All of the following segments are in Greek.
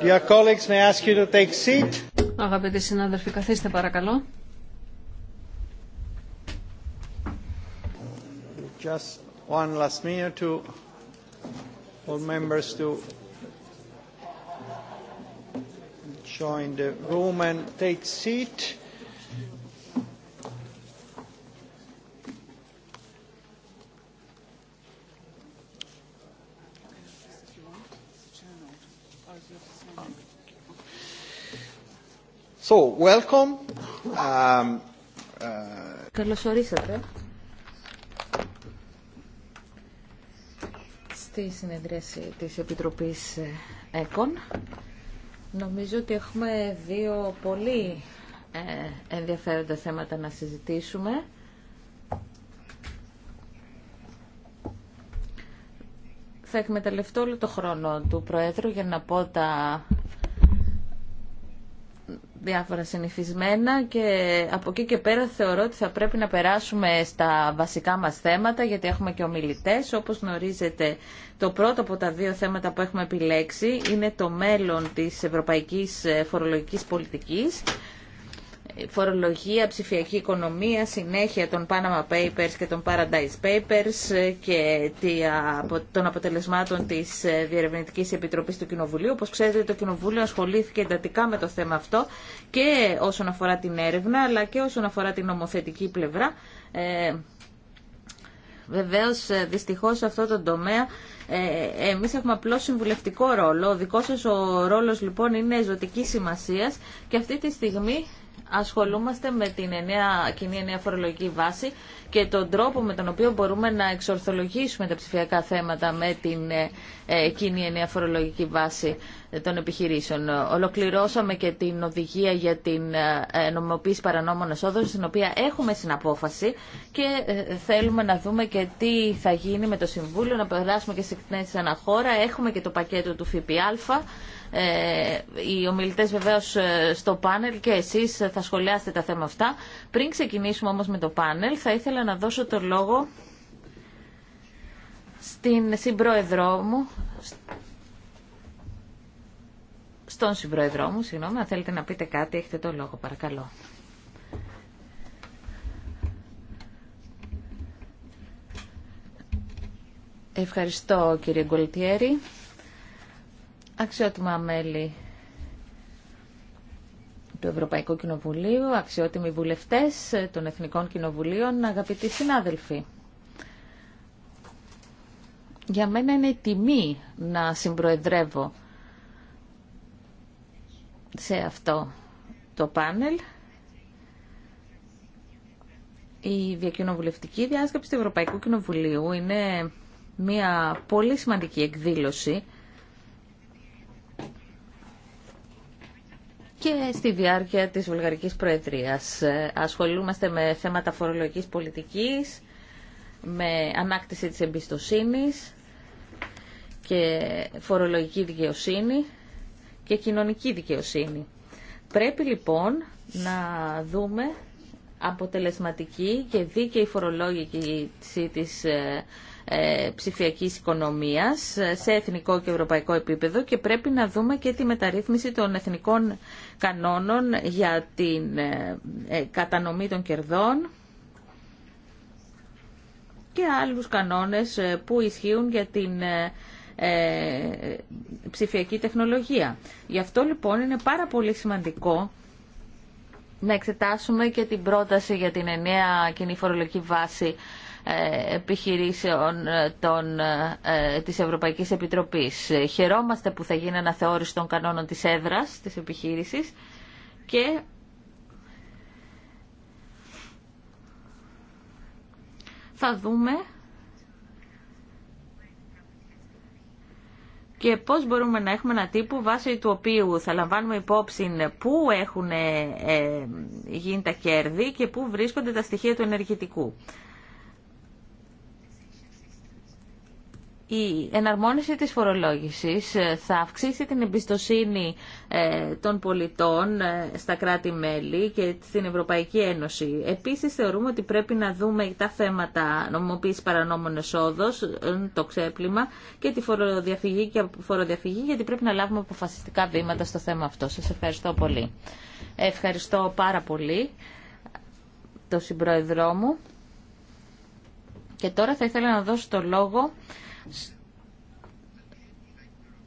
Dear colleagues, may I ask you to take seat. Αγαπητοί συνάδελφοι, καθίστε παρακαλώ. Just one last minute to all members to join the room and take seat. Καλώς welcome. Um, uh, στη συνεδρίαση της Επιτροπής ε, ΕΚΟΝ. Νομίζω ότι έχουμε δύο πολύ ε, ενδιαφέροντα θέματα να συζητήσουμε. Θα εκμεταλλευτώ όλο το χρόνο του Προέδρου για να πω τα διάφορα συνηθισμένα και από εκεί και πέρα θεωρώ ότι θα πρέπει να περάσουμε στα βασικά μας θέματα γιατί έχουμε και ομιλητές. Όπως γνωρίζετε το πρώτο από τα δύο θέματα που έχουμε επιλέξει είναι το μέλλον της ευρωπαϊκής φορολογικής πολιτικής φορολογία, ψηφιακή οικονομία, συνέχεια των Panama Papers και των Paradise Papers και των αποτελεσμάτων της ε, Διερευνητικής Επιτροπής του Κοινοβουλίου. Όπως ξέρετε το Κοινοβούλιο ασχολήθηκε εντατικά με το θέμα αυτό και όσον αφορά την έρευνα αλλά και όσον αφορά την νομοθετική πλευρά. Ε, βεβαίως, ε, δυστυχώς, σε αυτό το τομέα ε, εμείς έχουμε απλό συμβουλευτικό ρόλο. Ο δικός σας ο ρόλος, λοιπόν, είναι ζωτική σημασίας και αυτή τη στιγμή ασχολούμαστε με την νέα κοινή ενιαία φορολογική βάση και τον τρόπο με τον οποίο μπορούμε να εξορθολογήσουμε τα ψηφιακά θέματα με την ε, ε, κοινή ενιαία φορολογική βάση των επιχειρήσεων. Ολοκληρώσαμε και την οδηγία για την ε, ε νομιμοποίηση παρανόμων εσόδων, στην οποία έχουμε συναπόφαση και θέλουμε να δούμε και τι θα γίνει με το Συμβούλιο, να περάσουμε και σε εκτενές αναχώρα. Έχουμε και το πακέτο του ΦΠΑ ε, οι ομιλητές βεβαίως ε, στο πάνελ και εσείς θα σχολιάσετε τα θέματα αυτά. Πριν ξεκινήσουμε όμως με το πάνελ θα ήθελα να δώσω το λόγο στην συμπρόεδρό μου, στον συμπρόεδρό μου, συγγνώμη, αν θέλετε να πείτε κάτι, έχετε το λόγο, παρακαλώ. Ευχαριστώ κύριε Γκολτιέρη. Αξιότιμα μέλη του Ευρωπαϊκού Κοινοβουλίου, αξιότιμοι βουλευτές των Εθνικών Κοινοβουλίων, αγαπητοί συνάδελφοι. Για μένα είναι τιμή να συμπροεδρεύω σε αυτό το πάνελ η διακοινοβουλευτική διάσκεψη του Ευρωπαϊκού Κοινοβουλίου είναι μια πολύ σημαντική εκδήλωση και στη διάρκεια της Βουλγαρικής Προεδρίας. Ε, ασχολούμαστε με θέματα φορολογικής πολιτικής, με ανάκτηση της εμπιστοσύνης και φορολογική δικαιοσύνη και κοινωνική δικαιοσύνη. Πρέπει λοιπόν να δούμε αποτελεσματική και δίκαιη φορολόγηση της ε, ε, ψηφιακής οικονομίας ε, σε εθνικό και ευρωπαϊκό επίπεδο και πρέπει να δούμε και τη μεταρρύθμιση των εθνικών κανόνων για την ε, κατανομή των κερδών και άλλους κανόνες που ισχύουν για την ψηφιακή τεχνολογία. Γι' αυτό λοιπόν είναι πάρα πολύ σημαντικό να εξετάσουμε και την πρόταση για την ενιαία κοινή φορολογική βάση ε, επιχειρήσεων ε, των, ε, της Ευρωπαϊκής Επιτροπής. Χαιρόμαστε που θα γίνει αναθεώρηση των κανόνων της έδρας της επιχείρησης και θα δούμε και πώς μπορούμε να έχουμε ένα τύπο βάσει του οποίου θα λαμβάνουμε υπόψη πού έχουν γίνει τα κέρδη και πού βρίσκονται τα στοιχεία του ενεργητικού. η εναρμόνιση της φορολόγησης ε, θα αυξήσει την εμπιστοσύνη ε, των πολιτών ε, στα κράτη-μέλη και στην Ευρωπαϊκή Ένωση. Επίσης θεωρούμε ότι πρέπει να δούμε τα θέματα νομοποίησης παρανόμων εσόδος, το ξέπλυμα και τη φοροδιαφυγή, και γιατί πρέπει να λάβουμε αποφασιστικά βήματα στο θέμα αυτό. Σας ευχαριστώ πολύ. Ευχαριστώ πάρα πολύ τον συμπρόεδρό μου. Και τώρα θα ήθελα να δώσω το λόγο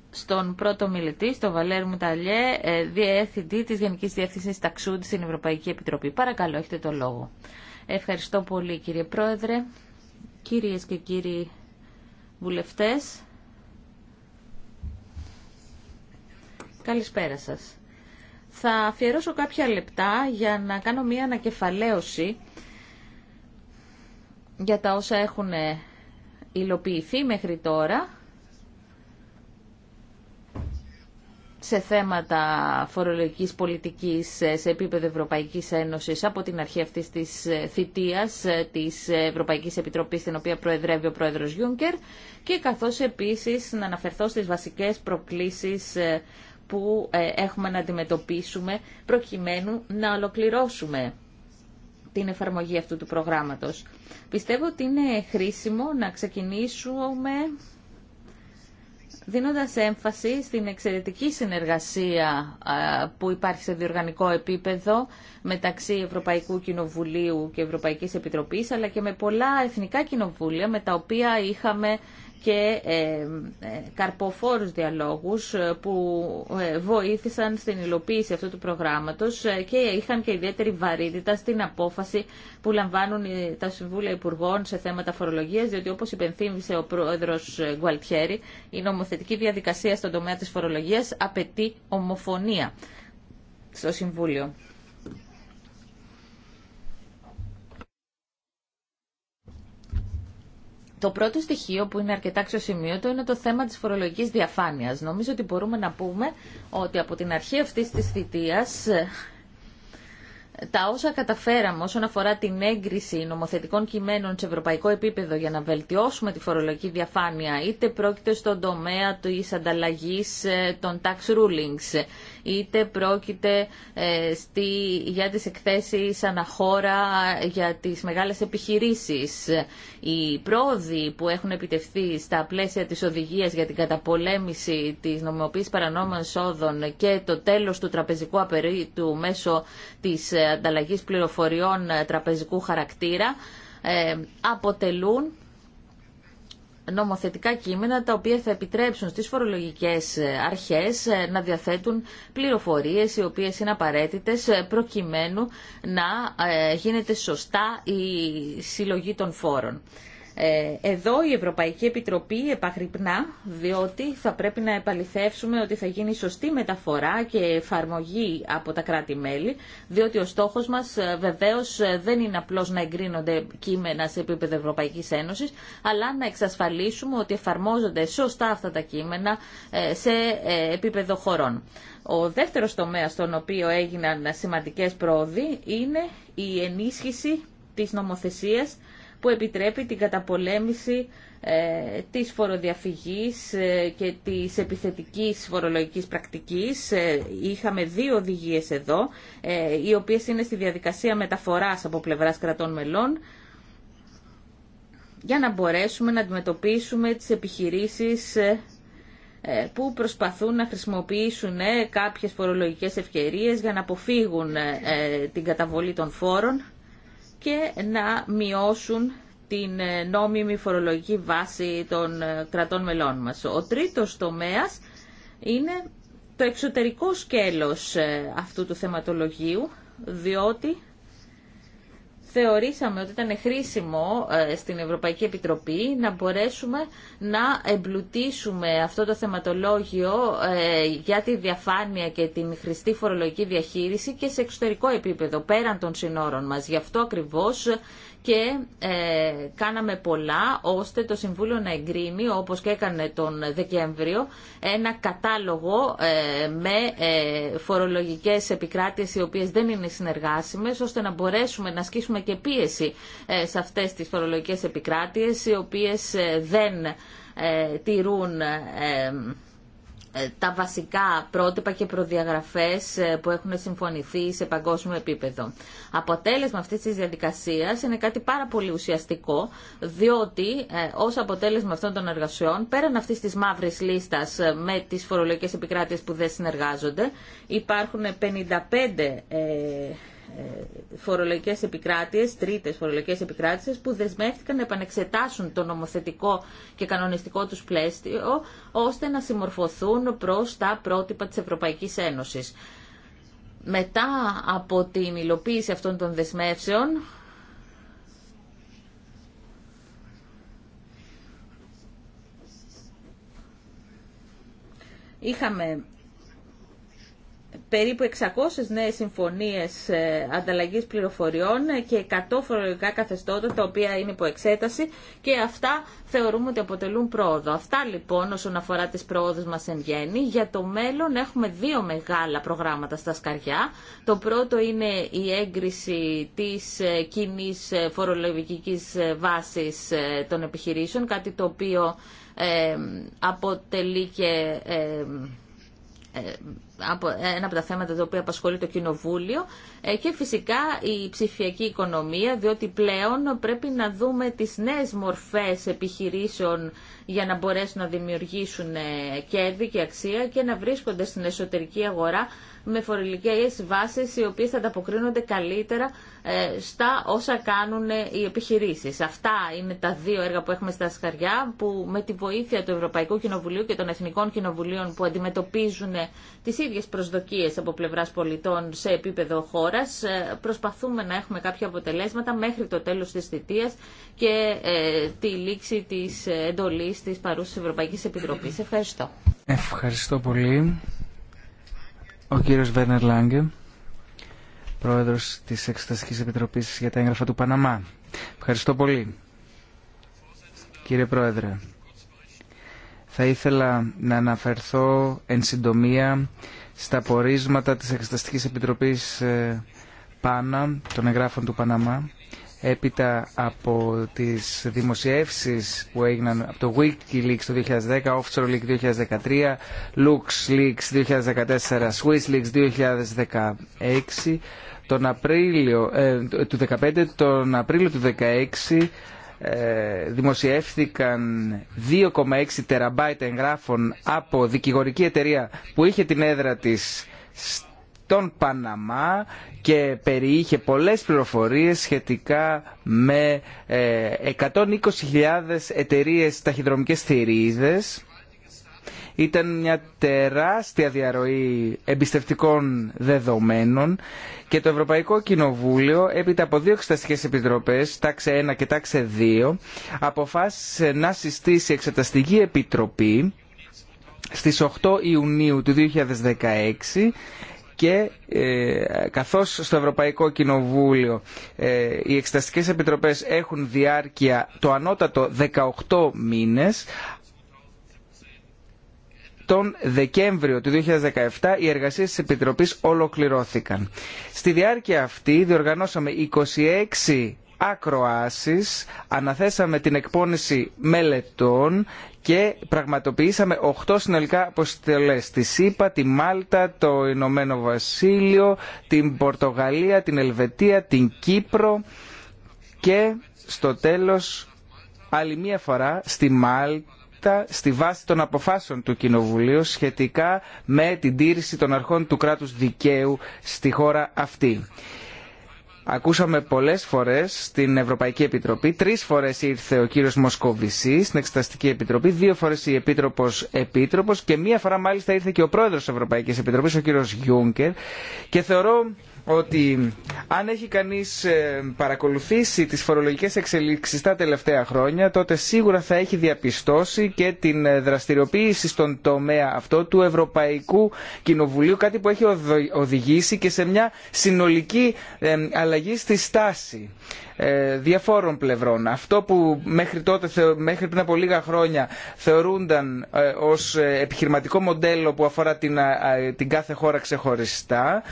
στον πρώτο μιλητή, στον Βαλέρ Μουταλιέ, ε, διευθυντή της Γενικής Διεύθυνσης Ταξούντ στην Ευρωπαϊκή Επιτροπή. Παρακαλώ, έχετε το λόγο. Ευχαριστώ πολύ κύριε Πρόεδρε, κυρίες και κύριοι βουλευτές. Καλησπέρα σας. Θα αφιερώσω κάποια λεπτά για να κάνω μία ανακεφαλαίωση για τα όσα έχουν υλοποιηθεί μέχρι τώρα σε θέματα φορολογικής πολιτικής σε επίπεδο Ευρωπαϊκής Ένωσης από την αρχή αυτής της θητείας της Ευρωπαϊκής Επιτροπής την οποία προεδρεύει ο Πρόεδρος Γιούνκερ και καθώς επίσης να αναφερθώ στις βασικές προκλήσεις που ε, έχουμε να αντιμετωπίσουμε προκειμένου να ολοκληρώσουμε την εφαρμογή αυτού του προγράμματος. Πιστεύω ότι είναι χρήσιμο να ξεκινήσουμε δίνοντας έμφαση στην εξαιρετική συνεργασία που υπάρχει σε διοργανικό επίπεδο μεταξύ Ευρωπαϊκού Κοινοβουλίου και Ευρωπαϊκής Επιτροπής, αλλά και με πολλά εθνικά κοινοβούλια με τα οποία είχαμε και ε, ε, καρποφόρους διαλόγους ε, που βοήθησαν στην υλοποίηση αυτού του προγράμματος και είχαν και ιδιαίτερη βαρύτητα στην απόφαση που λαμβάνουν τα Συμβούλια Υπουργών σε θέματα φορολογίας, διότι όπως υπενθύμησε ο πρόεδρος Γκουαλτιέρη, η νομοθετική διαδικασία στον τομέα της φορολογίας απαιτεί ομοφωνία στο Συμβούλιο. Το πρώτο στοιχείο που είναι αρκετά αξιοσημείωτο είναι το θέμα της φορολογικής διαφάνειας. Νομίζω ότι μπορούμε να πούμε ότι από την αρχή αυτής της θητείας τα όσα καταφέραμε όσον αφορά την έγκριση νομοθετικών κειμένων σε ευρωπαϊκό επίπεδο για να βελτιώσουμε τη φορολογική διαφάνεια, είτε πρόκειται στον τομέα της ανταλλαγής ε, των tax rulings, είτε πρόκειται ε, στη, για τις εκθέσεις αναχώρα για τις μεγάλες επιχειρήσεις. Οι πρόοδοι που έχουν επιτευχθεί στα πλαίσια της οδηγίας για την καταπολέμηση της νομιμοποίησης παρανόμων εσόδων και το τέλος του τραπεζικού απερίτου μέσω της ανταλλαγής πληροφοριών τραπεζικού χαρακτήρα ε, αποτελούν νομοθετικά κείμενα τα οποία θα επιτρέψουν στις φορολογικές ε, αρχές ε, να διαθέτουν πληροφορίες οι οποίες είναι απαραίτητες ε, προκειμένου να γίνεται σωστά η συλλογή των φόρων. Ε, εδώ η Ευρωπαϊκή Επιτροπή επαγρυπνά, διότι θα πρέπει να επαληθεύσουμε ότι θα γίνει σωστή μεταφορά και εφαρμογή από τα κράτη-μέλη, διότι ο στόχος μας ε, βεβαίως ε, δεν είναι απλώς να εγκρίνονται κείμενα σε επίπεδο Ευρωπαϊκής Ένωσης, αλλά να εξασφαλίσουμε ότι εφαρμόζονται σωστά αυτά τα κείμενα σε επίπεδο χωρών. Ο δεύτερος τομέας στον οποίο έγιναν σημαντικές πρόοδοι είναι η ενίσχυση της νομοθεσίας που επιτρέπει την καταπολέμηση ε, της φοροδιαφυγής ε, και της επιθετικής φορολογικής πρακτικής. Ε, είχαμε δύο οδηγίες εδώ, οι οποίες είναι στη διαδικασία μεταφοράς από πλευράς κρατών μελών, για να μπορέσουμε να αντιμετωπίσουμε τις επιχειρήσεις που προσπαθούν να χρησιμοποιήσουν κάποιες φορολογικές ευκαιρίες για να αποφύγουν την καταβολή των φόρων και να μειώσουν την ε, νόμιμη φορολογική βάση των ε, κρατών μελών μας. Ο τρίτος τομέας είναι το εξωτερικό σκέλος ε, αυτού του θεματολογίου, διότι θεωρήσαμε ότι ήταν χρήσιμο στην Ευρωπαϊκή Επιτροπή να μπορέσουμε να εμπλουτίσουμε αυτό το θεματολόγιο για τη διαφάνεια και την χρηστή φορολογική διαχείριση και σε εξωτερικό επίπεδο, πέραν των συνόρων μας. Γι' αυτό ακριβώς και ε, κάναμε πολλά ώστε το Συμβούλιο να εγκρίνει, όπως και έκανε τον Δεκέμβριο, ένα κατάλογο ε, με ε, φορολογικές επικράτειες οι οποίες δεν είναι συνεργάσιμες, ώστε να μπορέσουμε να ασκήσουμε και πίεση ε, σε αυτές τις φορολογικές επικράτειες οι οποίες δεν τηρούν τα βασικά πρότυπα και προδιαγραφές που έχουν συμφωνηθεί σε παγκόσμιο επίπεδο αποτέλεσμα αυτής της διαδικασία είναι κάτι πάρα πολύ ουσιαστικό, διότι ε, ως αποτέλεσμα αυτών των εργασιών, πέραν αυτής της μαύρης λίστας ε, με τις φορολογικέ επικράτειες που δεν συνεργάζονται, υπάρχουν 55 ε, ε, φορολογικές επικράτειες, τρίτες φορολογικές επικράτειες που δεσμεύτηκαν να επανεξετάσουν το νομοθετικό και κανονιστικό τους πλαίσιο ώστε να συμμορφωθούν προς τα πρότυπα της Ευρωπαϊκής Ένωσης μετά από την υλοποίηση αυτών των δεσμεύσεων είχαμε περίπου 600 νέες συμφωνίες ε, ανταλλαγής πληροφοριών και 100 φορολογικά καθεστώτα τα οποία είναι υπό εξέταση και αυτά θεωρούμε ότι αποτελούν πρόοδο. Αυτά λοιπόν όσον αφορά τις πρόοδους μας εν γέννη. Για το μέλλον έχουμε δύο μεγάλα προγράμματα στα σκαριά. Το πρώτο είναι η έγκριση της ε, κοινή ε, φορολογικής βάσης των επιχειρήσεων, κάτι το οποίο αποτελεί και... Ε, ένα από τα θέματα τα οποία απασχολεί το Κοινοβούλιο ε, και φυσικά η ψηφιακή οικονομία, διότι πλέον πρέπει να δούμε τις νέες μορφές επιχειρήσεων για να μπορέσουν να δημιουργήσουν ε, κέρδη και αξία και να βρίσκονται στην εσωτερική αγορά με φορολογικές βάσεις οι οποίες θα ανταποκρίνονται καλύτερα στα όσα κάνουν οι επιχειρήσεις. Αυτά είναι τα δύο έργα που έχουμε στα σκαριά που με τη βοήθεια του Ευρωπαϊκού Κοινοβουλίου και των Εθνικών Κοινοβουλίων που αντιμετωπίζουν τις ίδιες προσδοκίες από πλευράς πολιτών σε επίπεδο χώρας. Ε, προσπαθούμε να έχουμε κάποια αποτελέσματα μέχρι το τέλος της θητείας και ε, τη λήξη της εντολής της παρούσης Ευρωπαϊκής Επιτροπής. Ευχαριστώ. Ευχαριστώ πολύ. Ο κύριος Βέρνερ Λάγκε, πρόεδρος της Εξεταστικής Επιτροπής για τα έγγραφα του Παναμά. Ευχαριστώ πολύ. Κύριε Πρόεδρε, θα ήθελα να αναφερθώ εν συντομία στα πορίσματα της Εξεταστικής Επιτροπής ε, Πάνα, των εγγράφων του Παναμά, έπειτα από τις δημοσιεύσεις που έγιναν από το Wikileaks το 2010, Offshore Leaks 2013, Lux Leaks 2014, Swiss, Leaks 2016, ε, τον Απρίλιο, του 15, τον Απρίλιο του 2016 ε, δημοσιεύθηκαν 2,6 τεραμπάιτ εγγράφων από δικηγορική εταιρεία που είχε την έδρα της στον Παναμά και περιείχε πολλές πληροφορίες σχετικά με 120.000 ε, εταιρείες ταχυδρομικές θηρίδες ήταν μια τεράστια διαρροή εμπιστευτικών δεδομένων και το Ευρωπαϊκό Κοινοβούλιο έπειτα από δύο εξεταστικές επιτροπές, τάξε 1 και τάξε 2, αποφάσισε να συστήσει εξεταστική επιτροπή στις 8 Ιουνίου του 2016 και ε, καθώς στο Ευρωπαϊκό Κοινοβούλιο ε, οι εξεταστικές επιτροπές έχουν διάρκεια το ανώτατο 18 μήνες τον Δεκέμβριο του 2017 οι εργασίες της Επιτροπής ολοκληρώθηκαν. Στη διάρκεια αυτή διοργανώσαμε 26 ακροάσεις, αναθέσαμε την εκπόνηση μελετών και πραγματοποιήσαμε 8 συνολικά αποστελές. Τη ΣΥΠΑ, τη Μάλτα, το Ηνωμένο Βασίλειο, την Πορτογαλία, την Ελβετία, την Κύπρο και στο τέλος άλλη μία φορά στη Μάλτα στη βάση των αποφάσεων του Κοινοβουλίου σχετικά με την τήρηση των αρχών του κράτους δικαίου στη χώρα αυτή. Ακούσαμε πολλές φορές στην Ευρωπαϊκή Επιτροπή, τρεις φορές ήρθε ο κύριος Μοσκοβισή στην Εξεταστική Επιτροπή, δύο φορές η Επίτροπος Επίτροπος και μία φορά μάλιστα ήρθε και ο πρόεδρος της Ευρωπαϊκής Επιτροπής, ο κύριος Γιούγκερ και θεωρώ ότι αν έχει κανείς ε, παρακολουθήσει τις φορολογικές εξελίξεις τα τελευταία χρόνια τότε σίγουρα θα έχει διαπιστώσει και την ε, δραστηριοποίηση στον τομέα αυτό του Ευρωπαϊκού Κοινοβουλίου κάτι που έχει οδηγήσει και σε μια συνολική ε, αλλαγή στη στάση διαφόρων πλευρών. Αυτό που μέχρι, τότε, μέχρι πριν από λίγα χρόνια θεωρούνταν ως επιχειρηματικό μοντέλο που αφορά την, κάθε χώρα ξεχωριστά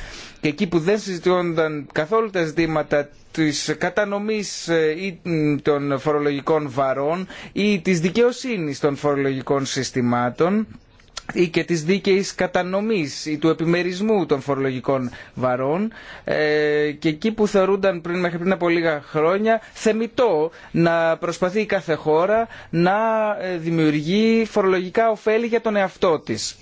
και εκεί που δεν δεν συζητιόνταν καθόλου τα ζητήματα της κατανομής ε, ή των φορολογικών βαρών ή της δικαιοσύνης των φορολογικών συστημάτων ή και της δίκαιης κατανομής ή του επιμερισμού των φορολογικών βαρών ε, και εκεί που θεωρούνταν πριν, μέχρι πριν από λίγα χρόνια θεμητό να προσπαθεί κάθε χώρα να ε, δημιουργεί φορολογικά ωφέλη για τον εαυτό της.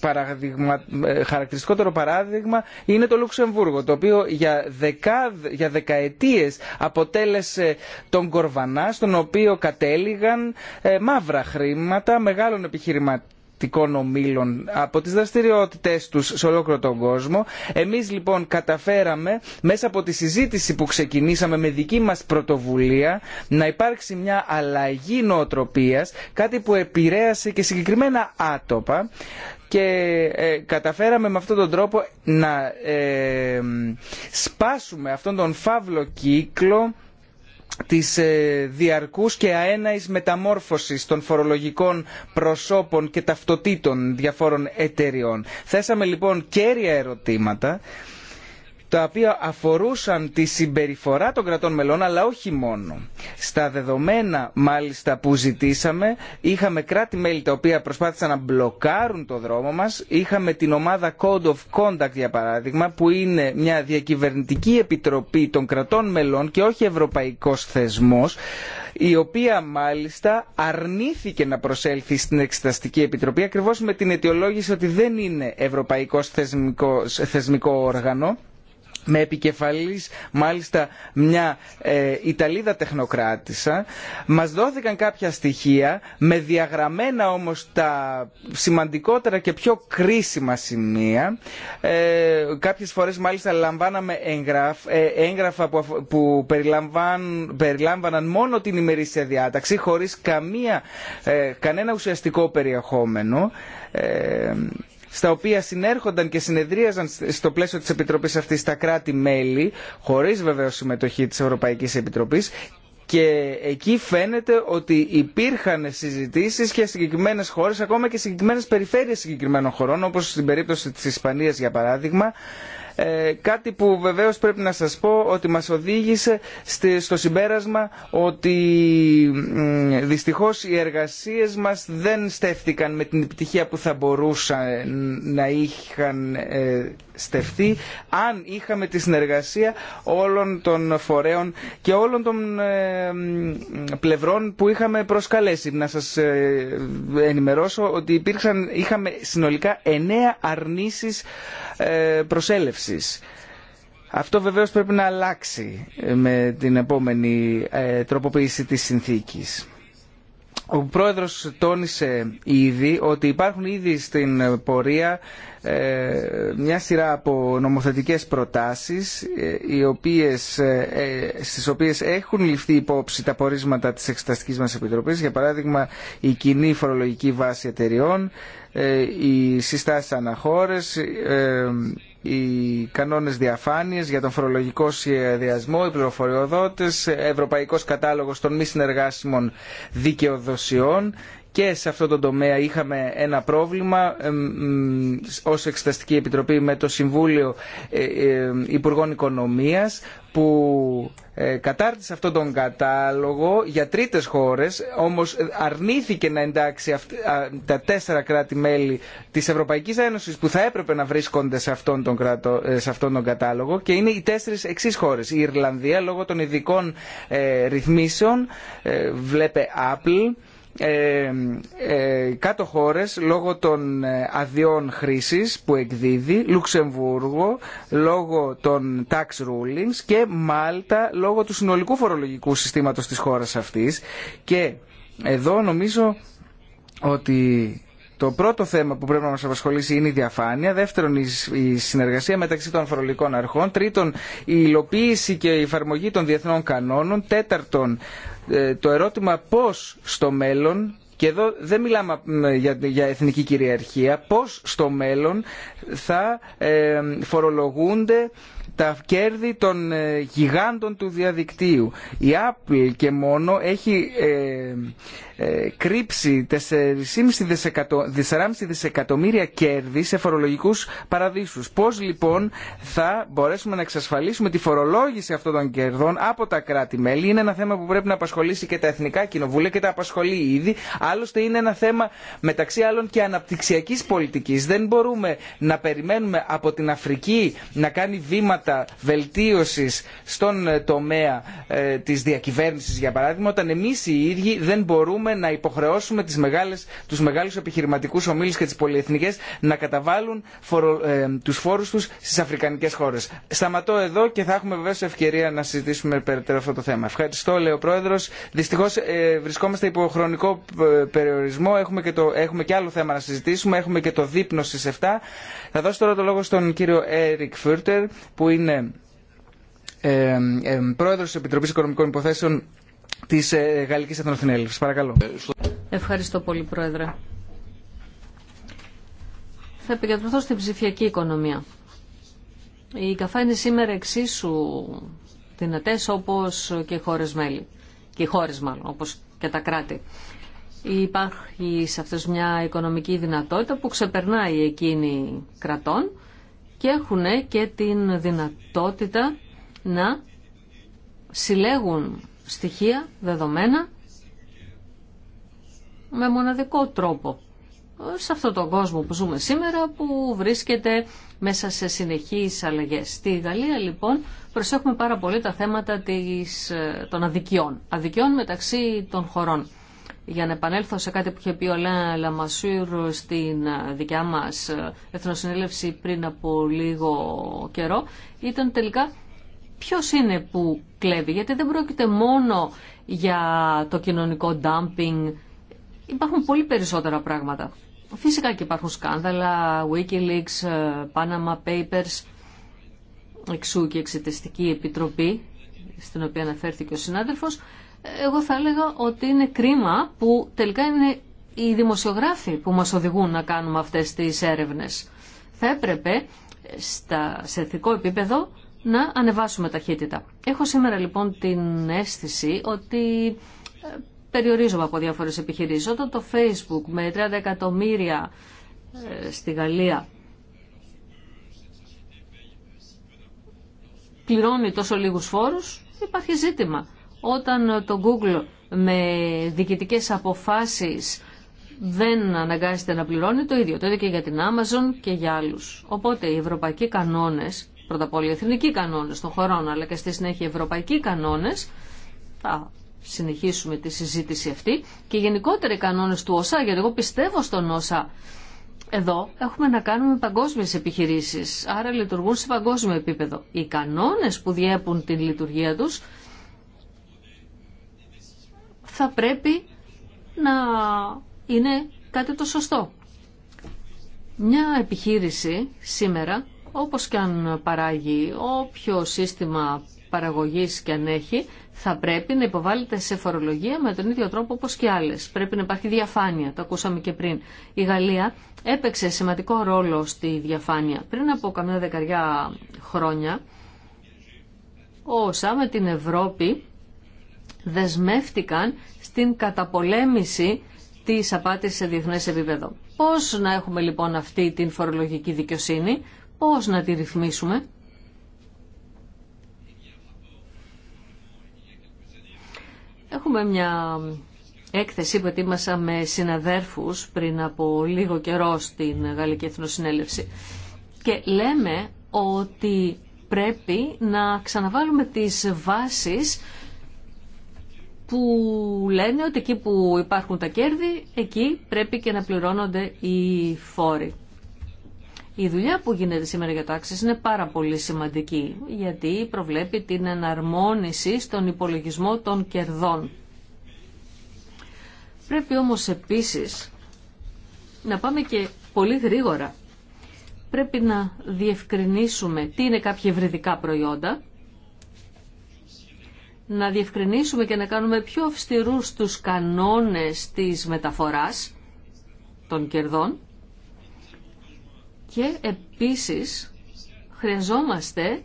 Ε, χαρακτηριστικότερο παράδειγμα είναι το Λουξεμβούργο το οποίο για, δεκάδ για δεκαετίες αποτέλεσε τον κορβανά στον οποίο κατέληγαν μαύρα χρήματα μεγάλων επιχειρηματών πολιτικών ομήλων από τις δραστηριότητές τους σε ολόκληρο τον κόσμο. Εμείς λοιπόν καταφέραμε μέσα από τη συζήτηση που ξεκινήσαμε με δική μας πρωτοβουλία να υπάρξει μια αλλαγή νοοτροπίας, κάτι που επηρέασε και συγκεκριμένα άτοπα και ε, καταφέραμε με αυτόν τον τρόπο να ε, σπάσουμε αυτόν τον φαύλο κύκλο της ε, διαρκούς και αέναης μεταμόρφωσης των φορολογικών προσώπων και ταυτοτήτων διαφόρων εταιριών. θέσαμε λοιπόν κέρια ερωτήματα τα οποία αφορούσαν τη συμπεριφορά των κρατών μελών αλλά όχι μόνο. Στα δεδομένα μάλιστα που ζητήσαμε είχαμε κράτη-μέλη τα οποία προσπάθησαν να μπλοκάρουν το δρόμο μας. Είχαμε την ομάδα Code of Conduct για παράδειγμα που είναι μια διακυβερνητική επιτροπή των κρατών μελών και όχι ευρωπαϊκός θεσμός η οποία μάλιστα αρνήθηκε να προσέλθει στην Εξεταστική Επιτροπή ακριβώς με την αιτιολόγηση ότι δεν είναι ευρωπαϊκός θεσμικό, θεσμικό όργανο με επικεφαλής μάλιστα μια ε, Ιταλίδα τεχνοκράτησα. Μας δόθηκαν κάποια στοιχεία με διαγραμμένα όμως τα σημαντικότερα και πιο κρίσιμα σημεία. Ε, κάποιες φορές μάλιστα λαμβάναμε ε, έγγραφα που, περιλάμβαναν μόνο την ημερήσια διάταξη χωρίς καμία, ε, κανένα ουσιαστικό περιεχόμενο στα οποία συνέρχονταν και συνεδρίαζαν στο πλαίσιο της Επιτροπής αυτής τα κράτη-μέλη, χωρίς βεβαίως συμμετοχή της Ευρωπαϊκής Επιτροπής, και εκεί φαίνεται ότι υπήρχαν συζητήσεις για συγκεκριμένε, χώρες, ακόμα και συγκεκριμένε περιφέρειες συγκεκριμένων χωρών, όπως στην περίπτωση της Ισπανίας για παράδειγμα, ε, κάτι που βεβαίως πρέπει να σας πω ότι μας οδήγησε στο συμπέρασμα ότι δυστυχώς οι εργασίες μας δεν στέφτηκαν με την επιτυχία που θα μπορούσαν να είχαν ε, αν είχαμε τη συνεργασία όλων των φορέων και όλων των ε, πλευρών που είχαμε προσκαλέσει. Να σας ε, ενημερώσω ότι υπήρξαν, είχαμε συνολικά εννέα αρνήσεις ε, προσέλευσης. Αυτό βεβαίως πρέπει να αλλάξει με την επόμενη τροποποίηση της συνθήκης. Ο πρόεδρος τόνισε ήδη ότι υπάρχουν ήδη στην πορεία ε, μια σειρά από νομοθετικές προτάσεις ε, οι οποίες, ε, στις οποίες έχουν ληφθεί υπόψη τα πορίσματα της Εξεταστικής μας Επιτροπής για παράδειγμα η κοινή φορολογική βάση εταιριών οι συστάσεις αναχώρες οι κανόνες διαφάνειας για τον φορολογικό σχεδιασμό, οι πληροφοριοδότες, ευρωπαϊκός κατάλογος των μη συνεργάσιμων δικαιοδοσιών και σε αυτό το τομέα είχαμε ένα πρόβλημα ως Εξεταστική Επιτροπή με το Συμβούλιο ε, ε, Υπουργών Οικονομίας που ε, κατάρτισε αυτόν τον κατάλογο για τρίτες χώρες όμως αρνήθηκε να εντάξει τα τέσσερα κράτη-μέλη της Ευρωπαϊκής Ένωσης που θα έπρεπε να βρίσκονται σε αυτόν τον, κατάλογο και είναι οι τέσσερις εξής χώρες. Η Ιρλανδία λόγω των ειδικών ρυθμίσεων βλέπε Apple ε, ε, κάτω χώρες λόγω των ε, αδειών χρήσης που εκδίδει, Λουξεμβούργο λόγω των tax rulings και Μάλτα λόγω του συνολικού φορολογικού συστήματος της χώρας αυτής και εδώ νομίζω ότι το πρώτο θέμα που πρέπει να μας απασχολήσει είναι η διαφάνεια, δεύτερον η συνεργασία μεταξύ των φορολογικών αρχών, τρίτον η υλοποίηση και η εφαρμογή των διεθνών κανόνων, τέταρτον ε, το ερώτημα πώς στο μέλλον και εδώ δεν μιλάμε για, εθνική κυριαρχία, πώς στο μέλλον θα ε, φορολογούνται τα κέρδη των ε, γιγάντων του διαδικτύου. Η Apple και μόνο έχει ε, ε, κρύψει 4,5 δισεκατομμύρια κέρδη σε φορολογικούς παραδείσους. Πώς λοιπόν θα μπορέσουμε να εξασφαλίσουμε τη φορολόγηση αυτών των κερδών από τα κράτη-μέλη. Είναι ένα θέμα που πρέπει να απασχολήσει και τα εθνικά κοινοβούλια και τα απασχολεί ήδη. Άλλωστε είναι ένα θέμα μεταξύ άλλων και αναπτυξιακής πολιτικής. Δεν μπορούμε να περιμένουμε από την Αφρική να κάνει βήματα Βελτίωση βελτίωση στον ε, τομέα ε, τη διακυβέρνηση, για παράδειγμα όταν εμεί οι ίδιοι δεν μπορούμε να υποχρεώσουμε τις μεγάλες, τους μεγάλους επιχειρηματικούς ομίλους και τις πολυεθνικές να καταβάλουν του φόρου ε, τους φόρους τους στις αφρικανικές χώρες. Σταματώ εδώ και θα έχουμε βεβαίω ευκαιρία να συζητήσουμε περαιτέρω αυτό το θέμα. Ευχαριστώ λέει ο Πρόεδρος. Δυστυχώς βρισκόμαστε υπό χρονικό περιορισμό. Έχουμε και, άλλο θέμα να συζητήσουμε. Έχουμε και το δείπνο στις 7. Θα δώσω τώρα το λόγο στον κύριο Έρικ Φούρτερ που είναι ε, ε, πρόεδρος της Επιτροπής Οικονομικών Υποθέσεων της ε, Γαλλικής Εθνοθυνέλευσης. Παρακαλώ. Ευχαριστώ πολύ, Πρόεδρε. Θα επικεντρωθώ στην ψηφιακή οικονομία. Η ΚΑΦΑ είναι σήμερα εξίσου δυνατές όπως και οι χώρες μέλη. Και οι χώρες μάλλον, όπως και τα κράτη. Υπάρχει σε αυτές μια οικονομική δυνατότητα που ξεπερνάει εκείνη κρατών και έχουν και την δυνατότητα να συλλέγουν στοιχεία, δεδομένα με μοναδικό τρόπο σε αυτόν τον κόσμο που ζούμε σήμερα που βρίσκεται μέσα σε συνεχείς αλλαγές. Στη Γαλλία λοιπόν προσέχουμε πάρα πολύ τα θέματα της, ε, των αδικιών. Αδικιών μεταξύ των χωρών για να επανέλθω σε κάτι που είχε πει ο Λέα Λαμασούρ στην ε, δικιά μας ε, εθνοσυνέλευση πριν από λίγο καιρό, ήταν τελικά ποιος είναι που κλέβει, γιατί δεν πρόκειται μόνο για το κοινωνικό dumping. υπάρχουν πολύ περισσότερα πράγματα. Φυσικά και υπάρχουν σκάνδαλα, Wikileaks, ε, Panama Papers, εξού και εξεταστική επιτροπή, στην οποία αναφέρθηκε ο συνάδελφος, εγώ θα έλεγα ότι είναι κρίμα που τελικά είναι οι δημοσιογράφοι που μας οδηγούν να κάνουμε αυτές τις έρευνες. Θα έπρεπε στα, σε εθνικό επίπεδο να ανεβάσουμε ταχύτητα. Έχω σήμερα λοιπόν την αίσθηση ότι ε, περιορίζομαι από διάφορες επιχειρήσεις. Όταν το Facebook με 30 εκατομμύρια ε, στη Γαλλία πληρώνει τόσο λίγους φόρους, υπάρχει ζήτημα. Όταν το Google με διοικητικές αποφάσεις δεν αναγκάζεται να πληρώνει το ίδιο. Το ίδιο και για την Amazon και για άλλους. Οπότε οι ευρωπαϊκοί κανόνες, πρώτα απ' όλα οι εθνικοί κανόνες των χωρών, αλλά και στη συνέχεια οι ευρωπαϊκοί κανόνες, θα συνεχίσουμε τη συζήτηση αυτή, και γενικότερα οι κανόνες του ΩΣΑ, γιατί εγώ πιστεύω στον ΩΣΑ, εδώ έχουμε να κάνουμε παγκόσμιες επιχειρήσεις, άρα λειτουργούν σε παγκόσμιο επίπεδο. Οι κανόνες που διέπουν την λειτουργία τους θα πρέπει να είναι κάτι το σωστό. Μια επιχείρηση σήμερα, όπως και αν παράγει όποιο σύστημα παραγωγής και αν έχει, θα πρέπει να υποβάλλεται σε φορολογία με τον ίδιο τρόπο όπως και άλλες. Πρέπει να υπάρχει διαφάνεια, το ακούσαμε και πριν. Η Γαλλία έπαιξε σημαντικό ρόλο στη διαφάνεια. Πριν από καμιά δεκαριά χρόνια, ...όσα με την Ευρώπη δεσμεύτηκαν στην καταπολέμηση της απάτης σε διεθνές επίπεδο. Πώς να έχουμε λοιπόν αυτή την φορολογική δικαιοσύνη, πώς να τη ρυθμίσουμε. Έχουμε μια έκθεση που ετοίμασα με συναδέρφους πριν από λίγο καιρό στην Γαλλική Εθνοσυνέλευση και λέμε ότι πρέπει να ξαναβάλουμε τις βάσεις που λένε ότι εκεί που υπάρχουν τα κέρδη, εκεί πρέπει και να πληρώνονται οι φόροι. Η δουλειά που γίνεται σήμερα για το είναι πάρα πολύ σημαντική, γιατί προβλέπει την εναρμόνιση στον υπολογισμό των κερδών. Πρέπει όμως επίσης να πάμε και πολύ γρήγορα. Πρέπει να διευκρινίσουμε τι είναι κάποια ευρυδικά προϊόντα να διευκρινίσουμε και να κάνουμε πιο αυστηρούς τους κανόνες της μεταφοράς των κερδών και επίσης χρειαζόμαστε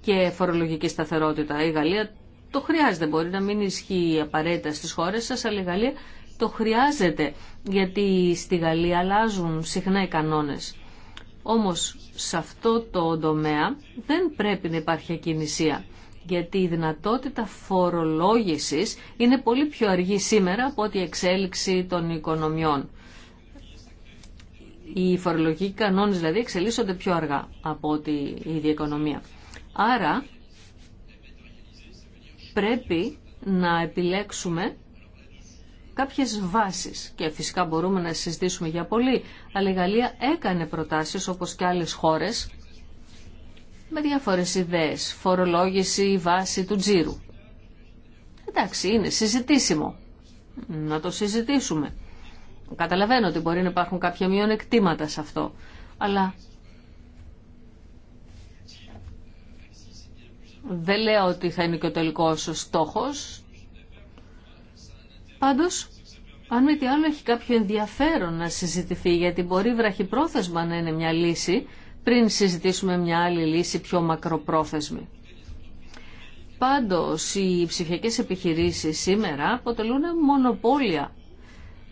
και φορολογική σταθερότητα. Η Γαλλία το χρειάζεται, μπορεί να μην ισχύει απαραίτητα στις χώρες σας, αλλά η Γαλλία το χρειάζεται, γιατί στη Γαλλία αλλάζουν συχνά οι κανόνες. Όμως σε αυτό το τομέα δεν πρέπει να υπάρχει ακινησία γιατί η δυνατότητα φορολόγησης είναι πολύ πιο αργή σήμερα από ό,τι η εξέλιξη των οικονομιών. Οι φορολογικοί κανόνες δηλαδή εξελίσσονται πιο αργά από ό,τι η ίδια οικονομία. Άρα πρέπει να επιλέξουμε κάποιες βάσεις και φυσικά μπορούμε να συζητήσουμε για πολύ, αλλά η Γαλλία έκανε προτάσεις όπως και άλλες χώρες με διάφορες ιδέες, φορολόγηση, βάση του τζίρου. Εντάξει, είναι συζητήσιμο. Να το συζητήσουμε. Καταλαβαίνω ότι μπορεί να υπάρχουν κάποια μειονεκτήματα σε αυτό, αλλά δεν λέω ότι θα είναι και ο τελικός ο στόχος. Πάντως, αν μη τι άλλο έχει κάποιο ενδιαφέρον να συζητηθεί, γιατί μπορεί βραχυπρόθεσμα να είναι μια λύση, πριν συζητήσουμε μια άλλη λύση πιο μακροπρόθεσμη. Πάντως, οι ψηφιακές επιχειρήσεις σήμερα αποτελούν μονοπόλια.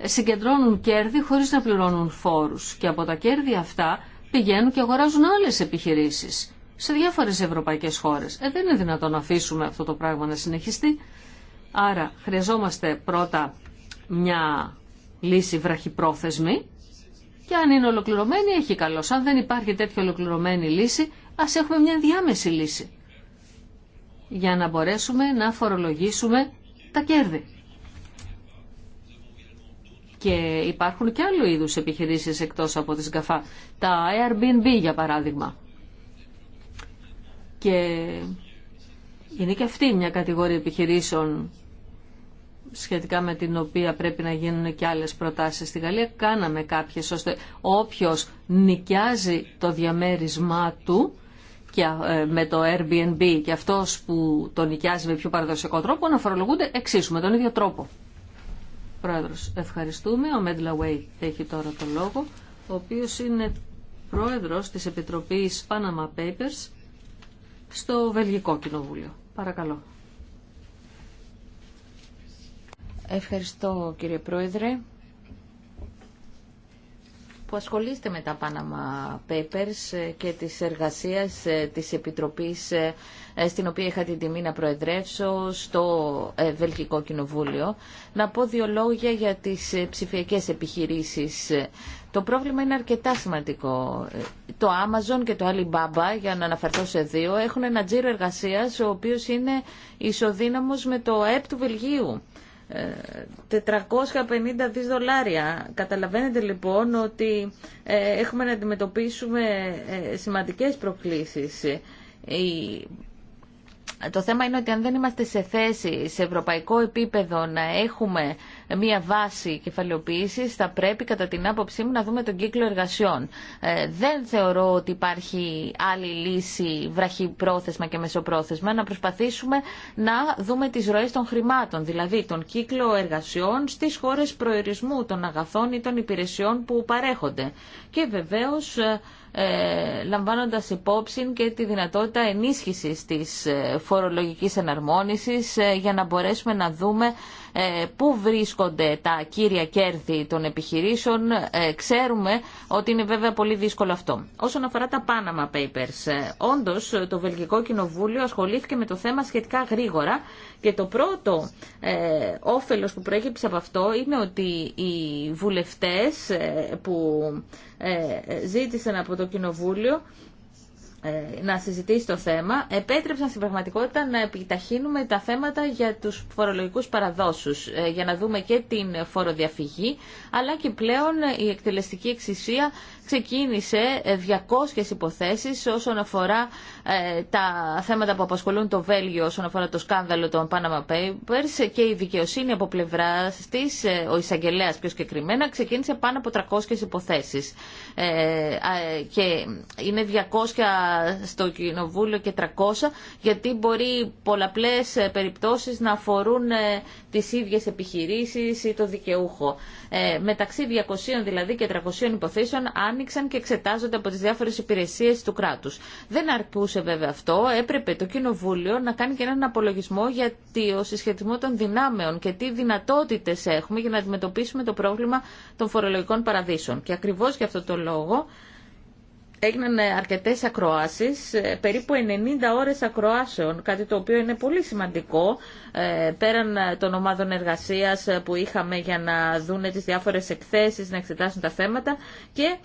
Συγκεντρώνουν κέρδη χωρίς να πληρώνουν φόρους και από τα κέρδη αυτά πηγαίνουν και αγοράζουν άλλες επιχειρήσεις σε διάφορες ευρωπαϊκές χώρες. Ε, δεν είναι δυνατόν να αφήσουμε αυτό το πράγμα να συνεχιστεί. Άρα χρειαζόμαστε πρώτα μια λύση βραχυπρόθεσμη και αν είναι ολοκληρωμένη, έχει καλό Αν δεν υπάρχει τέτοια ολοκληρωμένη λύση, α έχουμε μια διάμεση λύση. Για να μπορέσουμε να φορολογήσουμε τα κέρδη. Και υπάρχουν και άλλου είδους επιχειρήσεις εκτός από τις γκαφά. Τα Airbnb για παράδειγμα. Και είναι και αυτή μια κατηγορία επιχειρήσεων σχετικά με την οποία πρέπει να γίνουν και άλλες προτάσεις στη Γαλλία, κάναμε κάποιες ώστε όποιος νοικιάζει το διαμέρισμά του και ε, με το Airbnb και αυτός που το νοικιάζει με πιο παραδοσιακό τρόπο να φορολογούνται εξίσου με τον ίδιο τρόπο. Πρόεδρος, ευχαριστούμε. Ο Μέντλα έχει τώρα το λόγο, ο οποίος είναι πρόεδρος της Επιτροπής Panama Papers στο Βελγικό Κοινοβούλιο. Παρακαλώ. Ευχαριστώ κύριε Πρόεδρε που ασχολείστε με τα Panama Papers και τις εργασίες ε, της Επιτροπής ε, ε, στην οποία είχα την τιμή να προεδρεύσω στο Βελγικό Κοινοβούλιο. Να πω δύο λόγια για τις ψηφιακές επιχειρήσεις. Το πρόβλημα είναι αρκετά σημαντικό. Το Amazon και το Alibaba, για να αναφερθώ σε δύο, έχουν ένα τζίρο εργασίας ο οποίος είναι ισοδύναμος με το ΕΠ του Βελγίου. 450 δις δολάρια. Καταλαβαίνετε λοιπόν ότι ε, έχουμε να αντιμετωπίσουμε ε, σημαντικές προκλήσεις. Το θέμα είναι ότι αν δεν είμαστε σε θέση σε ευρωπαϊκό επίπεδο να έχουμε μια βάση κεφαλαιοποίηση, θα πρέπει κατά την άποψή μου να δούμε τον κύκλο εργασιών. Ε, δεν θεωρώ ότι υπάρχει άλλη λύση βραχυπρόθεσμα και μεσοπρόθεσμα να προσπαθήσουμε να δούμε τις ροές των χρημάτων, δηλαδή τον κύκλο εργασιών στις χώρες προορισμού των αγαθών ή των υπηρεσιών που παρέχονται. Και βεβαίως ε, ε, λαμβάνοντας υπόψη και τη δυνατότητα ενίσχυσης της ε, φορολογικής εναρμόνισης ε, για να μπορέσουμε να δούμε πού βρίσκονται τα κύρια κέρδη των επιχειρήσεων. Ξέρουμε ότι είναι βέβαια πολύ δύσκολο αυτό. Όσον αφορά τα Panama Papers, όντως το Βελγικό Κοινοβούλιο ασχολήθηκε με το θέμα σχετικά γρήγορα και το πρώτο ε, όφελος που προέκυψε από αυτό είναι ότι οι βουλευτές ε, που ε, ζήτησαν από το Κοινοβούλιο να συζητήσει το θέμα, επέτρεψαν στην πραγματικότητα να επιταχύνουμε τα θέματα για τους φορολογικούς παραδόσους, για να δούμε και την φοροδιαφυγή, αλλά και πλέον η εκτελεστική εξησία ξεκίνησε 200 ε, υποθέσεις όσον αφορά ε, τα θέματα που απασχολούν το Βέλγιο όσον αφορά το σκάνδαλο των Panama Papers και η δικαιοσύνη από πλευρά τη, ε, ο εισαγγελέα πιο συγκεκριμένα, ξεκίνησε πάνω από 300 υποθέσεις. και είναι 200 στο Κοινοβούλιο και 300 γιατί μπορεί πολλαπλές περιπτώσεις να αφορούν τις ίδιες επιχειρήσεις ή το δικαιούχο. μεταξύ 200 δηλαδή και 300 υποθέσεων αν άνοιξαν και εξετάζονται από τι διάφορε υπηρεσίε του κράτου. Δεν αρκούσε βέβαια αυτό, έπρεπε το Κοινοβούλιο να κάνει και έναν απολογισμό για το συσχετισμό των δυνάμεων και τι δυνατότητε έχουμε για να αντιμετωπίσουμε το πρόβλημα των φορολογικών παραδείσων. Και ακριβώ για αυτό το λόγο έγιναν αρκετέ ακροάσει, ε, περίπου 90 ώρε ακροάσεων, κάτι το οποίο είναι πολύ σημαντικό, ε, πέραν των ομάδων εργασία που είχαμε για να δούνε τι διάφορε εκθέσει, να εξετάσουν τα θέματα και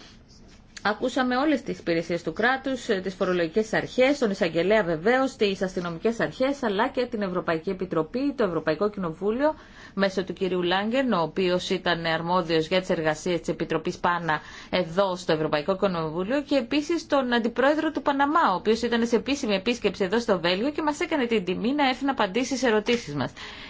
Ακούσαμε όλες τις υπηρεσίε του κράτους, ε, τις φορολογικές αρχές, τον εισαγγελέα βεβαίως, τις αστυνομικές αρχές, αλλά και την Ευρωπαϊκή Επιτροπή, το Ευρωπαϊκό Κοινοβούλιο μέσω του κυρίου Λάγκεν, ο οποίο ήταν αρμόδιο για τι εργασίε τη Επιτροπή Πάνα εδώ στο Ευρωπαϊκό Κοινοβούλιο και επίση τον Αντιπρόεδρο του Παναμά, ο οποίο ήταν σε επίσημη επίσκεψη εδώ στο Βέλγιο και μα έκανε την τιμή να έρθει να απαντήσει σε ερωτήσει μα.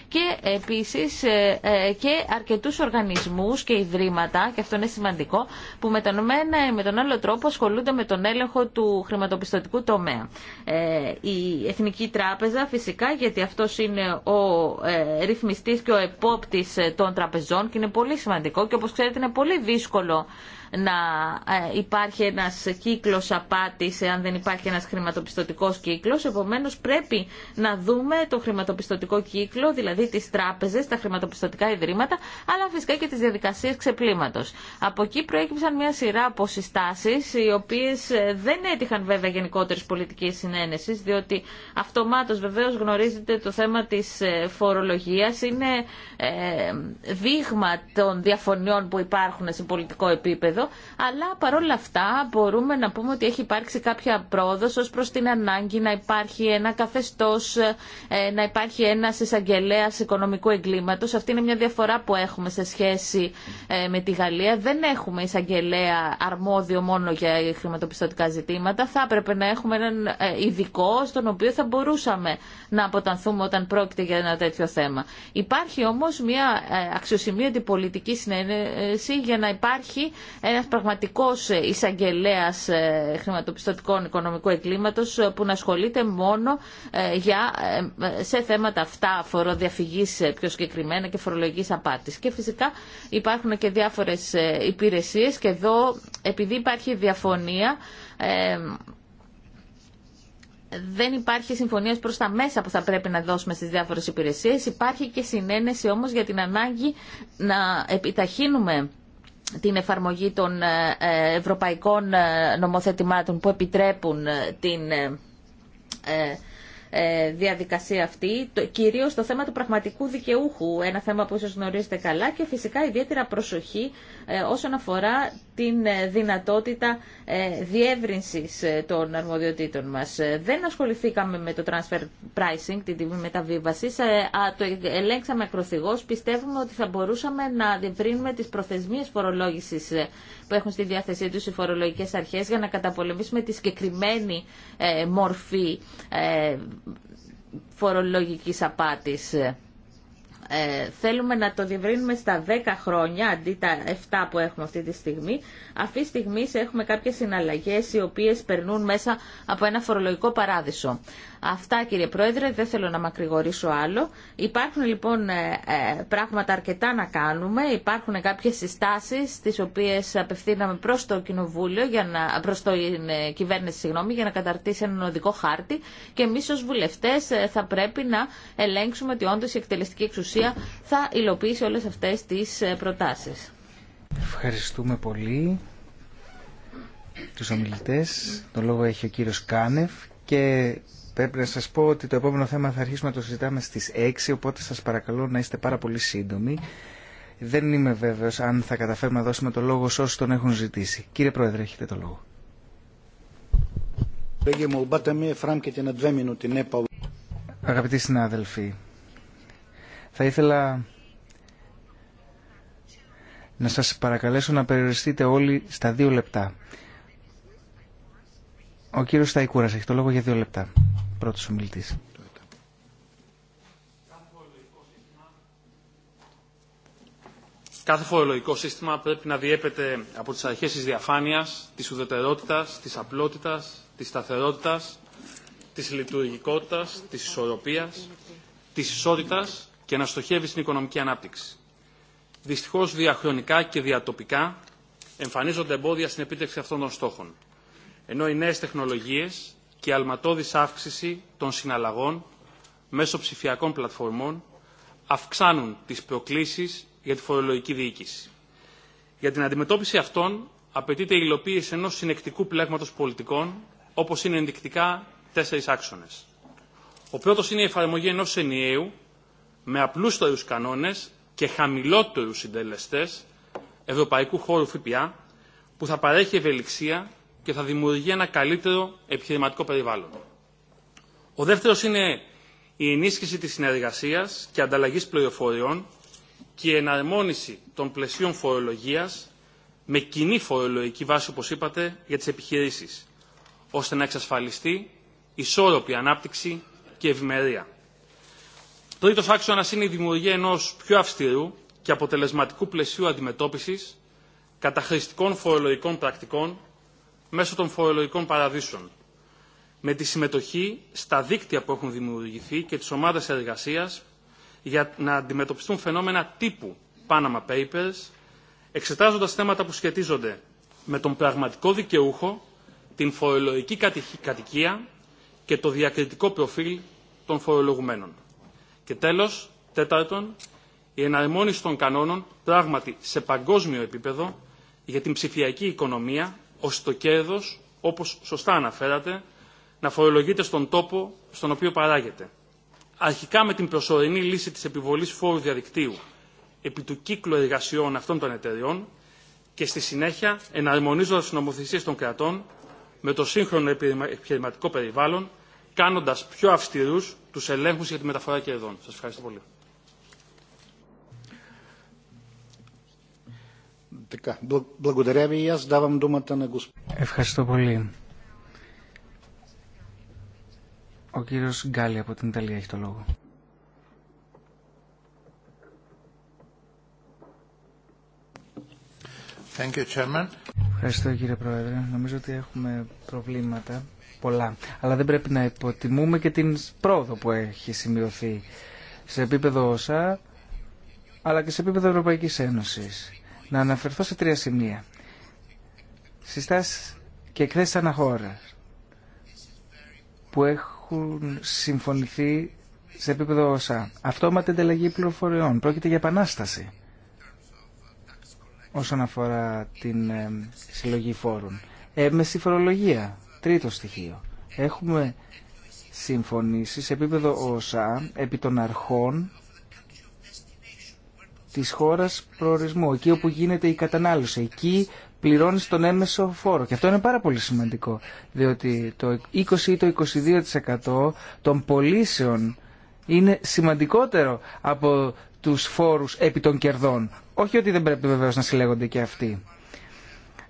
Και επίσης ε, ε, και αρκετού οργανισμού και ιδρύματα, και αυτό είναι σημαντικό, που με τον, ένα, με τον άλλο τρόπο ασχολούνται με τον έλεγχο του χρηματοπιστωτικού τομέα. Ε, η Εθνική Τράπεζα φυσικά, γιατί αυτό είναι ο ρυθμιστή και ο επόπτης ε, των τραπεζών και είναι πολύ σημαντικό και όπως ξέρετε είναι πολύ δύσκολο να ε, υπάρχει ένας κύκλος απάτης αν δεν υπάρχει ένας χρηματοπιστωτικός κύκλος. Επομένως πρέπει να δούμε το χρηματοπιστωτικό κύκλο, δηλαδή τις τράπεζες, τα χρηματοπιστωτικά ιδρύματα, αλλά φυσικά και τις διαδικασίες ξεπλήματος. Από εκεί προέκυψαν μια σειρά από συστάσεις, οι οποίες ε, δεν έτυχαν βέβαια γενικότερη πολιτική συνένεση, διότι αυτομάτως βεβαίως γνωρίζετε το θέμα της ε, φορολογίας, είναι δείγμα των διαφωνιών που υπάρχουν σε πολιτικό επίπεδο αλλά παρόλα αυτά μπορούμε να πούμε ότι έχει υπάρξει κάποια πρόοδος ω προ την ανάγκη να υπάρχει ένα καθεστώς, ε, να υπάρχει ένα εισαγγελέα οικονομικού εγκλήματο. Αυτή είναι μια διαφορά που έχουμε σε σχέση ε, με τη Γαλλία. Δεν έχουμε εισαγγελέα αρμόδιο μόνο για χρηματοπιστωτικά ζητήματα. Θα έπρεπε να έχουμε έναν ε, ειδικό στον οποίο θα μπορούσαμε να αποτανθούμε όταν πρόκειται για ένα τέτοιο θέμα. Υπάρχει όμως μια αξιοσημείωτη πολιτική συνένεση για να υπάρχει ένας πραγματικός εισαγγελέα ε, χρηματοπιστωτικών οικονομικού εγκλήματος ε, που να ασχολείται μόνο ε, για, σε θέματα αυτά φοροδιαφυγής πιο συγκεκριμένα και φορολογικής απάτης. Και φυσικά υπάρχουν και διάφορες υπηρεσίες και εδώ επειδή υπάρχει διαφωνία δεν υπάρχει συμφωνία προς τα μέσα που θα πρέπει να δώσουμε στις διάφορες υπηρεσίες. Υπάρχει και συνένεση όμως για την ανάγκη να επιταχύνουμε την εφαρμογή των ε, ε, ευρωπαϊκών ε, νομοθετημάτων που επιτρέπουν την διαδικασία αυτή, κυρίως το θέμα του πραγματικού δικαιούχου, ένα θέμα που ίσως γνωρίζετε καλά και φυσικά ιδιαίτερα προσοχή όσον αφορά την ε, δυνατότητα ε, διεύρυνσης ε, των αρμοδιοτήτων μας. Δεν ασχοληθήκαμε με το transfer pricing, την τιμή μεταβίβασης, το ελέγξαμε ακροθυγώς. Πιστεύουμε ότι θα μπορούσαμε να διευρύνουμε τις προθεσμίες φορολόγησης που έχουν στη διάθεσή τους οι φορολογικές αρχές για να καταπολεμήσουμε τη συγκεκριμένη μορφή φορολογικής απάτης. Ε, θέλουμε να το διευρύνουμε στα 10 χρόνια αντί τα 7 που έχουμε αυτή τη στιγμή. Αυτή τη στιγμή έχουμε κάποιες συναλλαγές οι οποίες περνούν μέσα από ένα φορολογικό παράδεισο. Αυτά κύριε Πρόεδρε, δεν θέλω να μακρηγορήσω άλλο. Υπάρχουν λοιπόν ε, ε, πράγματα αρκετά να κάνουμε, υπάρχουν κάποιες συστάσεις τις οποίες απευθύναμε προς το Κοινοβούλιο, για να, το κυβέρνηση για να καταρτήσει έναν οδικό χάρτη και εμείς ως βουλευτές θα πρέπει να ελέγξουμε ότι όντω η εκτελεστική εξουσία θα υλοποιήσει όλες αυτές τις ε, προτάσεις. Ευχαριστούμε πολύ τους ομιλητές. Το λόγο έχει ο κύριος Κάνεφ και πρέπει να σας πω ότι το επόμενο θέμα θα αρχίσουμε να το συζητάμε στις 6, οπότε σας παρακαλώ να είστε πάρα πολύ σύντομοι. Δεν είμαι βέβαιος αν θα καταφέρουμε να δώσουμε το λόγο σε όσους τον έχουν ζητήσει. Κύριε Πρόεδρε, έχετε το λόγο. Ε, ναι, Αγαπητοί συνάδελφοι, θα ήθελα να σας παρακαλέσω να περιοριστείτε όλοι στα δύο λεπτά. Ο κύριος Σταϊκούρας έχει το λόγο για δύο λεπτά. Πρώτος ομιλητής. Κάθε φορολογικό σύστημα πρέπει να διέπεται από τις αρχές της διαφάνειας, της ουδετερότητας, της απλότητας, της σταθερότητας, της λειτουργικότητας, της ισορροπίας, της ισότητας και να στοχεύει στην οικονομική ανάπτυξη. Δυστυχώ, διαχρονικά και διατοπικά εμφανίζονται εμπόδια στην επίτευξη αυτών των στόχων, ενώ οι νέε τεχνολογίε και η αλματώδη αύξηση των συναλλαγών μέσω ψηφιακών πλατφορμών αυξάνουν τι προκλήσει για τη φορολογική διοίκηση. Για την αντιμετώπιση αυτών απαιτείται η υλοποίηση ενό συνεκτικού πλέγματο πολιτικών, όπω είναι ενδεικτικά τέσσερι άξονε. Ο πρώτο είναι η εφαρμογή ενό ενιαίου με απλούστορους κανόνες και χαμηλότερους συντελεστές ευρωπαϊκού χώρου ΦΠΑ που θα παρέχει ευελιξία και θα δημιουργεί ένα καλύτερο επιχειρηματικό περιβάλλον. Ο δεύτερος είναι η ενίσχυση της συνεργασίας και ανταλλαγής πληροφοριών και η εναρμόνιση των πλαισίων φορολογίας με κοινή φορολογική βάση, όπως είπατε, για τις επιχειρήσεις, ώστε να εξασφαλιστεί ισόρροπη ανάπτυξη και ευημερία. Τρίτο άξονα είναι η δημιουργία ενό πιο αυστηρού και αποτελεσματικού πλαισίου αντιμετώπιση καταχρηστικών φορολογικών πρακτικών μέσω των φορολογικών παραδείσων, με τη συμμετοχή στα δίκτυα που έχουν δημιουργηθεί και τι ομάδε εργασία για να αντιμετωπιστούν φαινόμενα τύπου Panama Papers, εξετάζοντα θέματα που σχετίζονται με τον πραγματικό δικαιούχο, την φορολογική κατοικία και το διακριτικό προφίλ των φορολογουμένων. Και τέλος, τέταρτον, η εναρμόνιση των κανόνων πράγματι σε παγκόσμιο επίπεδο για την ψηφιακή οικονομία, ώστε το κέρδος, όπως σωστά αναφέρατε, να φορολογείται στον τόπο στον οποίο παράγεται. Αρχικά με την προσωρινή λύση της επιβολής φόρου διαδικτύου επί του κύκλου εργασιών αυτών των εταιριών και στη συνέχεια εναρμονίζοντας τις νομοθεσίες των κρατών με το σύγχρονο επιχειρηματικό περιβάλλον, κάνοντας πιο αυστηρούς τους ελέγχους για τη μεταφορά κερδών. Σας ευχαριστώ πολύ. Ευχαριστώ πολύ. Ο κύριος Γκάλι από την Ιταλία έχει το λόγο. Thank you, Chairman. Ευχαριστώ κύριε Πρόεδρε. Νομίζω ότι έχουμε προβλήματα πολλά. Αλλά δεν πρέπει να υποτιμούμε και την πρόοδο που έχει σημειωθεί σε επίπεδο ΩΣΑ αλλά και σε επίπεδο Ευρωπαϊκής Ένωσης. Να αναφερθώ σε τρία σημεία. Συστάσεις και εκθέσει αναχώρα που έχουν συμφωνηθεί σε επίπεδο ΩΣΑ. Αυτόματη ενταλλαγή πληροφοριών. Πρόκειται για επανάσταση όσον αφορά την ε, συλλογή φόρων. Έμεση φορολογία Τρίτο στοιχείο. Έχουμε συμφωνήσει σε επίπεδο ΩΣΑ επί των αρχών της χώρας προορισμού, εκεί όπου γίνεται η κατανάλωση, εκεί πληρώνεις τον έμεσο φόρο. Και αυτό είναι πάρα πολύ σημαντικό, διότι το 20 ή το 22% των πωλήσεων είναι σημαντικότερο από τους φόρους επί των κερδών. Όχι ότι δεν πρέπει βεβαίως να συλλέγονται και αυτοί.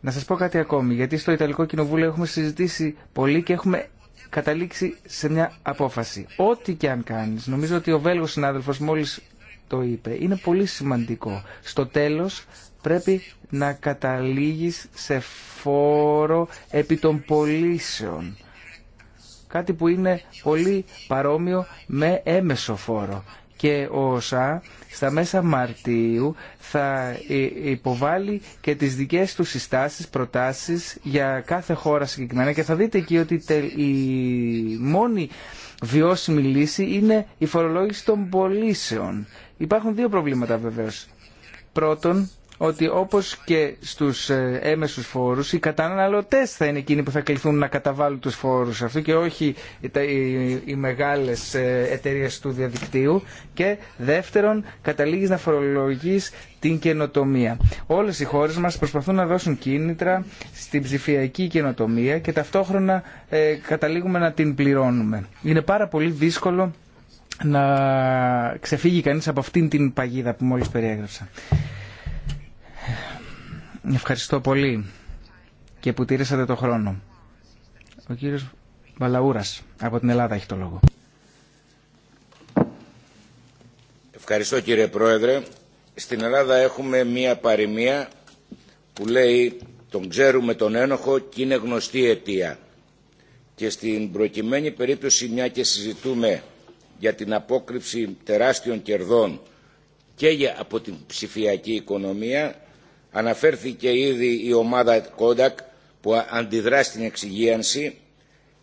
Να σας πω κάτι ακόμη, γιατί στο Ιταλικό Κοινοβούλιο έχουμε συζητήσει πολύ και έχουμε καταλήξει σε μια απόφαση. Ό,τι και αν κάνεις, νομίζω ότι ο Βέλγος συνάδελφος μόλις το είπε, είναι πολύ σημαντικό. Στο τέλος πρέπει να καταλήγεις σε φόρο επί των πωλήσεων. Κάτι που είναι πολύ παρόμοιο με έμεσο φόρο και ο ΩΣΑ στα μέσα Μαρτίου θα ε, υποβάλει και τις δικές του συστάσεις, προτάσεις για κάθε χώρα συγκεκριμένα και θα δείτε εκεί ότι η μόνη βιώσιμη λύση είναι η φορολόγηση των πωλήσεων. Υπάρχουν δύο προβλήματα βεβαίως. Πρώτον, ότι όπως και στους ε, έμεσους φόρους οι καταναλωτές θα είναι εκείνοι που θα κληθούν να καταβάλουν τους φόρους αυτού και όχι οι μεγάλες ε, εταιρείες του διαδικτύου και δεύτερον καταλήγεις να φορολογείς την καινοτομία. Όλες οι χώρες μας προσπαθούν να δώσουν κίνητρα στην ψηφιακή καινοτομία και ταυτόχρονα ε, καταλήγουμε να την πληρώνουμε. Είναι πάρα πολύ δύσκολο να ξεφύγει κανείς από αυτήν την παγίδα που μόλις περιέγραψα. Ευχαριστώ πολύ και που τήρησατε το χρόνο. Ο κύριος Βαλαούρας από την Ελλάδα έχει το λόγο. Ευχαριστώ κύριε Πρόεδρε. Στην Ελλάδα έχουμε μία παροιμία που λέει τον ξέρουμε τον ένοχο και είναι γνωστή αιτία. Και στην προκειμένη περίπτωση μια και συζητούμε για την απόκρυψη τεράστιων κερδών και για από την ψηφιακή οικονομία Αναφέρθηκε ήδη η ομάδα Κόντακ που αντιδρά στην εξυγίανση.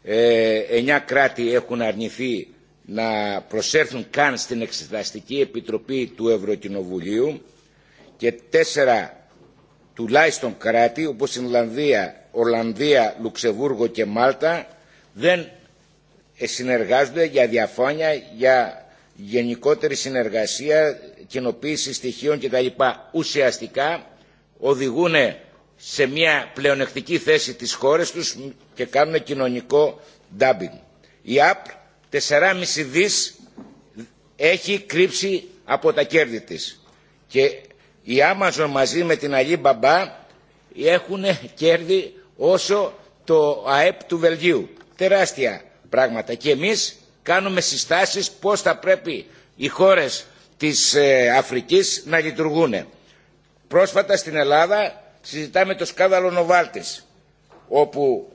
Ε, εννιά κράτη έχουν αρνηθεί να προσέρθουν καν στην Εξεταστική Επιτροπή του Ευρωκοινοβουλίου και τέσσερα τουλάχιστον κράτη όπως η Ινλανδία, Ολλανδία, Λουξεμβούργο και Μάλτα δεν ε, συνεργάζονται για διαφάνεια, για γενικότερη συνεργασία, κοινοποίηση στοιχείων κτλ. Ουσιαστικά οδηγούν σε μια πλεονεκτική θέση τις χώρες τους και κάνουν κοινωνικό ντάμπινγκ. Η ΑΠ 4,5 δις έχει κρύψει από τα κέρδη της. Και η Amazon μαζί με την Αλή Μπαμπά έχουν κέρδη όσο το ΑΕΠ του Βελγίου. Τεράστια πράγματα. Και εμείς κάνουμε συστάσεις πώς θα πρέπει οι χώρες της ε, Αφρικής να λειτουργούν. Πρόσφατα στην Ελλάδα συζητάμε το σκάνδαλο Νοβάλτης, όπου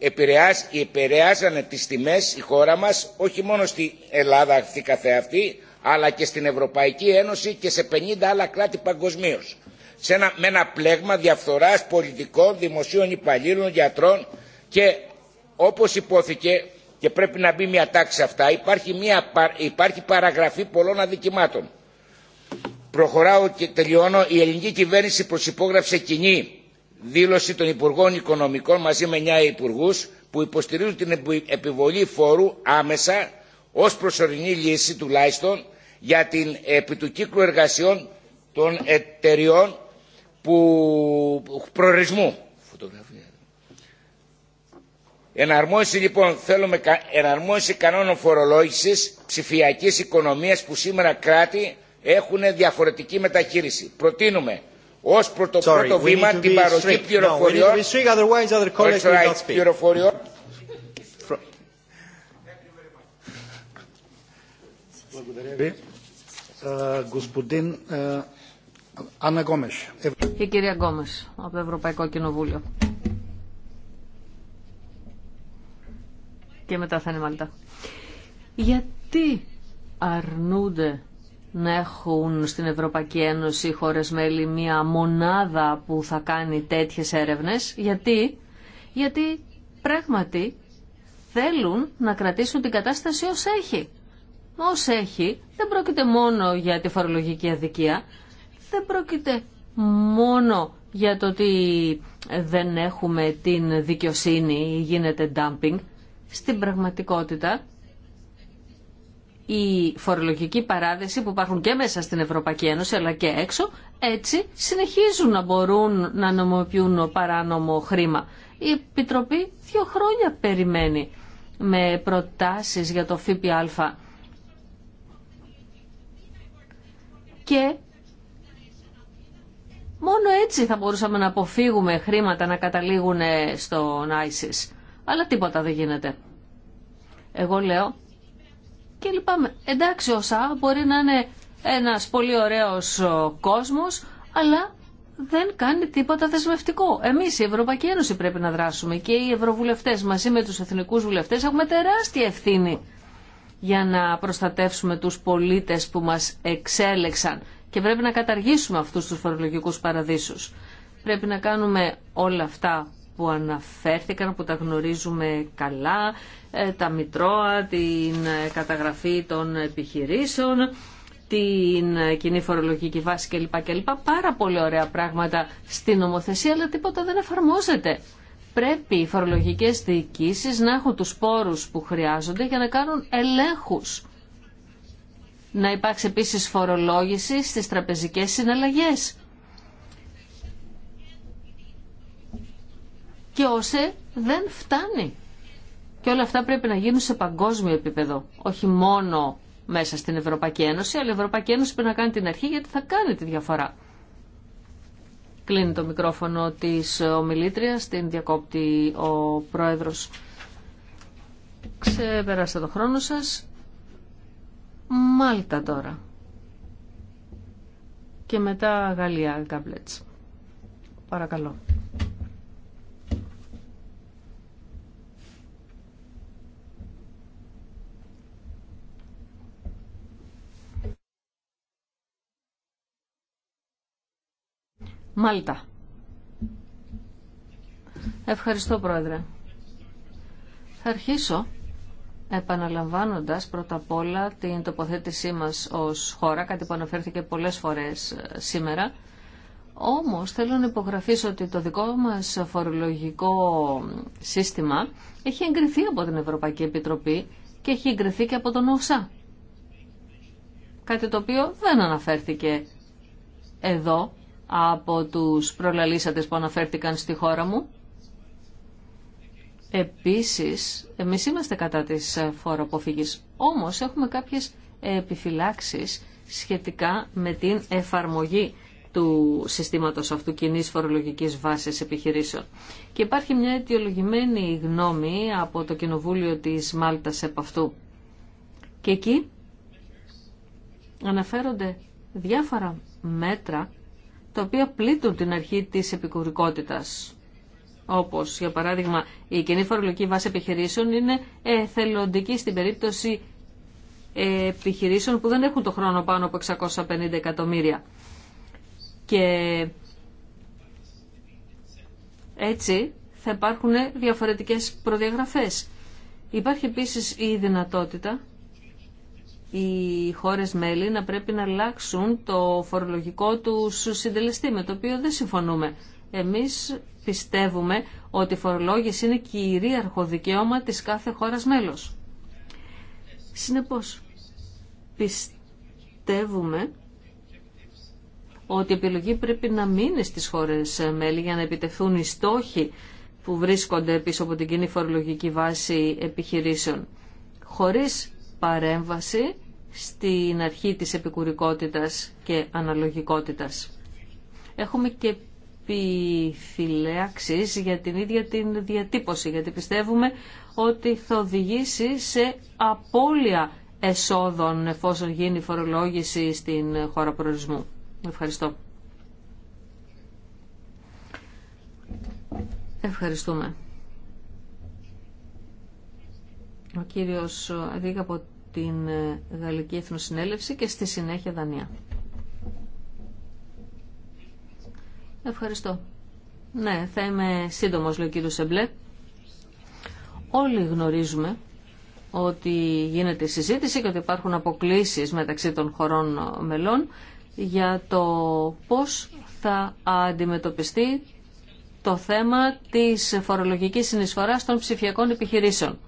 επηρεάσανε τις τιμές η χώρα μας, όχι μόνο στην Ελλάδα αυτή καθεαυτή, αλλά και στην Ευρωπαϊκή Ένωση και σε 50 άλλα κράτη παγκοσμίω. Με ένα πλέγμα διαφθοράς πολιτικών, δημοσίων υπαλλήλων, γιατρών και όπως υπόθηκε και πρέπει να μπει μια τάξη αυτά, υπάρχει, μια, υπάρχει παραγραφή πολλών αδικημάτων προχωράω και τελειώνω η ελληνική κυβέρνηση προσυπόγραψε κοινή δήλωση των υπουργών οικονομικών μαζί με 9 υπουργού που υποστηρίζουν την επιβολή φόρου άμεσα ως προσωρινή λύση τουλάχιστον για την επί του κύκλου εργασιών των εταιριών που προορισμού. Εναρμόνιση λοιπόν θέλουμε εναρμόνιση κανόνων φορολόγησης ψηφιακής οικονομίας που σήμερα κράτη έχουν διαφορετική μεταχείριση. Προτείνουμε ω πρώτο, πρώτο βήμα την παροχή πληροφοριών η κυρία Γκόμες από το Ευρωπαϊκό Κοινοβούλιο. Και μετά θα είναι Μαλτά. Γιατί αρνούνται να έχουν στην Ευρωπαϊκή Ένωση χώρες μέλη μία μονάδα που θα κάνει τέτοιες έρευνες. Γιατί, Γιατί πράγματι θέλουν να κρατήσουν την κατάσταση ως έχει. Ως έχει δεν πρόκειται μόνο για τη φορολογική αδικία, δεν πρόκειται μόνο για το ότι δεν έχουμε την δικαιοσύνη ή γίνεται dumping. Στην πραγματικότητα η φορολογική παράδεση που υπάρχουν και μέσα στην Ευρωπαϊκή Ένωση αλλά και έξω, έτσι συνεχίζουν να μπορούν να νομοποιούν παράνομο χρήμα. Η Επιτροπή δύο χρόνια περιμένει με προτάσεις για το ΦΠΑ και μόνο έτσι θα μπορούσαμε να αποφύγουμε χρήματα να καταλήγουν στο ISIS. Αλλά τίποτα δεν γίνεται. Εγώ λέω και λυπάμαι. Εντάξει, ο ΣΑ μπορεί να είναι ένας πολύ ωραίος κόσμος, αλλά δεν κάνει τίποτα δεσμευτικό. Εμείς η Ευρωπαϊκή Ένωση πρέπει να δράσουμε και οι ευρωβουλευτές μαζί με τους εθνικούς βουλευτές έχουμε τεράστια ευθύνη για να προστατεύσουμε τους πολίτες που μας εξέλεξαν και πρέπει να καταργήσουμε αυτούς τους φορολογικούς παραδείσους. Πρέπει να κάνουμε όλα αυτά που αναφέρθηκαν, που τα γνωρίζουμε καλά, ε, τα Μητρώα, την ε, καταγραφή των επιχειρήσεων, την ε, κοινή φορολογική βάση κλπ. κλπ. Πάρα πολύ ωραία πράγματα στην νομοθεσία, αλλά τίποτα δεν εφαρμόζεται. Πρέπει οι φορολογικές διοικήσεις να έχουν τους πόρους που χρειάζονται για να κάνουν ελέγχους. Να υπάρξει επίσης φορολόγηση στις τραπεζικές συναλλαγές. Και όσε δεν φτάνει. Και όλα αυτά πρέπει να γίνουν σε παγκόσμιο επίπεδο, όχι μόνο μέσα στην Ευρωπαϊκή Ένωση, αλλά η Ευρωπαϊκή Ένωση πρέπει να κάνει την αρχή γιατί θα κάνει τη διαφορά. Κλείνει το μικρόφωνο της ομιλήτριας, την διακόπτη ο Πρόεδρος. Ξεπεράσατε το χρόνο σας. Μάλτα τώρα. Και μετά Γαλλία Γκάμπλετς. Παρακαλώ. Μάλτα. Ευχαριστώ, Πρόεδρε. Θα αρχίσω επαναλαμβάνοντας πρώτα απ' όλα την τοποθέτησή μας ως χώρα, κάτι που αναφέρθηκε πολλές φορές ε, σήμερα. Όμως θέλω να υπογραφήσω ότι το δικό μας φορολογικό σύστημα έχει εγκριθεί από την Ευρωπαϊκή Επιτροπή και έχει εγκριθεί και από τον ΟΣΑ. Κάτι το οποίο δεν αναφέρθηκε εδώ από τους προλαλήσατες που αναφέρθηκαν στη χώρα μου. Επίσης, εμείς είμαστε κατά της φοροαποφύγης, όμως έχουμε κάποιες επιφυλάξεις σχετικά με την εφαρμογή του συστήματος αυτού κοινή φορολογικής βάσης επιχειρήσεων. Και υπάρχει μια αιτιολογημένη γνώμη από το Κοινοβούλιο της Μάλτας επ' αυτού. Και εκεί αναφέρονται διάφορα μέτρα τα οποία πλήττουν την αρχή της επικουρικότητας. Όπως, για παράδειγμα, η κοινή φορολογική βάση επιχειρήσεων είναι εθελοντική στην περίπτωση επιχειρήσεων που δεν έχουν το χρόνο πάνω από 650 εκατομμύρια. Και έτσι θα υπάρχουν διαφορετικές προδιαγραφές. Υπάρχει επίσης η δυνατότητα οι χώρες μέλη να πρέπει να αλλάξουν το φορολογικό του συντελεστή, με το οποίο δεν συμφωνούμε. Εμείς πιστεύουμε ότι η φορολόγηση είναι κυρίαρχο δικαίωμα της κάθε χώρας μέλος. Συνεπώς, πιστεύουμε ότι η επιλογή πρέπει να μείνει στις χώρες μέλη για να επιτεθούν οι στόχοι που βρίσκονται πίσω από την κοινή φορολογική βάση επιχειρήσεων. Χωρίς παρέμβαση στην αρχή της επικουρικότητας και αναλογικότητας. Έχουμε και επιφυλάξεις για την ίδια την διατύπωση, γιατί πιστεύουμε ότι θα οδηγήσει σε απώλεια εσόδων εφόσον γίνει φορολόγηση στην χώρα προορισμού. Ευχαριστώ. Ευχαριστούμε. Ο κύριος την ε, Γαλλική Εθνοσυνέλευση και στη συνέχεια Δανία. Ευχαριστώ. Ναι, θα είμαι σύντομος, λέει ο κύριο Σεμπλέ. Όλοι γνωρίζουμε ότι γίνεται συζήτηση και ότι υπάρχουν αποκλήσεις μεταξύ των χωρών μελών για το πώς θα αντιμετωπιστεί το θέμα της φορολογικής συνεισφοράς των ψηφιακών επιχειρήσεων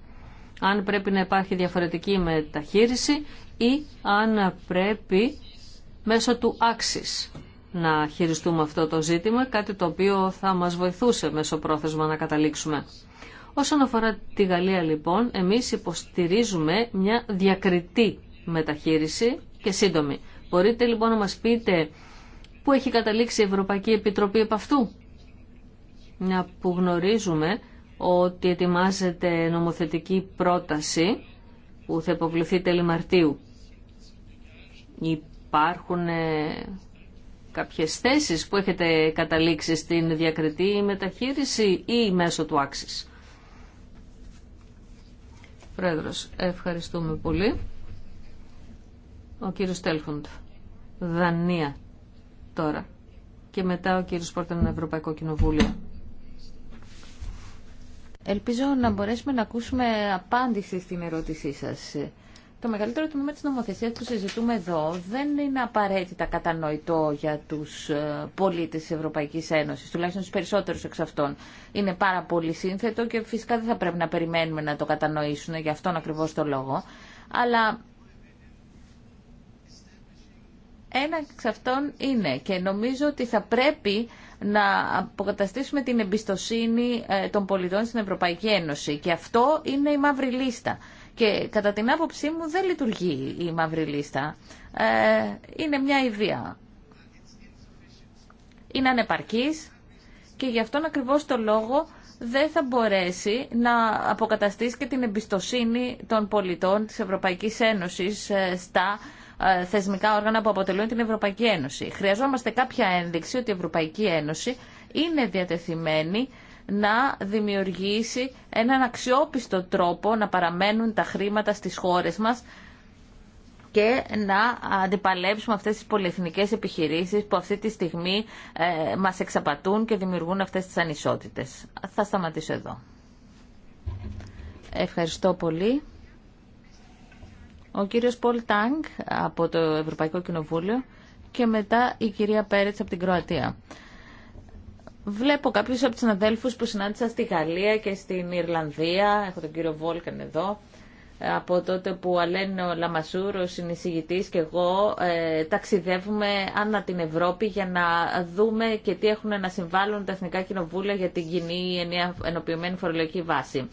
αν πρέπει να υπάρχει διαφορετική μεταχείριση ή αν πρέπει μέσω του άξις να χειριστούμε αυτό το ζήτημα, κάτι το οποίο θα μας βοηθούσε μέσω πρόθεσμα να καταλήξουμε. Όσον αφορά τη Γαλλία λοιπόν, εμείς υποστηρίζουμε μια διακριτή μεταχείριση και σύντομη. Μπορείτε λοιπόν να μας πείτε πού έχει καταλήξει η Ευρωπαϊκή Επιτροπή επ' αυτού. Να που γνωρίζουμε ότι ετοιμάζεται νομοθετική πρόταση που θα υποβληθεί τέλη Μαρτίου. Υπάρχουν ε, κάποιες θέσεις που έχετε καταλήξει στην διακριτή μεταχείριση ή μέσω του άξης. Πρόεδρος, ευχαριστούμε πολύ. Ο κύριος Τέλφοντ, Δανία τώρα. Και μετά ο κύριος Πόρτεν, Ευρωπαϊκό Κοινοβούλιο. Ελπίζω να μπορέσουμε να ακούσουμε απάντηση στην ερώτησή σας. Το μεγαλύτερο τμήμα της νομοθεσίας που συζητούμε εδώ δεν είναι απαραίτητα κατανοητό για τους ε, πολίτες της Ευρωπαϊκής Ένωσης, τουλάχιστον τους περισσότερους εξ αυτών. Είναι πάρα πολύ σύνθετο και φυσικά δεν θα πρέπει να περιμένουμε να το κατανοήσουν, γι' αυτόν ακριβώς το λόγο. Αλλά ένα εξ αυτών είναι και νομίζω ότι θα πρέπει να αποκαταστήσουμε την εμπιστοσύνη ε, των πολιτών στην Ευρωπαϊκή Ένωση. Και αυτό είναι η μαύρη λίστα. Και κατά την άποψή μου δεν λειτουργεί η μαύρη λίστα. Ε, είναι μια ιδέα. Είναι ανεπαρκής και γι' αυτόν ακριβώς το λόγο δεν θα μπορέσει να αποκαταστήσει και την εμπιστοσύνη των πολιτών της Ευρωπαϊκής Ένωσης ε, στα ε, θεσμικά όργανα που αποτελούν την Ευρωπαϊκή Ένωση. Χρειαζόμαστε κάποια ένδειξη ότι η Ευρωπαϊκή Ένωση είναι διατεθειμένη να δημιουργήσει έναν αξιόπιστο τρόπο να παραμένουν τα χρήματα στις χώρες μας και να αντιπαλέψουμε αυτές τις πολυεθνικές επιχειρήσεις που αυτή τη στιγμή ε, μας εξαπατούν και δημιουργούν αυτές τις ανισότητες. Θα σταματήσω εδώ. Ευχαριστώ πολύ ο κύριος Πολ Τάγκ από το Ευρωπαϊκό Κοινοβούλιο και μετά η κυρία Πέρετς από την Κροατία. Βλέπω κάποιους από τους αδέλφους που συνάντησα στη Γαλλία και στην Ιρλανδία, έχω τον κύριο Βόλκαν εδώ, από τότε που Αλένο Λαμασούρ, ο συνεισηγητής και εγώ, ε, ταξιδεύουμε ανά την Ευρώπη για να δούμε και τι έχουν να συμβάλλουν τα Εθνικά Κοινοβούλια για την κοινή ενοποιημένη φορολογική βάση.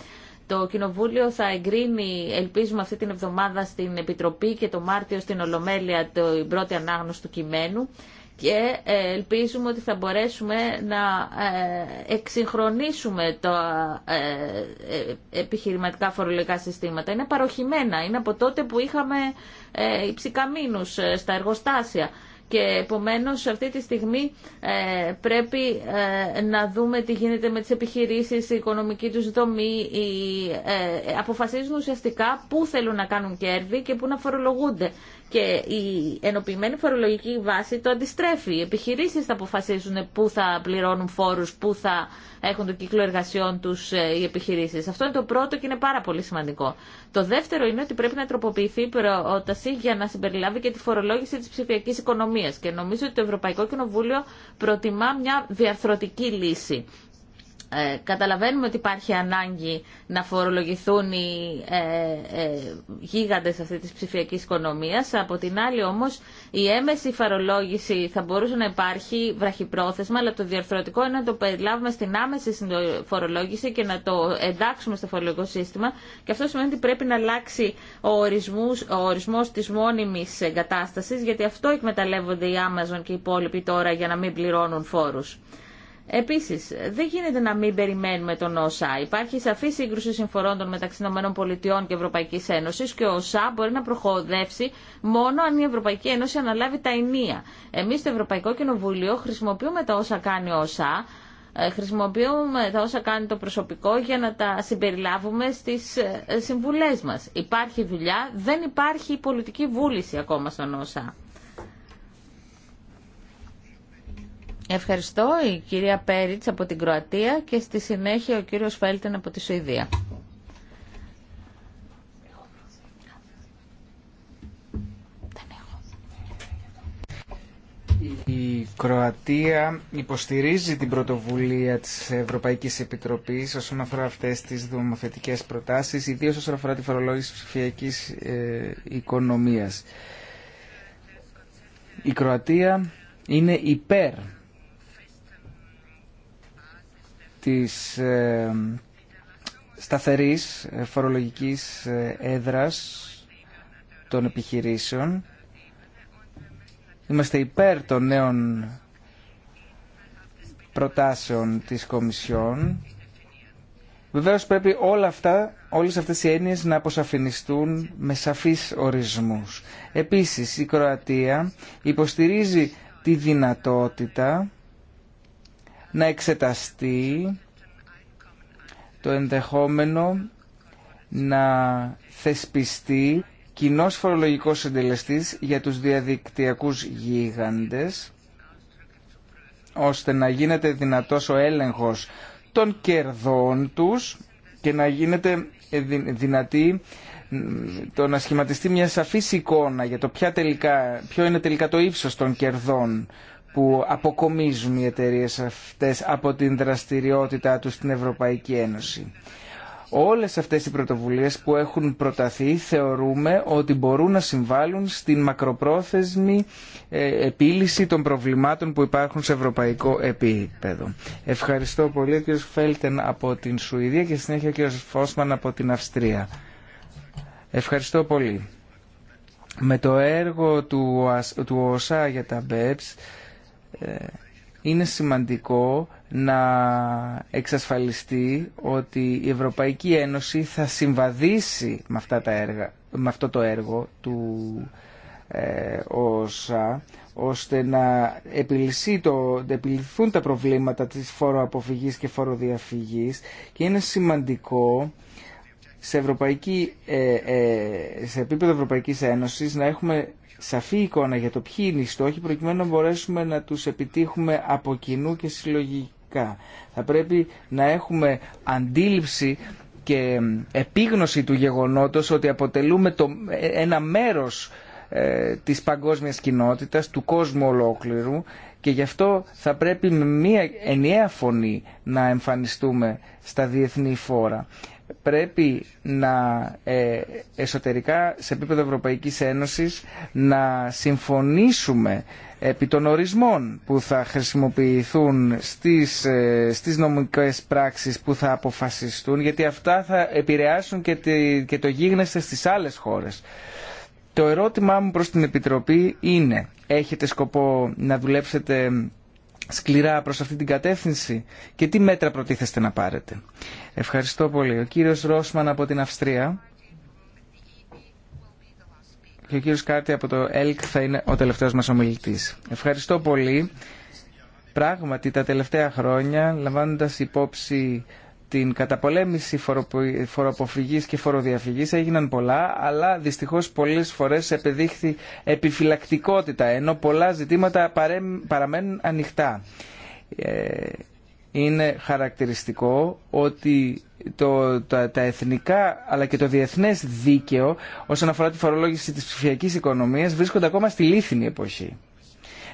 Το Κοινοβούλιο θα εγκρίνει, ελπίζουμε αυτή την εβδομάδα στην Επιτροπή και το Μάρτιο στην Ολομέλεια την πρώτη ανάγνωση του κειμένου και ε, ελπίζουμε ότι θα μπορέσουμε να ε, εξυγχρονίσουμε τα ε, επιχειρηματικά φορολογικά συστήματα. Είναι παροχημένα. Είναι από τότε που είχαμε υψικαμίνους στα εργοστάσια και επομένως αυτή τη στιγμή ε, πρέπει ε, να δούμε τι γίνεται με τις επιχειρήσεις, η οικονομική τους δομή, ε, αποφασίζουν ουσιαστικά πού θέλουν να κάνουν κέρδη και πού να φορολογούνται. Και η ενοποιημένη φορολογική βάση το αντιστρέφει. Οι επιχειρήσει θα αποφασίζουν πού θα πληρώνουν φόρου, πού θα έχουν το κύκλο εργασιών του ε, οι επιχειρήσει. Αυτό είναι το πρώτο και είναι πάρα πολύ σημαντικό. Το δεύτερο είναι ότι πρέπει να τροποποιηθεί η πρόταση για να συμπεριλάβει και τη φορολόγηση τη ψηφιακή οικονομία. Και νομίζω ότι το Ευρωπαϊκό Κοινοβούλιο προτιμά μια διαρθρωτική λύση. Ε, καταλαβαίνουμε ότι υπάρχει ανάγκη να φορολογηθούν οι ε, ε, γίγαντες αυτής της ψηφιακής οικονομίας. Από την άλλη όμως η έμεση φορολόγηση θα μπορούσε να υπάρχει βραχυπρόθεσμα, αλλά το διαρθρωτικό είναι να το περιλάβουμε στην άμεση φορολόγηση και να το εντάξουμε στο φορολογικό σύστημα. Και αυτό σημαίνει ότι πρέπει να αλλάξει ο ορισμός, ο ορισμός της μόνιμης εγκατάστασης, γιατί αυτό εκμεταλλεύονται οι Amazon και οι υπόλοιποι τώρα για να μην πληρώνουν φόρους. Επίσης, δεν γίνεται να μην περιμένουμε τον ΩΣΑ. Υπάρχει σαφή σύγκρουση συμφορών των μεταξύ ΗΠΑ και Ευρωπαϊκής Ένωσης και ο ΩΣΑ μπορεί να προχωρήσει μόνο αν η Ευρωπαϊκή Ένωση αναλάβει τα ενία. Εμείς στο Ευρωπαϊκό Κοινοβούλιο χρησιμοποιούμε τα όσα κάνει ο ΩΣΑ, ε, χρησιμοποιούμε τα όσα κάνει το προσωπικό για να τα συμπεριλάβουμε στις ε, συμβουλές μας. Υπάρχει δουλειά, δεν υπάρχει πολιτική βούληση ακόμα στον ΩΣΑ. Ευχαριστώ η κυρία Πέριτς από την Κροατία και στη συνέχεια ο κύριος Φέλτεν από τη Σουηδία. Η Κροατία υποστηρίζει την πρωτοβουλία της Ευρωπαϊκής Επιτροπής όσον αφορά αυτές τις δημοθετικές προτάσεις, ιδίως όσον αφορά τη φορολόγηση της ψηφιακής ε, οικονομίας. Η Κροατία είναι υπέρ της ε, σταθερής ε, φορολογικής ε, έδρας των επιχειρήσεων. Είμαστε υπέρ των νέων προτάσεων της Κομισιόν. Βεβαίως πρέπει όλα αυτά, όλες αυτές οι έννοιες να αποσαφινιστούν με σαφείς ορισμούς. Επίσης η Κροατία υποστηρίζει τη δυνατότητα να εξεταστεί το ενδεχόμενο να θεσπιστεί κοινό φορολογικό συντελεστή για τους διαδικτυακούς γίγαντες ώστε να γίνεται δυνατός ο έλεγχος των κερδών τους και να γίνεται δυνατή το να σχηματιστεί μια σαφής εικόνα για το τελικά, ποιο είναι τελικά το ύψος των κερδών που αποκομίζουν οι εταιρείε αυτές από την δραστηριότητά τους στην Ευρωπαϊκή Ένωση. Όλες αυτές οι πρωτοβουλίες που έχουν προταθεί θεωρούμε ότι μπορούν να συμβάλλουν στην μακροπρόθεσμη ε, επίλυση των προβλημάτων που υπάρχουν σε ευρωπαϊκό επίπεδο. Ευχαριστώ πολύ ο κ. Φέλτεν από την Σουηδία και συνέχεια ο κ. από την Αυστρία. Ευχαριστώ πολύ. Με το έργο του ΟΣΑ για τα BEPS ε, είναι σημαντικό να εξασφαλιστεί ότι η Ευρωπαϊκή Ένωση θα συμβαδίσει με, αυτά τα έργα, με αυτό το έργο του ε, ΩΣΑ ώστε να το, επιληθούν τα προβλήματα της φοροαποφυγής και φοροδιαφυγής και είναι σημαντικό σε, ε, ε, σε επίπεδο Ευρωπαϊκής Ένωσης να έχουμε σαφή εικόνα για το ποιοι είναι οι στόχοι προκειμένου να μπορέσουμε να τους επιτύχουμε από κοινού και συλλογικά. Θα πρέπει να έχουμε αντίληψη και επίγνωση του γεγονότος ότι αποτελούμε το, ε, ένα μέρος ε, της παγκόσμιας κοινότητας, του κόσμου ολόκληρου και γι' αυτό θα πρέπει με μια ενιαία φωνή να εμφανιστούμε στα διεθνή φόρα πρέπει να ε, εσωτερικά σε επίπεδο Ευρωπαϊκής Ένωσης να συμφωνήσουμε επί των ορισμών που θα χρησιμοποιηθούν στις, ε, στις νομικές πράξεις που θα αποφασιστούν γιατί αυτά θα επηρεάσουν και, το γίγνεσθε στις άλλες χώρες. Το ερώτημά μου προς την Επιτροπή είναι έχετε σκοπό να δουλέψετε σκληρά προς αυτή την κατεύθυνση και τι μέτρα προτίθεστε να πάρετε. Ευχαριστώ πολύ. Ο κύριος Ρόσμαν από την Αυστρία και ο κύριος Κάρτη από το ΕΛΚ θα είναι ο τελευταίος μας ομιλητής. Ευχαριστώ πολύ. Πράγματι τα τελευταία χρόνια, λαμβάνοντας υπόψη την καταπολέμηση φοροποφυγής και φοροδιαφυγής έγιναν πολλά, αλλά δυστυχώς πολλές φορές επεδείχθη επιφυλακτικότητα, ενώ πολλά ζητήματα παραμένουν ανοιχτά. Ε, είναι χαρακτηριστικό ότι το, τα, τα εθνικά αλλά και το διεθνές δίκαιο όσον αφορά τη φορολόγηση της ψηφιακής οικονομίας βρίσκονται ακόμα στη λίθινη εποχή.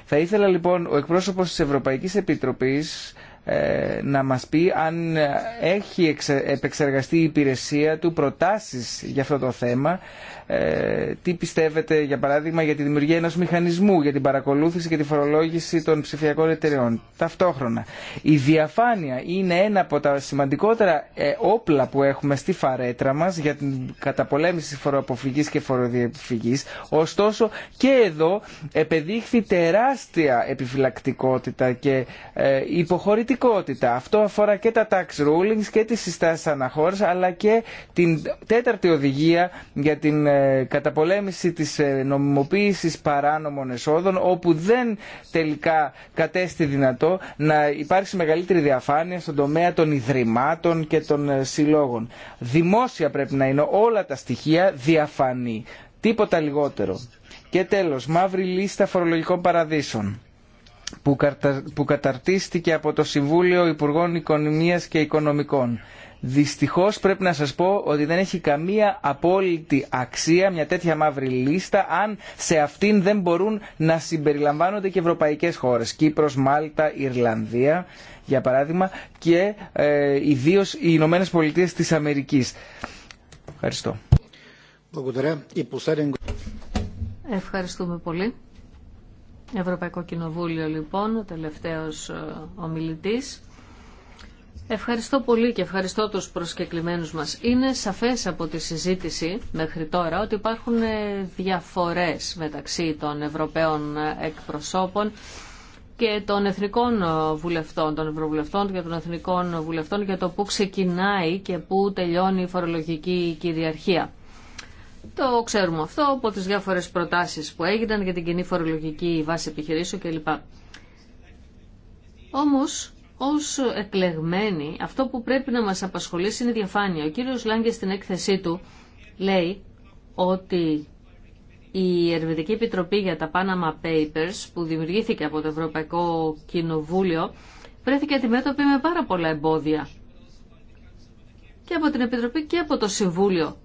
Θα ήθελα λοιπόν ο εκπρόσωπος της Ευρωπαϊκής Επιτροπής ε, να μας πει αν έχει επεξεργαστεί η υπηρεσία του προτάσεις για αυτό το θέμα ε, τι πιστεύετε για παράδειγμα για τη δημιουργία ενός μηχανισμού για την παρακολούθηση και τη φορολόγηση των ψηφιακών εταιρεών ταυτόχρονα η διαφάνεια είναι ένα από τα σημαντικότερα ε, όπλα που έχουμε στη φαρέτρα μας για την καταπολέμηση φοροαποφυγής και φοροδιαφυγής ωστόσο και εδώ επεδείχθη τεράστια επιφυλακτικότητα και υποχωρητικότητα αυτό αφορά και τα tax rulings και τις συστάσεις αναχώρησης αλλά και την τέταρτη οδηγία για την ε, καταπολέμηση της ε, νομιμοποίησης παράνομων εσόδων όπου δεν τελικά κατέστη δυνατό να υπάρξει μεγαλύτερη διαφάνεια στον τομέα των ιδρυμάτων και των ε, συλλόγων. Δημόσια πρέπει να είναι όλα τα στοιχεία διαφανή. Τίποτα λιγότερο. Και τέλος, μαύρη λίστα φορολογικών παραδείσων που καταρτίστηκε από το Συμβούλιο Υπουργών Οικονομίας και Οικονομικών. Δυστυχώς πρέπει να σας πω ότι δεν έχει καμία απόλυτη αξία μια τέτοια μαύρη λίστα αν σε αυτήν δεν μπορούν να συμπεριλαμβάνονται και ευρωπαϊκές χώρες. Κύπρος, Μάλτα, Ιρλανδία για παράδειγμα και ε, ιδίως οι Ηνωμένε Πολιτείε της Αμερικής. Ευχαριστώ. Ευχαριστούμε πολύ. Ευρωπαϊκό Κοινοβούλιο λοιπόν, ο τελευταίος ε, ομιλητής. Ευχαριστώ πολύ και ευχαριστώ τους προσκεκλημένους μας. Είναι σαφές από τη συζήτηση μέχρι τώρα ότι υπάρχουν ε, διαφορές μεταξύ των Ευρωπαίων ε, εκπροσώπων και των εθνικών βουλευτών, των ευρωβουλευτών και των εθνικών βουλευτών για το πού ξεκινάει και πού τελειώνει η φορολογική κυριαρχία. Το ξέρουμε αυτό από τις διάφορες προτάσεις που έγιναν για την κοινή φορολογική βάση επιχειρήσεων κλπ. Όμως, ως εκλεγμένοι, αυτό που πρέπει να μας απασχολήσει είναι η διαφάνεια. Ο κύριος Λάγκε στην έκθεσή του λέει ότι η Ερευνητική Επιτροπή για τα Panama Papers που δημιουργήθηκε από το Ευρωπαϊκό Κοινοβούλιο βρέθηκε αντιμέτωπη με πάρα πολλά εμπόδια και από την Επιτροπή και από το Συμβούλιο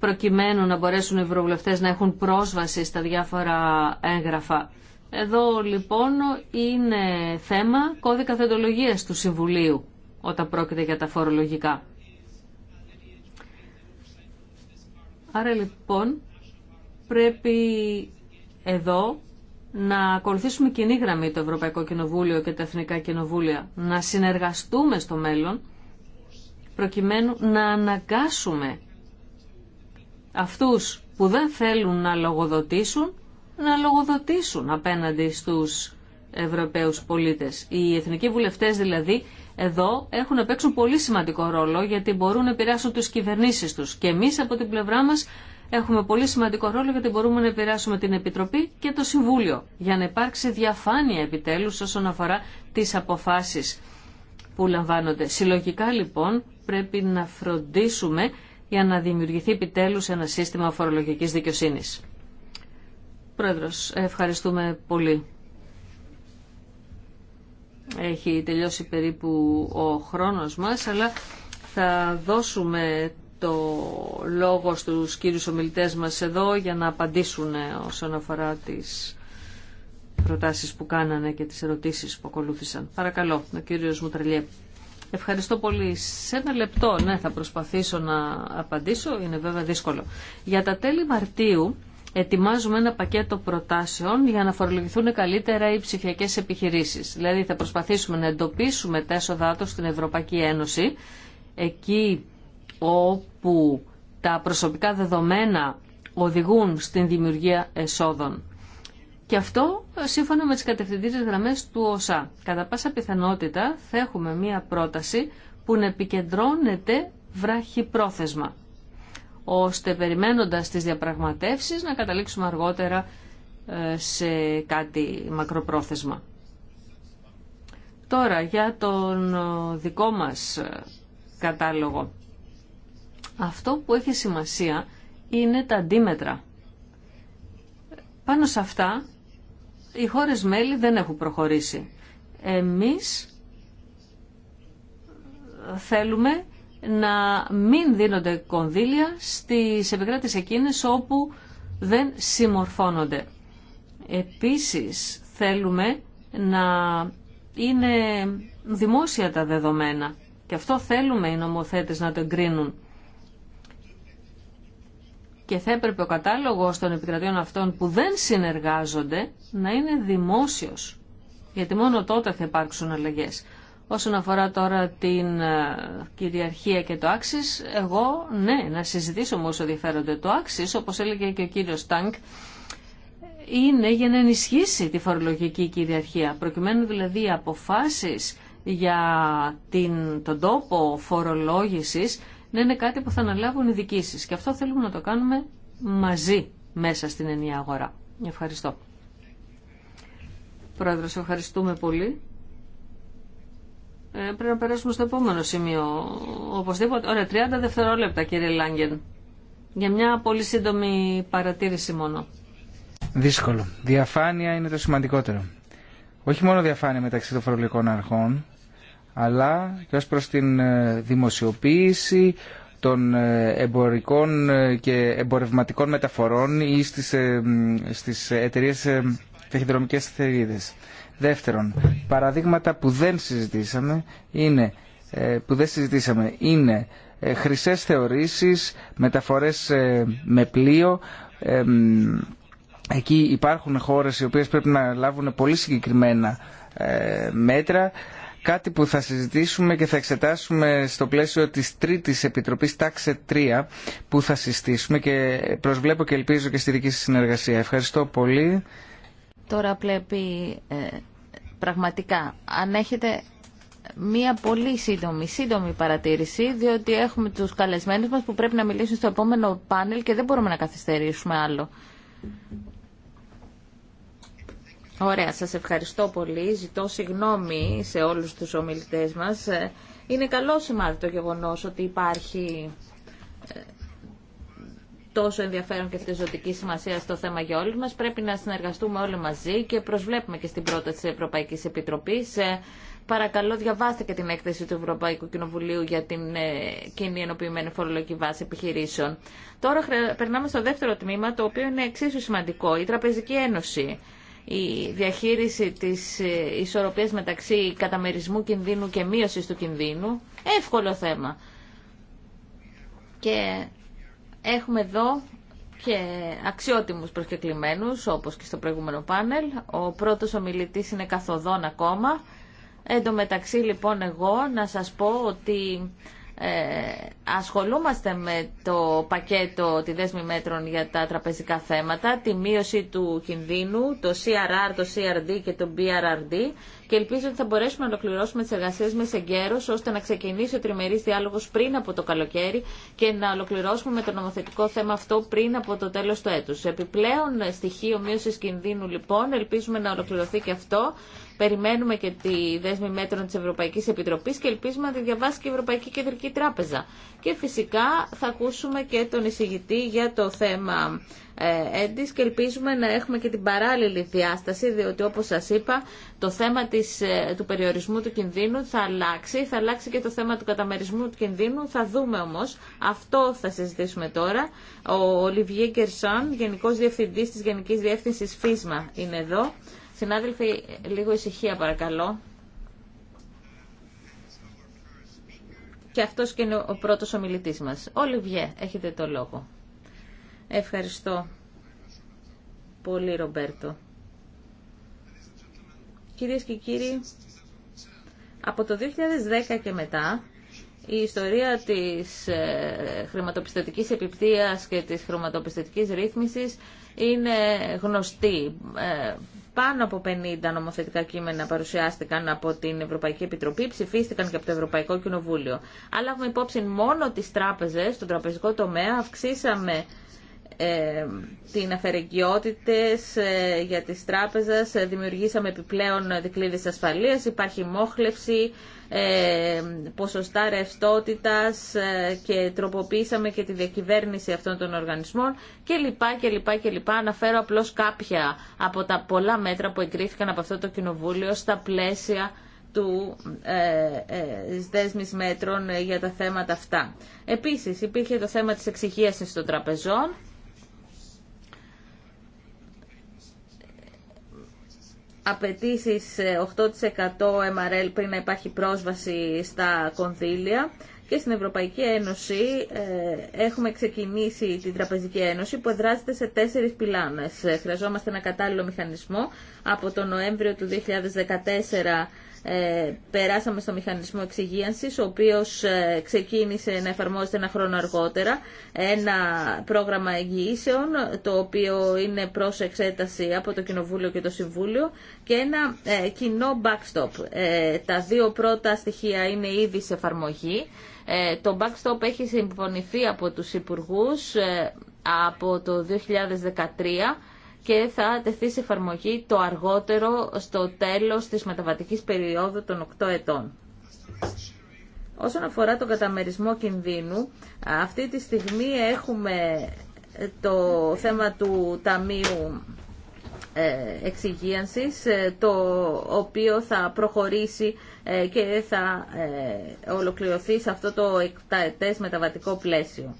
προκειμένου να μπορέσουν οι ευρωβουλευτές να έχουν πρόσβαση στα διάφορα έγγραφα. Εδώ λοιπόν είναι θέμα κώδικα θετολογίας του Συμβουλίου όταν πρόκειται για τα φορολογικά. Άρα λοιπόν πρέπει εδώ να ακολουθήσουμε κοινή γραμμή το Ευρωπαϊκό Κοινοβούλιο και τα Εθνικά Κοινοβούλια, να συνεργαστούμε στο μέλλον προκειμένου να αναγκάσουμε αυτούς που δεν θέλουν να λογοδοτήσουν, να λογοδοτήσουν απέναντι στους Ευρωπαίους πολίτες. Οι εθνικοί βουλευτές δηλαδή εδώ έχουν να παίξουν πολύ σημαντικό ρόλο γιατί μπορούν να επηρεάσουν τις κυβερνήσεις τους. Και εμείς από την πλευρά μας έχουμε πολύ σημαντικό ρόλο γιατί μπορούμε να επηρεάσουμε την Επιτροπή και το Συμβούλιο για να υπάρξει διαφάνεια επιτέλους όσον αφορά τις αποφάσεις που λαμβάνονται. Συλλογικά λοιπόν πρέπει να φροντίσουμε για να δημιουργηθεί επιτέλους ένα σύστημα φορολογικής δικαιοσύνης. Πρόεδρος, ευχαριστούμε πολύ. Έχει τελειώσει περίπου ο χρόνος μας, αλλά θα δώσουμε το λόγο στους κύριους ομιλητές μας εδώ για να απαντήσουν όσον αφορά τις προτάσεις που κάνανε και τις ερωτήσεις που ακολούθησαν. Παρακαλώ, ο κύριος Μουτρελιέ. Ευχαριστώ πολύ. Σε ένα λεπτό, ναι, θα προσπαθήσω να απαντήσω, είναι βέβαια δύσκολο. Για τα τέλη Μαρτίου ετοιμάζουμε ένα πακέτο προτάσεων για να φορολογηθούν καλύτερα οι ψηφιακές επιχειρήσεις. Δηλαδή θα προσπαθήσουμε να εντοπίσουμε τα έσοδά στην Ευρωπαϊκή Ένωση, εκεί όπου τα προσωπικά δεδομένα οδηγούν στην δημιουργία εσόδων. Και αυτό ε, σύμφωνα με τις κατευθυντήριες γραμμές του ΟΣΑ. Κατά πάσα πιθανότητα θα έχουμε μία πρόταση που να επικεντρώνεται βραχυπρόθεσμα, ώστε περιμένοντας τις διαπραγματεύσεις να καταλήξουμε αργότερα ε, σε κάτι μακροπρόθεσμα. Τώρα για τον ε, δικό μας κατάλογο. Αυτό που έχει σημασία είναι τα αντίμετρα. Πάνω σε αυτά οι χώρες μέλη δεν έχουν προχωρήσει. Εμείς θέλουμε να μην δίνονται κονδύλια στις επικράτες εκείνες όπου δεν συμμορφώνονται. Επίσης θέλουμε να είναι δημόσια τα δεδομένα και αυτό θέλουμε οι νομοθέτες να το εγκρίνουν και θα έπρεπε ο κατάλογος των επικρατείων αυτών που δεν συνεργάζονται να είναι δημόσιος, γιατί μόνο τότε θα υπάρξουν αλλαγές. Όσον αφορά τώρα την ε, κυριαρχία και το άξις, εγώ ναι, να συζητήσω όσο ενδιαφέρονται το άξις, όπως έλεγε και ο κύριος Τάνκ, είναι για να ενισχύσει τη φορολογική κυριαρχία, προκειμένου δηλαδή οι για την, τον τόπο φορολόγησης να είναι κάτι που θα αναλάβουν οι δικήσεις. Και αυτό θέλουμε να το κάνουμε μαζί μέσα στην ενιαία αγορά. Ευχαριστώ. Πρόεδρος, ευχαριστούμε πολύ. Ε, πρέπει να περάσουμε στο επόμενο σημείο. Οπωσδήποτε. Ωραία, 30 δευτερόλεπτα κύριε Λάγκεν. Για μια πολύ σύντομη παρατήρηση μόνο. Δύσκολο. Διαφάνεια είναι το σημαντικότερο. Όχι μόνο διαφάνεια μεταξύ των φορολογικών αρχών, αλλά και ως προς την ε, δημοσιοποίηση των ε, εμπορικών ε, και εμπορευματικών μεταφορών ή στις, στις εταιρείες ταχυδρομικές θερίδες. Δεύτερον, παραδείγματα που δεν συζητήσαμε είναι, που δεν συζητήσαμε είναι χρυσές θεωρήσεις, μεταφορές με πλοίο, εκεί υπάρχουν χώρες οι οποίες πρέπει να λάβουν πολύ συγκεκριμένα μέτρα κάτι που θα συζητήσουμε και θα εξετάσουμε στο πλαίσιο της τρίτης επιτροπής τάξε 3 που θα συστήσουμε και προσβλέπω και ελπίζω και στη δική σας συνεργασία. Ευχαριστώ πολύ. Τώρα πλέπει ε, πραγματικά αν έχετε μία πολύ σύντομη, σύντομη παρατήρηση, διότι έχουμε τους καλεσμένους μας που πρέπει να μιλήσουν στο επόμενο πάνελ και δεν μπορούμε να καθυστερήσουμε άλλο. Ωραία, σας ευχαριστώ πολύ. Ζητώ συγγνώμη σε όλους τους ομιλητές μας. Ε, είναι καλό σημάδι το γεγονός ότι υπάρχει ε, τόσο ενδιαφέρον και τη ζωτική σημασία στο θέμα για όλους μας. Πρέπει να συνεργαστούμε όλοι μαζί και προσβλέπουμε και στην πρόταση της Ευρωπαϊκής Επιτροπής. Ε, παρακαλώ, διαβάστε και την έκθεση του Ευρωπαϊκού Κοινοβουλίου για την κοινή ενοποιημένη φορολογική βάση επιχειρήσεων. Τώρα περνάμε στο δεύτερο τμήμα, το οποίο είναι εξίσου σημαντικό, η Τραπεζική Ένωση η διαχείριση της ε, ισορροπίας μεταξύ καταμερισμού κινδύνου και μείωσης του κινδύνου. Εύκολο θέμα. Και έχουμε εδώ και αξιότιμους προσκεκλημένους, όπως και στο προηγούμενο πάνελ. Ο πρώτος ομιλητής είναι καθοδόν ακόμα. Εν τω μεταξύ λοιπόν εγώ να σας πω ότι ε, ασχολούμαστε με το πακέτο τη δέσμη μέτρων για τα τραπεζικά θέματα, τη μείωση του κινδύνου, το CRR, το CRD και το BRRD και ελπίζω ότι θα μπορέσουμε να ολοκληρώσουμε τι εργασίε σε εγκαίρω ώστε να ξεκινήσει ο τριμερή διάλογο πριν από το καλοκαίρι και να ολοκληρώσουμε με το νομοθετικό θέμα αυτό πριν από το τέλο του έτου. Επιπλέον στοιχείο μείωση κινδύνου λοιπόν, ελπίζουμε να ολοκληρωθεί και αυτό. Περιμένουμε και τη δέσμη μέτρων τη Ευρωπαϊκή Επιτροπή και ελπίζουμε να τη διαβάσει και η Ευρωπαϊκή Κεντρική Τράπεζα. Και φυσικά θα ακούσουμε και τον εισηγητή για το θέμα ε, έντις και ελπίζουμε να έχουμε και την παράλληλη διάσταση διότι όπως σας είπα το θέμα της, ε, του περιορισμού του κινδύνου θα αλλάξει, θα αλλάξει και το θέμα του καταμερισμού του κινδύνου, θα δούμε όμως, αυτό θα συζητήσουμε τώρα. Ο Ολιβιέ Κερσον, Γενικός Διευθυντής της Γενικής Διεύθυνσης ΦΙΣΜΑ είναι εδώ. Συνάδελφοι, λίγο ησυχία παρακαλώ. Και αυτός και είναι ο πρώτος ομιλητής μας. Ολιβιέ, έχετε το λόγο. Ευχαριστώ πολύ, Ρομπέρτο. Κυρίες και κύριοι, από το 2010 και μετά, η ιστορία της ε, χρηματοπιστωτικής επιπτείας και της χρηματοπιστωτικής ρύθμισης είναι γνωστή. Ε, πάνω από 50 νομοθετικά κείμενα παρουσιάστηκαν από την Ευρωπαϊκή Επιτροπή, ψηφίστηκαν και από το Ευρωπαϊκό Κοινοβούλιο. Αλλά έχουμε υπόψη μόνο τις τράπεζες, στον τραπεζικό τομέα, αυξήσαμε ε, την αφαιρεγγιότητες ε, για τις τράπεζες, ε, δημιουργήσαμε επιπλέον δικλείδες ασφαλείας, υπάρχει μόχλευση, ποσοστά ρευστότητας και τροποποίησαμε και τη διακυβέρνηση αυτών των οργανισμών και λοιπά και λοιπά και λοιπά. Αναφέρω απλώς κάποια από τα πολλά μέτρα που εγκρίθηκαν από αυτό το κοινοβούλιο στα πλαίσια του δέσμης μέτρων για τα θέματα αυτά. Επίσης υπήρχε το θέμα της εξυγίασης των τραπεζών απαιτήσει 8% ε, MRL πριν να υπάρχει πρόσβαση στα κονδύλια και στην Ευρωπαϊκή Ένωση ε, έχουμε ξεκινήσει την Τραπεζική Ένωση που εδράζεται σε τέσσερις πυλάνες. Ε, χρειαζόμαστε ένα κατάλληλο μηχανισμό. Από τον Νοέμβριο του 2014 ε, περάσαμε στο μηχανισμό εξυγίανσης, ο οποίος ε, ξεκίνησε να εφαρμόζεται ένα χρόνο αργότερα, ένα πρόγραμμα εγγυήσεων, το οποίο είναι προς εξέταση από το Κοινοβούλιο και το Συμβούλιο, και ένα ε, κοινό backstop. Τα δύο πρώτα στοιχεία είναι ήδη σε εφαρμογή. Το backstop έχει συμφωνηθεί από τους Υπουργούς από το 2013 και θα τεθεί σε εφαρμογή το αργότερο στο τέλος της μεταβατικής περίοδου των 8 ετών. Όσον αφορά τον καταμερισμό κινδύνου, αυτή τη στιγμή έχουμε το θέμα του Ταμείου ε, Εξυγίανσης, ε, το οποίο θα προχωρήσει ε, και θα ολοκληρωθεί σε αυτό το εκταετές μεταβατικό πλαίσιο.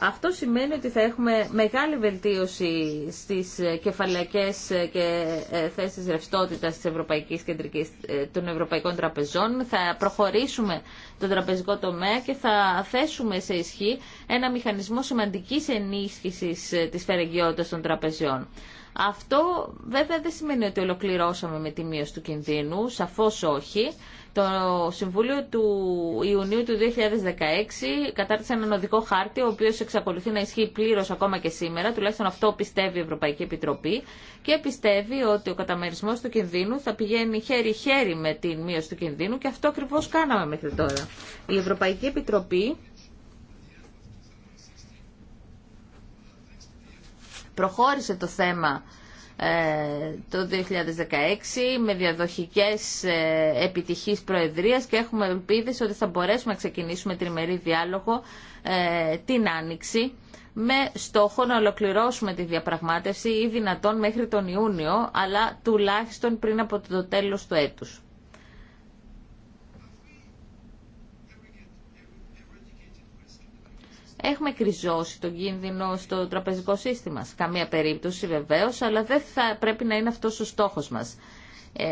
Αυτό σημαίνει ότι θα έχουμε μεγάλη βελτίωση στις κεφαλαϊκές και ε, θέσεις ρευστότητας της Ευρωπαϊκής Κεντρικής, ε, των Ευρωπαϊκών Τραπεζών. Θα προχωρήσουμε το τραπεζικό τομέα και θα θέσουμε σε ισχύ ένα μηχανισμό σημαντικής ενίσχυσης ε, της φερεγγιότητας των τραπεζιών. Αυτό βέβαια δεν σημαίνει ότι ολοκληρώσαμε με τη μείωση του κινδύνου, σαφώς όχι. Το Συμβούλιο του Ιουνίου του 2016 κατάρτισε έναν οδικό χάρτη, ο οποίο εξακολουθεί να ισχύει πλήρω ακόμα και σήμερα, τουλάχιστον αυτό πιστεύει η Ευρωπαϊκή Επιτροπή, και πιστεύει ότι ο καταμερισμό του κινδύνου θα πηγαίνει χέρι-χέρι με την μείωση του κινδύνου και αυτό ακριβώ κάναμε μέχρι τώρα. Η Ευρωπαϊκή Επιτροπή προχώρησε το θέμα ε, το 2016 με διαδοχικές ε, επιτυχής προεδρίας και έχουμε ελπίδες ότι θα μπορέσουμε να ξεκινήσουμε τριμερή διάλογο ε, την Άνοιξη με στόχο να ολοκληρώσουμε τη διαπραγμάτευση ή δυνατόν μέχρι τον Ιούνιο αλλά τουλάχιστον πριν από το τέλος του έτους. Έχουμε κρυζώσει τον κίνδυνο στο τραπεζικό σύστημα. Σε καμία περίπτωση βεβαίω, αλλά δεν θα πρέπει να είναι αυτό ο στόχο μα. Ε,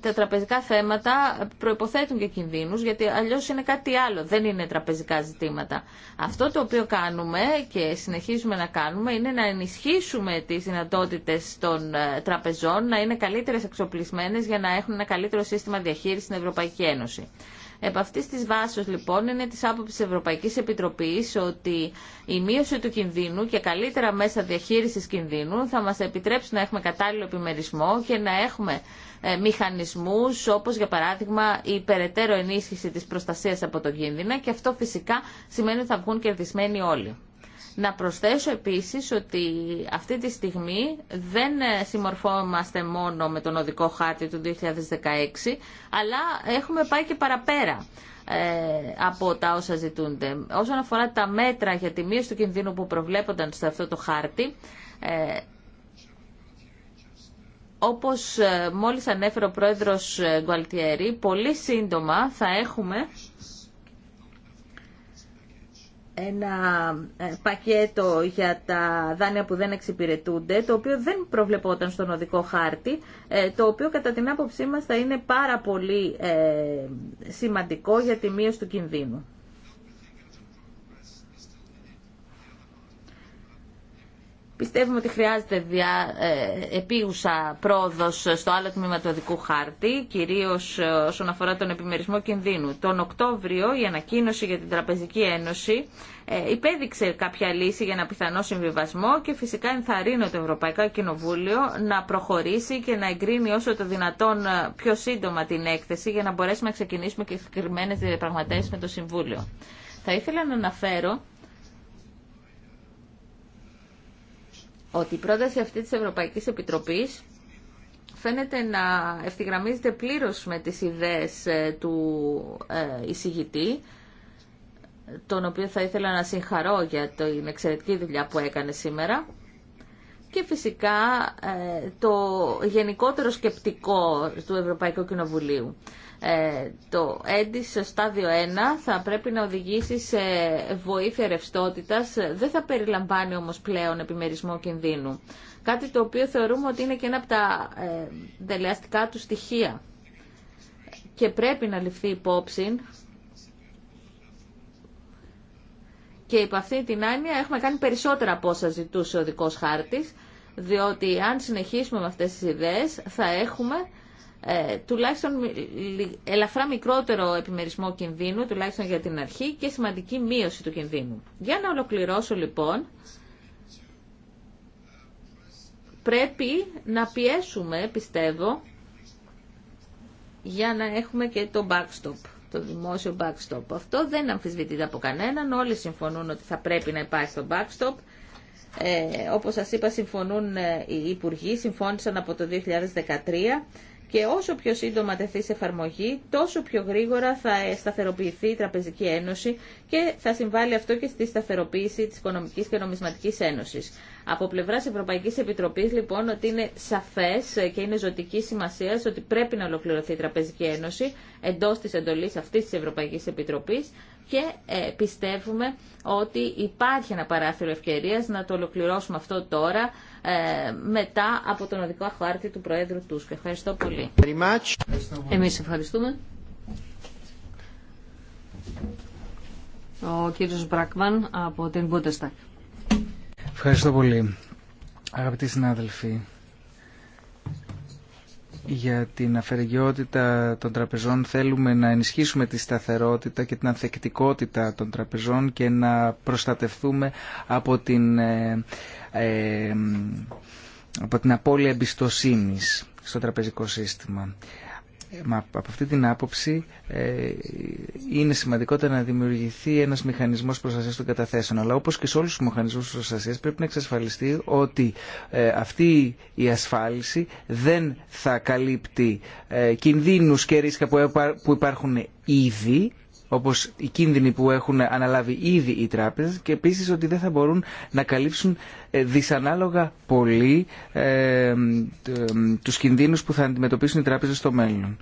τα τραπεζικά θέματα προϋποθέτουν και κινδύνους, γιατί αλλιώς είναι κάτι άλλο, δεν είναι τραπεζικά ζητήματα. Αυτό το οποίο κάνουμε και συνεχίζουμε να κάνουμε είναι να ενισχύσουμε τις δυνατότητες των ε, τραπεζών να είναι καλύτερες εξοπλισμένες για να έχουν ένα καλύτερο σύστημα διαχείρισης στην Ευρωπαϊκή Ένωση. Επ' αυτή τη βάση, λοιπόν, είναι τη άποψη τη Ευρωπαϊκή Επιτροπή ότι η μείωση του κινδύνου και καλύτερα μέσα διαχείριση κινδύνου θα μα επιτρέψει να έχουμε κατάλληλο επιμερισμό και να έχουμε ε, μηχανισμούς όπως για παράδειγμα η περαιτέρω ενίσχυση της προστασίας από τον κίνδυνα και αυτό φυσικά σημαίνει ότι θα βγουν κερδισμένοι όλοι. Να προσθέσω επίσης ότι αυτή τη στιγμή δεν ε, συμμορφόμαστε μόνο με τον οδικό χάρτη του 2016, αλλά έχουμε πάει και παραπέρα ε, από τα όσα ζητούνται. Όσον αφορά τα μέτρα για τη μείωση του κινδύνου που προβλέπονταν σε αυτό το χάρτη, ε, όπως μόλις ανέφερε ο πρόεδρος Γκουαλτιέρη, πολύ σύντομα θα έχουμε ένα ε, πακέτο για τα δάνεια που δεν εξυπηρετούνται, το οποίο δεν προβλεπόταν στον οδικό χάρτη, ε, το οποίο κατά την άποψή μας θα είναι πάρα πολύ ε, σημαντικό για τη μείωση του κινδύνου. Πιστεύουμε ότι χρειάζεται δια, ε, επίουσα πρόοδος στο άλλο τμήμα του οδικού χάρτη, κυρίως ε, όσον αφορά τον επιμερισμό κινδύνου. Τον Οκτώβριο η ανακοίνωση για την Τραπεζική Ένωση ε, υπέδειξε κάποια λύση για ένα πιθανό συμβιβασμό και φυσικά ενθαρρύνω το Ευρωπαϊκό Κοινοβούλιο να προχωρήσει και να εγκρίνει όσο το δυνατόν ε, πιο σύντομα την έκθεση για να μπορέσουμε να ξεκινήσουμε και συγκεκριμένε διαπραγματεύσει με το Συμβούλιο. Θα ήθελα να αναφέρω ότι η πρόταση αυτή της Ευρωπαϊκής Επιτροπής φαίνεται να ευθυγραμμίζεται πλήρως με τις ιδέες ε, του ε, εισηγητή, τον οποίο θα ήθελα να συγχαρώ για την εξαιρετική δουλειά που έκανε σήμερα και φυσικά ε, το γενικότερο σκεπτικό του Ευρωπαϊκού Κοινοβουλίου. Ε, το έντις στο στάδιο 1 θα πρέπει να οδηγήσει σε βοήθεια ρευστότητα, δεν θα περιλαμβάνει όμως πλέον επιμερισμό κινδύνου. Κάτι το οποίο θεωρούμε ότι είναι και ένα από τα ε, δελεαστικά του στοιχεία και πρέπει να ληφθεί υπόψη και υπ' αυτή την άνοια έχουμε κάνει περισσότερα από όσα ζητούσε ο δικός χάρτης διότι αν συνεχίσουμε με αυτές τις ιδέες θα έχουμε ε, τουλάχιστον ελαφρά μικρότερο επιμερισμό κινδύνου, τουλάχιστον για την αρχή, και σημαντική μείωση του κινδύνου. Για να ολοκληρώσω λοιπόν, πρέπει να πιέσουμε, πιστεύω, για να έχουμε και το backstop, το δημόσιο backstop. Αυτό δεν αμφισβητείται από κανέναν, όλοι συμφωνούν ότι θα πρέπει να υπάρχει το backstop. Ε, όπως σας είπα συμφωνούν ε, οι υπουργοί, συμφώνησαν από το 2013 και όσο πιο σύντομα τεθεί σε εφαρμογή, τόσο πιο γρήγορα θα ε, σταθεροποιηθεί η Τραπεζική Ένωση και θα συμβάλλει αυτό και στη σταθεροποίηση της Οικονομικής και Νομισματικής Ένωσης. Από πλευράς Ευρωπαϊκής Επιτροπής, λοιπόν, ότι είναι σαφές ε, και είναι ζωτική σημασία ότι πρέπει να ολοκληρωθεί η Τραπεζική Ένωση εντός της εντολής αυτής της Ευρωπαϊκής Επιτροπής, και ε, πιστεύουμε ότι υπάρχει ένα παράθυρο ευκαιρίας να το ολοκληρώσουμε αυτό τώρα ε, μετά από τον οδικό χάρτη του Προέδρου Τούσκ. Ευχαριστώ πολύ. Εμείς ευχαριστούμε. Ο κύριος Μπράκμαν από την Bundestag. Ευχαριστώ πολύ. Αγαπητοί συνάδελφοι, για την αφαιρεγιότητα των τραπεζών θέλουμε να ενισχύσουμε τη σταθερότητα και την ανθεκτικότητα των τραπεζών και να προστατευτούμε από την, ε, ε, από την απώλεια εμπιστοσύνης στο τραπεζικό σύστημα από αυτή την άποψη ε, είναι σημαντικότερο να δημιουργηθεί ένας μηχανισμός προστασίας των καταθέσεων. Αλλά όπως και σε όλους τους μηχανισμούς προστασίας πρέπει να εξασφαλιστεί ότι ε, αυτή η ασφάλιση δεν θα καλύπτει ε, κινδύνους και ρίσκα που υπάρχουν ήδη Όπω οι κίνδυνοι που έχουν αναλάβει ήδη οι τράπεζες και επίσης ότι δεν θα μπορούν να καλύψουν ε, δυσανάλογα πολύ ε, ε, τους κινδύνους που θα αντιμετωπίσουν οι τράπεζε στο μέλλον.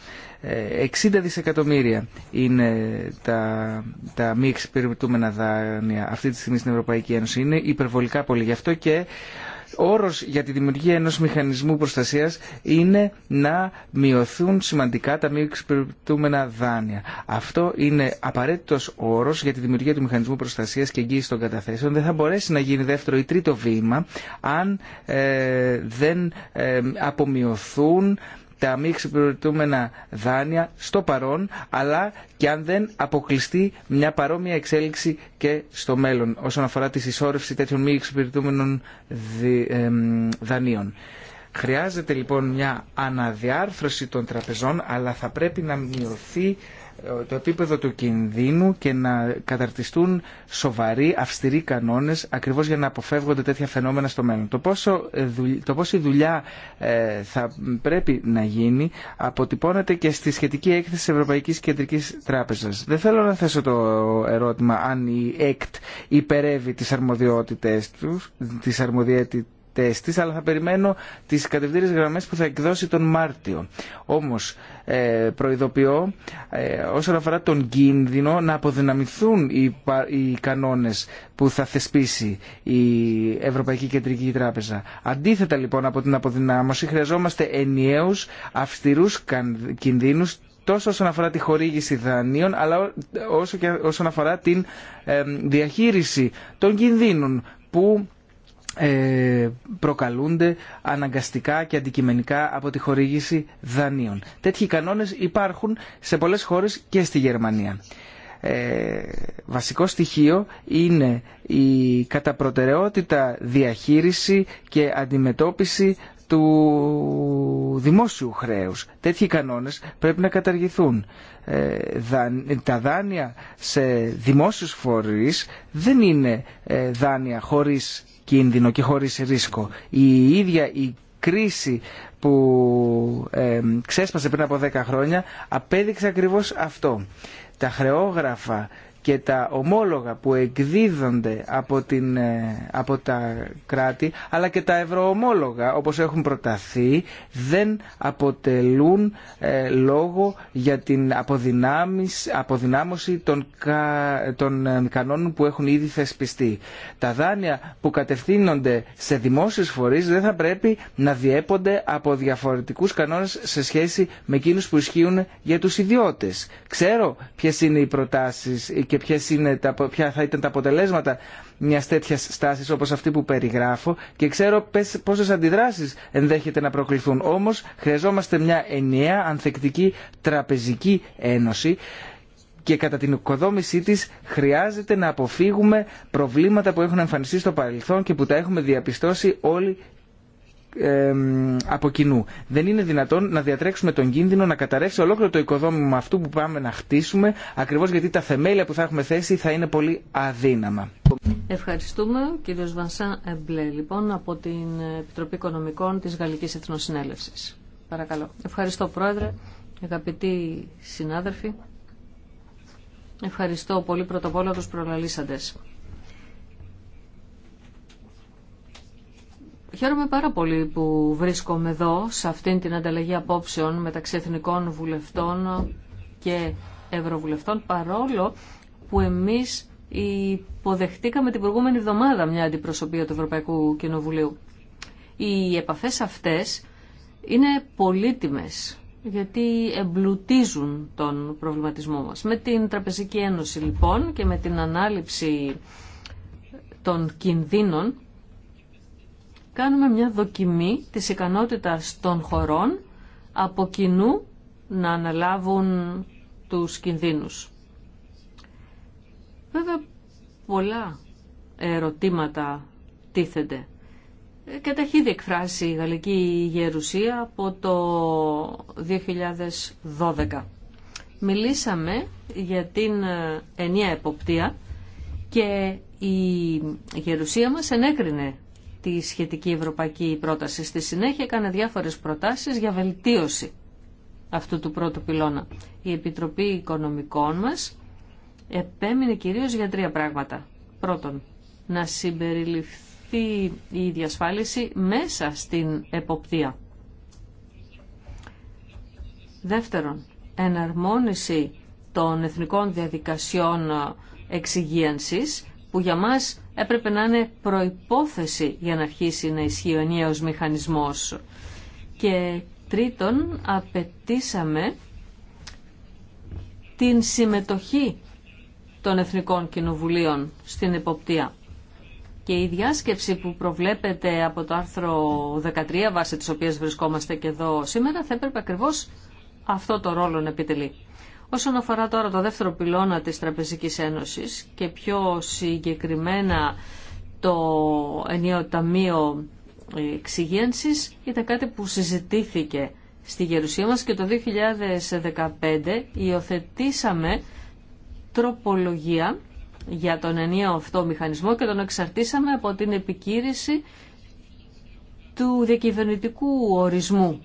60 ε, δισεκατομμύρια είναι τα, τα μη εξυπηρετούμενα δάνεια αυτή τη στιγμή στην Ευρωπαϊκή Ένωση. Είναι υπερβολικά πολύ. Γι' αυτό και όρος για τη δημιουργία ενός μηχανισμού προστασίας είναι να μειωθούν σημαντικά τα μη εξυπηρετούμενα δάνεια. Αυτό είναι απαραίτητος όρος για τη δημιουργία του μηχανισμού προστασίας και εγγύηση των καταθέσεων. Δεν θα μπορέσει να γίνει δεύτερο ή τρίτο βήμα αν ε, δεν ε, απομειωθούν τα μη εξυπηρετούμενα δάνεια στο παρόν, αλλά και αν δεν αποκλειστεί μια παρόμοια εξέλιξη και στο μέλλον όσον αφορά τη συσσόρευση τέτοιων μη εξυπηρετούμενων δανείων. Χρειάζεται λοιπόν μια αναδιάρθρωση των τραπεζών, αλλά θα πρέπει να μειωθεί ε, το επίπεδο του κινδύνου και να καταρτιστούν σοβαροί, αυστηροί κανόνες ακριβώς για να αποφεύγονται τέτοια φαινόμενα στο μέλλον. Το, πόσο, ε, το πόση δουλειά ε, θα πρέπει να γίνει αποτυπώνεται και στη σχετική έκθεση της Ευρωπαϊκής Κεντρικής Τράπεζας. Δεν θέλω να θέσω το ερώτημα αν η ΕΚΤ υπερεύει τις αρμοδιότητες του, τις αλλά θα περιμένω τις κατευθύνσεις γραμμές που θα εκδώσει τον Μάρτιο. Όμως ε, προειδοποιώ ε, όσον αφορά τον κίνδυνο να αποδυναμηθούν οι κανόνες που θα θεσπίσει η Ευρωπαϊκή Κεντρική Τράπεζα. Αντίθετα λοιπόν από την αποδυνάμωση χρειαζόμαστε ενιαίους αυστηρούς κινδύνους τόσο όσον αφορά τη χορήγηση δανείων, αλλά όσο και όσον αφορά την ε, διαχείριση των κινδύνων που ε, προκαλούνται αναγκαστικά και αντικειμενικά από τη χορήγηση δανείων. Τέτοιοι κανόνες υπάρχουν σε πολλές χώρες και στη Γερμανία. Ε, βασικό στοιχείο είναι η κατά προτεραιότητα διαχείριση και αντιμετώπιση του δημόσιου χρέους. Τέτοιοι κανόνες πρέπει να καταργηθούν. Ε, τα δάνεια σε δημόσιους φορείς δεν είναι ε, δάνεια χωρίς κίνδυνο και χωρίς ρίσκο. Η ίδια η κρίση που ε, ξέσπασε πριν από 10 χρόνια απέδειξε ακριβώς αυτό. Τα χρεόγραφα και τα ομόλογα που εκδίδονται από, την, ε, από τα κράτη αλλά και τα ευρωομόλογα όπως έχουν προταθεί δεν αποτελούν ε, λόγο για την αποδυνάμωση των, ε, κανόνων που έχουν ήδη θεσπιστεί. Τα δάνεια που κατευθύνονται σε δημόσιες φορείς δεν θα πρέπει να διέπονται από διαφορετικούς κανόνες σε σχέση με εκείνους που ισχύουν για τους ιδιώτες. Ξέρω ποιες είναι οι προτάσεις και ποιες είναι τα, ποια θα ήταν τα αποτελέσματα μιας τέτοια στάσης όπως αυτή που περιγράφω και ξέρω πόσες αντιδράσεις ενδέχεται να προκληθούν. Όμως χρειαζόμαστε μια ενιαία ανθεκτική τραπεζική ένωση και κατά την οικοδόμησή της χρειάζεται να αποφύγουμε προβλήματα που έχουν εμφανιστεί στο παρελθόν και που τα έχουμε διαπιστώσει όλοι από κοινού. Δεν είναι δυνατόν να διατρέξουμε τον κίνδυνο να καταρρεύσει ολόκληρο το οικοδόμημα αυτού που πάμε να χτίσουμε, ακριβώς γιατί τα θεμέλια που θα έχουμε θέσει θα είναι πολύ αδύναμα. Ευχαριστούμε κύριο Βανσάν Εμπλέ, λοιπόν, από την Επιτροπή Οικονομικών της Γαλλικής Εθνοσυνέλευσης. Παρακαλώ. Ευχαριστώ Πρόεδρε, αγαπητοί συνάδελφοι. Ευχαριστώ πολύ πρώτα απ' όλα τους προλαλήσαντες. Χαίρομαι πάρα πολύ που βρίσκομαι εδώ σε αυτήν την ανταλλαγή απόψεων μεταξύ εθνικών βουλευτών και ευρωβουλευτών παρόλο που εμείς υποδεχτήκαμε την προηγούμενη εβδομάδα μια αντιπροσωπεία του Ευρωπαϊκού Κοινοβουλίου. Οι επαφές αυτές είναι πολύτιμες γιατί εμπλουτίζουν τον προβληματισμό μας. Με την Τραπεζική Ένωση λοιπόν και με την ανάληψη των κινδύνων κάνουμε μια δοκιμή της ικανότητας των χωρών από κοινού να αναλάβουν τους κινδύνους. Βέβαια πολλά ερωτήματα τίθενται ε, και τα έχει ήδη εκφράσει η Γαλλική Γερουσία από το 2012. Μιλήσαμε για την ε, ενιαία εποπτεία και η Γερουσία μας ενέκρινε τη σχετική ευρωπαϊκή πρόταση. Στη συνέχεια έκανε διάφορες προτάσεις για βελτίωση αυτού του πρώτου πυλώνα. Η Επιτροπή Οικονομικών μας επέμεινε κυρίως για τρία πράγματα. Πρώτον, να συμπεριληφθεί η διασφάλιση μέσα στην εποπτεία. Δεύτερον, εναρμόνιση των εθνικών διαδικασιών εξυγίανσης που για μας έπρεπε να είναι προϋπόθεση για να αρχίσει να ισχύει ο ενιαίος μηχανισμός. Και τρίτον, απαιτήσαμε την συμμετοχή των Εθνικών Κοινοβουλίων στην εποπτεία. Και η διάσκεψη που προβλέπεται από το άρθρο 13, βάσει της οποίας βρισκόμαστε και εδώ σήμερα, θα έπρεπε ακριβώς αυτό το ρόλο να επιτελεί. Όσον αφορά τώρα το δεύτερο πυλώνα της Τραπεζικής Ένωσης και πιο συγκεκριμένα το ενίο ταμείο εξυγένσης ήταν κάτι που συζητήθηκε στη Γερουσία μας και το 2015 υιοθετήσαμε τροπολογία για τον ενίο αυτό μηχανισμό και τον εξαρτήσαμε από την επικύρηση του διακυβερνητικού ορισμού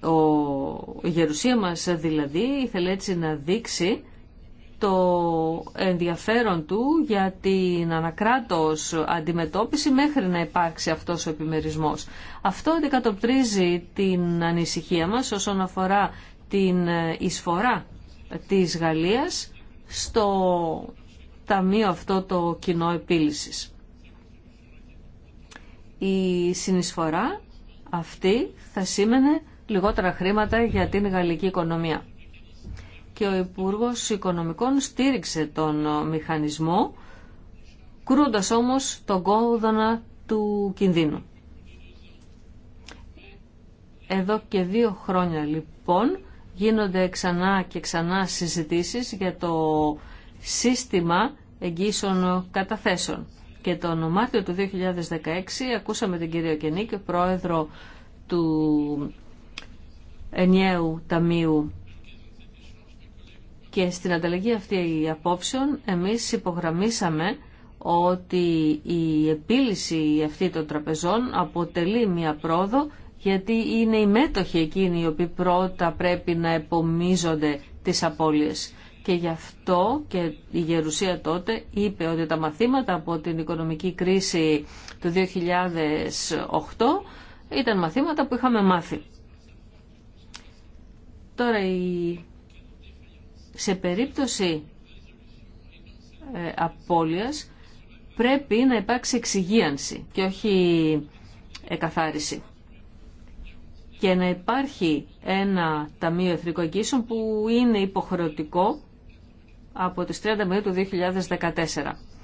ο, η γερουσία μας δηλαδή ήθελε έτσι να δείξει το ενδιαφέρον του για την ανακράτος αντιμετώπιση μέχρι να υπάρξει αυτός ο επιμερισμός. Αυτό αντικατοπτρίζει την ανησυχία μας όσον αφορά την εισφορά της Γαλλίας στο ταμείο αυτό το κοινό επίλυσης. Η συνεισφορά αυτή θα σήμαινε λιγότερα χρήματα για την γαλλική οικονομία. Και ο Υπουργός Οικονομικών στήριξε τον μηχανισμό, κρούντας όμως τον κόδωνα του κινδύνου. Εδώ και δύο χρόνια λοιπόν γίνονται ξανά και ξανά συζητήσεις για το σύστημα εγγύσεων καταθέσεων. Και τον Μάρτιο του 2016 ακούσαμε την κυρία Κενίκη, πρόεδρο του ενιαίου ταμείου. Και στην ανταλλαγή αυτή απόψεων εμείς υπογραμμίσαμε ότι η επίλυση αυτή των τραπεζών αποτελεί μια πρόοδο γιατί είναι οι μέτοχοι εκείνοι οι οποίοι πρώτα πρέπει να επομίζονται τις απώλειες. Και γι' αυτό και η Γερουσία τότε είπε ότι τα μαθήματα από την οικονομική κρίση του 2008 ήταν μαθήματα που είχαμε μάθει. Τώρα, σε περίπτωση ε, απώλειας πρέπει να υπάρξει εξυγίανση και όχι εκαθάριση και να υπάρχει ένα Ταμείο Εθνικών που είναι υποχρεωτικό από τις 30 Μαΐου του 2014.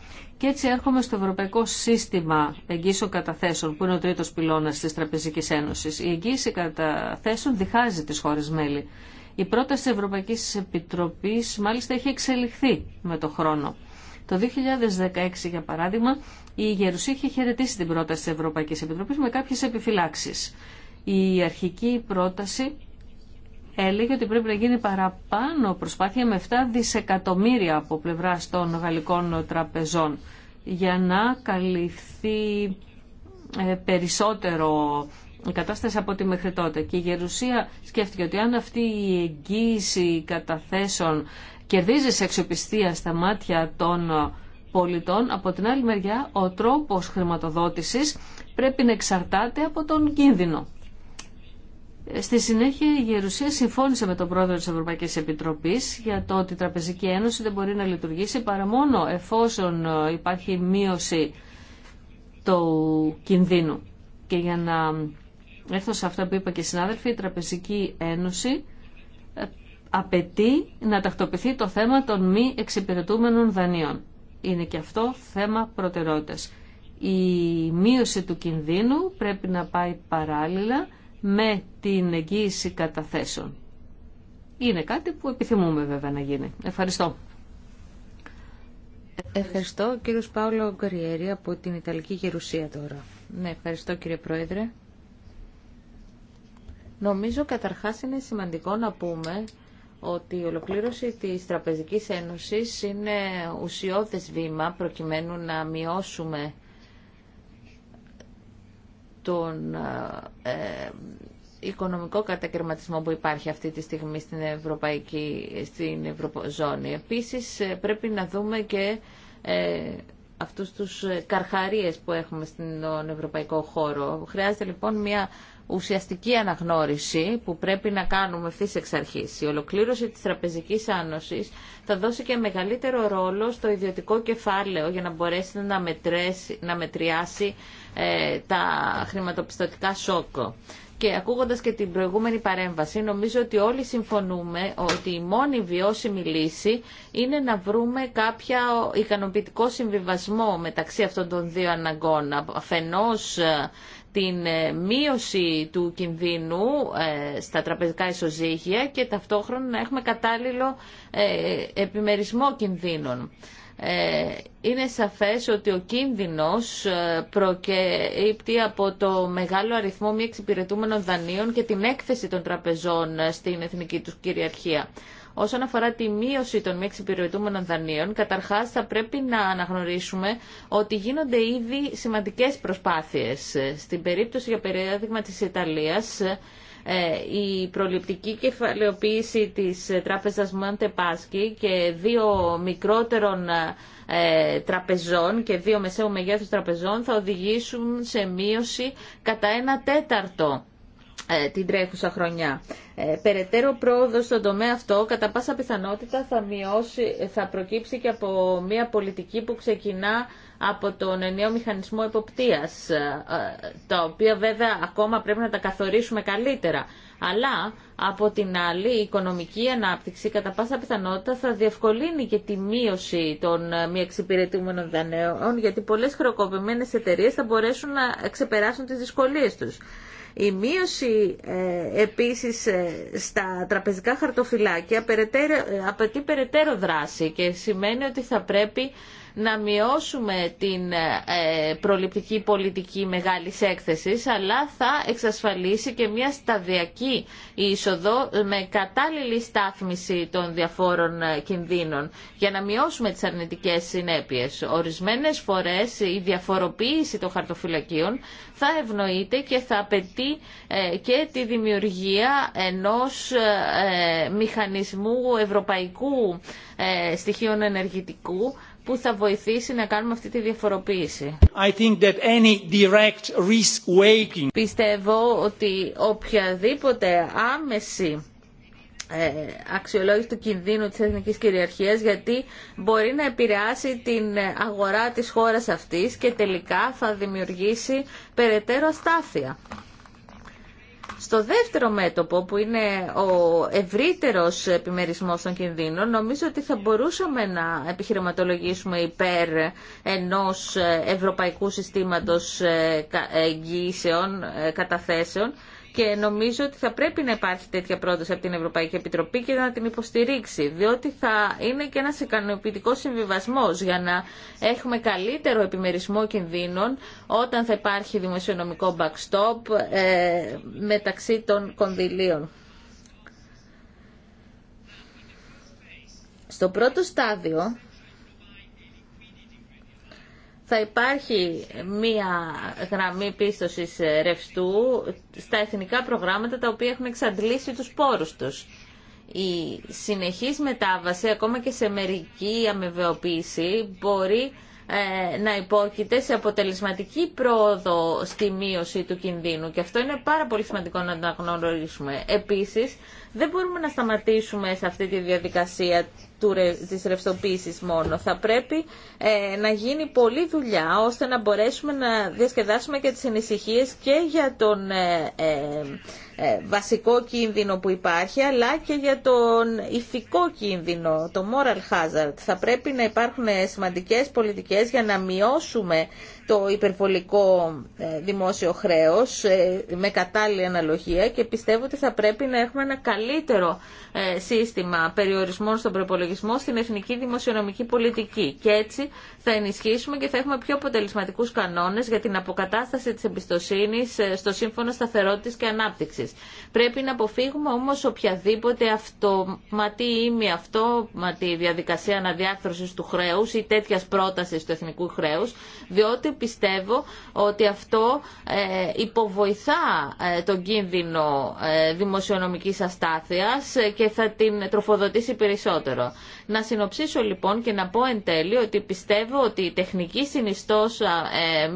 Και έτσι έρχομαι στο Ευρωπαϊκό Σύστημα Εγγύσεων Καταθέσεων, που είναι ο τρίτο πυλώνας τη Τραπεζική Ένωση. Η εγγύηση καταθέσεων διχάζει τις χώρε μέλη. Η πρόταση τη Ευρωπαϊκή Επιτροπή, μάλιστα έχει εξελιχθεί με το χρόνο. Το 2016, για παράδειγμα, η Γερουσία είχε χαιρετήσει την πρόταση τη Ευρωπαϊκή Επιτροπή με κάποιε επιφυλάξει. Η αρχική πρόταση έλεγε ότι πρέπει να γίνει παραπάνω προσπάθεια με 7 δισεκατομμύρια από πλευρά των γαλλικών τραπεζών για να καλυφθεί ε, περισσότερο η κατάσταση από τη μέχρι τότε. Και η Γερουσία σκέφτηκε ότι αν αυτή η εγγύηση καταθέσεων κερδίζει σε αξιοπιστία στα μάτια των πολιτών, από την άλλη μεριά ο τρόπος χρηματοδότησης πρέπει να εξαρτάται από τον κίνδυνο. Στη συνέχεια η Γερουσία συμφώνησε με τον πρόεδρο της Ευρωπαϊκής Επιτροπής για το ότι η Τραπεζική Ένωση δεν μπορεί να λειτουργήσει παρά μόνο εφόσον ε, υπάρχει μείωση του κινδύνου. Και για να έρθω σε αυτά που είπα και οι συνάδελφοι, η Τραπεζική Ένωση ε, απαιτεί να τακτοποιηθεί το θέμα των μη εξυπηρετούμενων δανείων. Είναι και αυτό θέμα προτεραιότητας. Η μείωση του κινδύνου πρέπει να πάει παράλληλα με την εγγύηση καταθέσεων. Είναι κάτι που επιθυμούμε βέβαια να γίνει. Ευχαριστώ. Ευχαριστώ κύριος Πάολο Γκαριέρη από την Ιταλική Γερουσία τώρα. Ναι, ευχαριστώ κύριε Πρόεδρε. Νομίζω καταρχάς είναι σημαντικό να πούμε ότι η ολοκλήρωση της Τραπεζικής Ένωσης είναι ουσιώδες βήμα προκειμένου να μειώσουμε τον ε, ε, οικονομικό κατακαιρματισμό που υπάρχει αυτή τη στιγμή στην Ευρωπαϊκή στην Ευρωζώνη. Επίσης ε, πρέπει να δούμε και ε, αυτούς τους καρχαρίες που έχουμε στον ευρωπαϊκό χώρο. Χρειάζεται λοιπόν μια ουσιαστική αναγνώριση που πρέπει να κάνουμε ευθύ εξ αρχή. Η ολοκλήρωση της τραπεζικής άνωση θα δώσει και μεγαλύτερο ρόλο στο ιδιωτικό κεφάλαιο για να μπορέσει να, να μετριάσει ε, τα χρηματοπιστωτικά σόκο. Και ακούγοντας και την προηγούμενη παρέμβαση, νομίζω ότι όλοι συμφωνούμε ότι η μόνη βιώσιμη λύση είναι να βρούμε κάποια ικανοποιητικό συμβιβασμό μεταξύ αυτών των δύο αναγκών. Αφενός ε, την ε, μείωση του κινδύνου στα τραπεζικά ισοζύγια και ταυτόχρονα να έχουμε κατάλληλο επιμερισμό κινδύνων. Ε, είναι σαφές ότι ο κίνδυνος ε, προκύπτει από το μεγάλο αριθμό μη εξυπηρετούμενων δανείων και την έκθεση των τραπεζών ε, στην εθνική τους κυριαρχία. Όσον αφορά τη μείωση των μη εξυπηρετούμενων δανείων, καταρχάς θα πρέπει να αναγνωρίσουμε ότι γίνονται ήδη σημαντικές προσπάθειες. Στην περίπτωση, για παράδειγμα, της Ιταλίας, ε, η προληπτική κεφαλαιοποίηση της τράπεζας Μαντεπάσκη και δύο μικρότερων ε, τραπεζών και δύο μεσαίου μεγέθους τραπεζών θα οδηγήσουν σε μείωση κατά ένα τέταρτο ε, την τρέχουσα χρονιά. Ε, περαιτέρω πρόοδο στον τομέα αυτό κατά πάσα πιθανότητα θα, μειώσει, θα προκύψει και από μια πολιτική που ξεκινά από τον νέο μηχανισμό εποπτείας, ε, τα οποία βέβαια ακόμα πρέπει να τα καθορίσουμε καλύτερα. Αλλά από την άλλη η οικονομική ανάπτυξη κατά πάσα πιθανότητα θα διευκολύνει και τη μείωση των ε, μη εξυπηρετούμενων δανέων γιατί πολλές χρεοκοπημένες εταιρείε θα μπορέσουν να ξεπεράσουν τις δυσκολίες τους. Η μείωση ε, επίσης ε, στα τραπεζικά χαρτοφυλάκια απαιτεί περαιτέρω δράση και σημαίνει ότι θα πρέπει να μειώσουμε την ε, προληπτική πολιτική μεγάλης έκθεσης, αλλά θα εξασφαλίσει και μια σταδιακή είσοδο με κατάλληλη στάθμιση των διαφόρων ε, κινδύνων για να μειώσουμε τις αρνητικές συνέπειες. Ορισμένες φορές η διαφοροποίηση των χαρτοφυλακίων θα ευνοείται και θα απαιτεί ε, και τη δημιουργία ενός μηχανισμού ευρωπαϊκού στοιχείων ενεργητικού που θα βοηθήσει να κάνουμε αυτή τη διαφοροποίηση. I think Πιστεύω ότι οποιαδήποτε άμεση ε, αξιολόγηση του κινδύνου της εθνικής κυριαρχίας γιατί μπορεί να επηρεάσει την αγορά της χώρας αυτής και τελικά θα δημιουργήσει περαιτέρω αστάθεια. Στο δεύτερο μέτωπο που είναι ο ευρύτερος επιμερισμός των κινδύνων νομίζω ότι θα μπορούσαμε να επιχειρηματολογήσουμε υπέρ ενός ευρωπαϊκού συστήματος ε, εγγύησεων ε, καταθέσεων και νομίζω ότι θα πρέπει να υπάρχει τέτοια πρόταση από την Ευρωπαϊκή Επιτροπή και να την υποστηρίξει, διότι θα είναι και ένας ικανοποιητικός συμβιβασμός για να έχουμε καλύτερο επιμερισμό κινδύνων όταν θα υπάρχει δημοσιονομικό backstop ε, μεταξύ των κονδυλίων. Στο πρώτο στάδιο, θα υπάρχει μία γραμμή πίστοσης ρευστού στα εθνικά προγράμματα τα οποία έχουν εξαντλήσει τους πόρους τους. Η συνεχής μετάβαση, ακόμα και σε μερική αμεβεοποίηση, μπορεί ε, να υπόκειται σε αποτελεσματική πρόοδο στη μείωση του κινδύνου και αυτό είναι πάρα πολύ σημαντικό να το αναγνωρίσουμε. Επίσης, δεν μπορούμε να σταματήσουμε σε αυτή τη διαδικασία του, της μόνο. Θα πρέπει ε, να γίνει πολλή δουλειά ώστε να μπορέσουμε να διασκεδάσουμε και τις ανησυχίε και για τον ε, ε, ε, βασικό κίνδυνο που υπάρχει, αλλά και για τον ηθικό κίνδυνο, το moral hazard. Θα πρέπει να υπάρχουν σημαντικές πολιτικές για να μειώσουμε το υπερβολικό ε, δημόσιο χρέος ε, με κατάλληλη αναλογία και πιστεύω ότι θα πρέπει να έχουμε ένα καλύτερο σύστημα περιορισμών στον προπολογισμό στην εθνική δημοσιονομική πολιτική. Και έτσι θα ενισχύσουμε και θα έχουμε πιο αποτελεσματικούς κανόνες για την αποκατάσταση της εμπιστοσύνης στο Σύμφωνο Σταθερότητας και Ανάπτυξης. Πρέπει να αποφύγουμε όμως οποιαδήποτε αυτοματή ή μη αυτόματη διαδικασία αναδιάρθρωσης του χρέους ή τέτοια πρόταση του εθνικού χρέους, διότι πιστεύω ότι αυτό ε, υποβοηθά ε, τον κίνδυνο ε, δημοσιονομικής αστάθειας και θα την τροφοδοτήσει περισσότερο. Να συνοψίσω λοιπόν και να πω εν τέλει ότι πιστεύω ότι η τεχνική συνιστός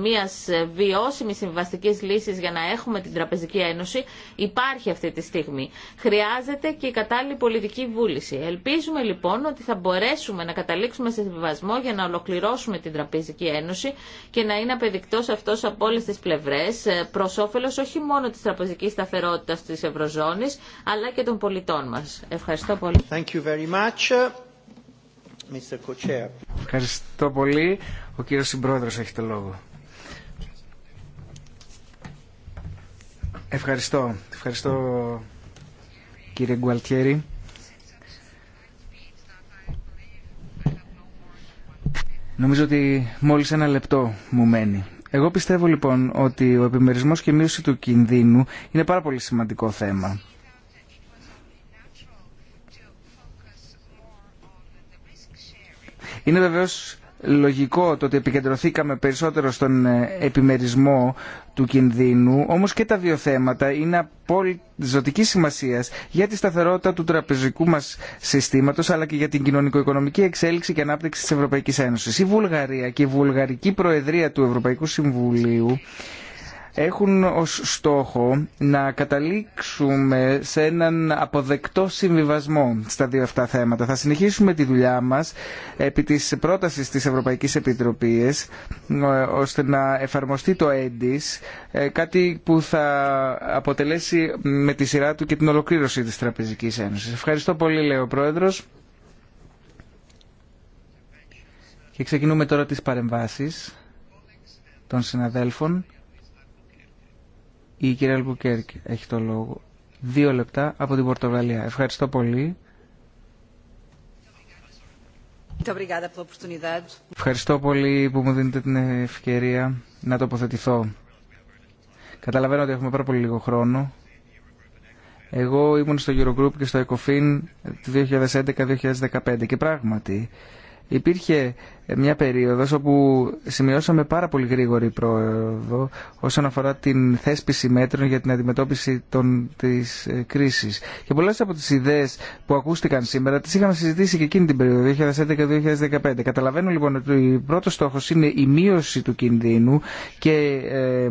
μιας βιώσιμης συμβαστικής λύσης για να έχουμε την Τραπεζική Ένωση υπάρχει αυτή τη στιγμή. Χρειάζεται και η κατάλληλη πολιτική βούληση. Ελπίζουμε λοιπόν ότι θα μπορέσουμε να καταλήξουμε σε συμβιβασμό για να ολοκληρώσουμε την Τραπεζική Ένωση και να είναι απεδεικτό αυτό από όλε τι πλευρέ ε, προ όφελο όχι μόνο τη τραπεζική σταθερότητα τη Ευρωζώνη αλλά και των πολιτών μα. Ευχαριστώ πολύ. Thank you very much. Ευχαριστώ πολύ. Ο κύριος Συμπρόεδρος έχει το λόγο. Ευχαριστώ. Ευχαριστώ κύριε Γκουαλτιέρη. Νομίζω ότι μόλις ένα λεπτό μου μένει. Εγώ πιστεύω λοιπόν ότι ο επιμερισμός και η μείωση του κινδύνου είναι πάρα πολύ σημαντικό θέμα. Είναι βεβαίως λογικό το ότι επικεντρωθήκαμε περισσότερο στον ε, επιμερισμό του κινδύνου, όμως και τα δύο θέματα είναι απόλυτη ζωτική σημασία για τη σταθερότητα του τραπεζικού μας συστήματος αλλά και για την κοινωνικο-οικονομική εξέλιξη και ανάπτυξη της Ευρωπαϊκής Ένωσης. Η Βουλγαρία και η Βουλγαρική Προεδρία του Ευρωπαϊκού Συμβουλίου έχουν ως στόχο να καταλήξουμε σε έναν αποδεκτό συμβιβασμό στα δύο αυτά θέματα. Θα συνεχίσουμε τη δουλειά μας επί της πρότασης της Ευρωπαϊκής Επιτροπής ε, ώστε να εφαρμοστεί το έντις ε, κάτι που θα αποτελέσει με τη σειρά του και την ολοκλήρωση της Τραπεζικής Ένωσης. Ευχαριστώ πολύ λέει ο Πρόεδρος. Και ξεκινούμε τώρα τις παρεμβάσεις των συναδέλφων. Η κυρία Λουκουκέρκ έχει το λόγο. Δύο λεπτά από την Πορτογαλία. Ευχαριστώ πολύ. Ευχαριστώ πολύ που μου δίνετε την ευκαιρία να τοποθετηθώ. Καταλαβαίνω ότι έχουμε πάρα πολύ λίγο χρόνο. Εγώ ήμουν στο Eurogroup και στο ECOFIN 2011-2015 και πράγματι υπήρχε μια περίοδος όπου σημειώσαμε πάρα πολύ γρήγορη πρόοδο όσον αφορά την θέσπιση μέτρων για την αντιμετώπιση των, της ε, κρίσης. Και πολλές από τις ιδέες που ακούστηκαν σήμερα τις είχαμε συζητήσει και εκείνη την περίοδο, 2011-2015. Καταλαβαίνω λοιπόν ότι ο πρώτος στόχος είναι η μείωση του κινδύνου και ε,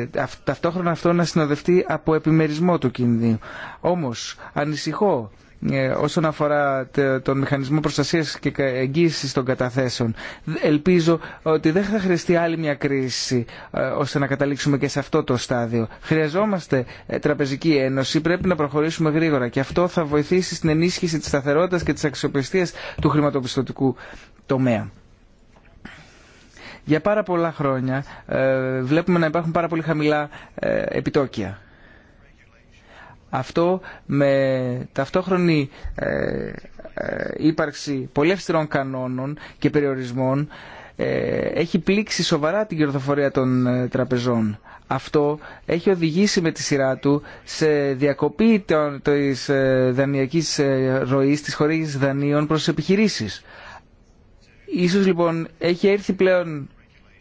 ε ταυτόχρονα αυτό να συνοδευτεί από επιμερισμό του κινδύνου. Όμως ανησυχώ ε, όσον αφορά τον μηχανισμό προστασίας και εγγύησης των καταθέσεων. Ελπίζω ότι δεν θα χρειαστεί άλλη μια κρίση ε, ώστε να καταλήξουμε και σε αυτό το στάδιο. Χρειαζόμαστε ε, τραπεζική ένωση, πρέπει να προχωρήσουμε γρήγορα και αυτό θα βοηθήσει στην ενίσχυση της σταθερότητας και της αξιοπιστίας του χρηματοπιστωτικού τομέα. Για πάρα πολλά χρόνια βλέπουμε να υπάρχουν πάρα πολύ χαμηλά επιτόκια αυτό με ταυτόχρονη ε, ε, ύπαρξη πολύ κανόνων και περιορισμών ε, έχει πλήξει σοβαρά την κερδοφορία των τραπεζών. Αυτό έχει οδηγήσει με τη σειρά του σε διακοπή της δανειακής ροής, της χορήγησης δανείων προς επιχειρήσεις. Ίσως λοιπόν έχει έρθει πλέον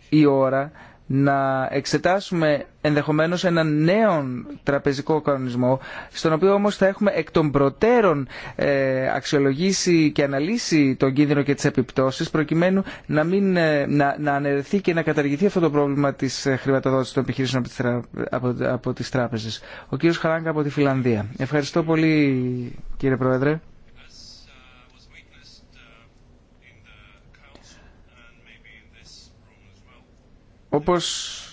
η ώρα να εξετάσουμε ενδεχομένως έναν νέο τραπεζικό κανονισμό, στον οποίο όμως θα έχουμε εκ των προτέρων ε, αξιολογήσει και αναλύσει τον κίνδυνο και τις επιπτώσεις, προκειμένου να, μην, ε, να, να αναιρεθεί και να καταργηθεί αυτό το πρόβλημα της ε, χρηματοδότησης των επιχειρήσεων από τις, από, τράπεζες. Ο κύριος Χαράγκα από τη Φιλανδία. Ευχαριστώ πολύ κύριε Πρόεδρε. Όπως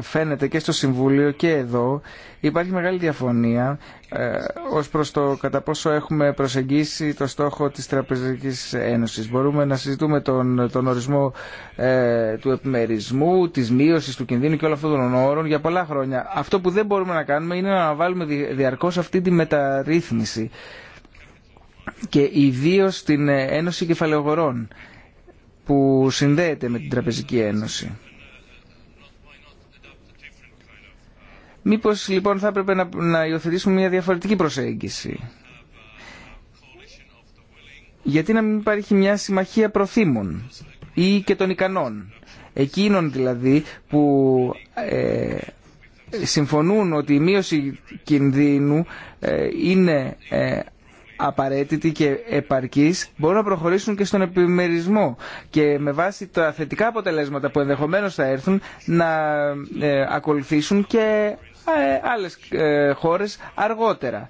φαίνεται και στο Συμβούλιο και εδώ υπάρχει μεγάλη διαφωνία ε, ως προς το κατά πόσο έχουμε προσεγγίσει το στόχο της Τραπεζικής Ένωσης. Μπορούμε να συζητούμε τον, τον ορισμό ε, του επιμερισμού, της μείωσης του κινδύνου και όλων αυτών των όρων για πολλά χρόνια. Αυτό που δεν μπορούμε να κάνουμε είναι να βάλουμε διαρκώς αυτή τη μεταρρύθμιση και ιδίως την Ένωση Κεφαλαιογορών που συνδέεται με την Τραπεζική Ένωση. Μήπως λοιπόν θα έπρεπε να, να υιοθετήσουμε μια διαφορετική προσέγγιση. Γιατί να μην υπάρχει μια συμμαχία προθύμων ή και των ικανών. Εκείνων δηλαδή που ε, συμφωνούν ότι η μείωση κινδύνου ε, είναι ε, απαραίτητη και επαρκής μπορούν να προχωρήσουν και στον επιμερισμό και με βάση τα θετικά αποτελέσματα που ενδεχομένως θα έρθουν να ε, ακολουθήσουν και ε, άλλες ε, χώρες αργότερα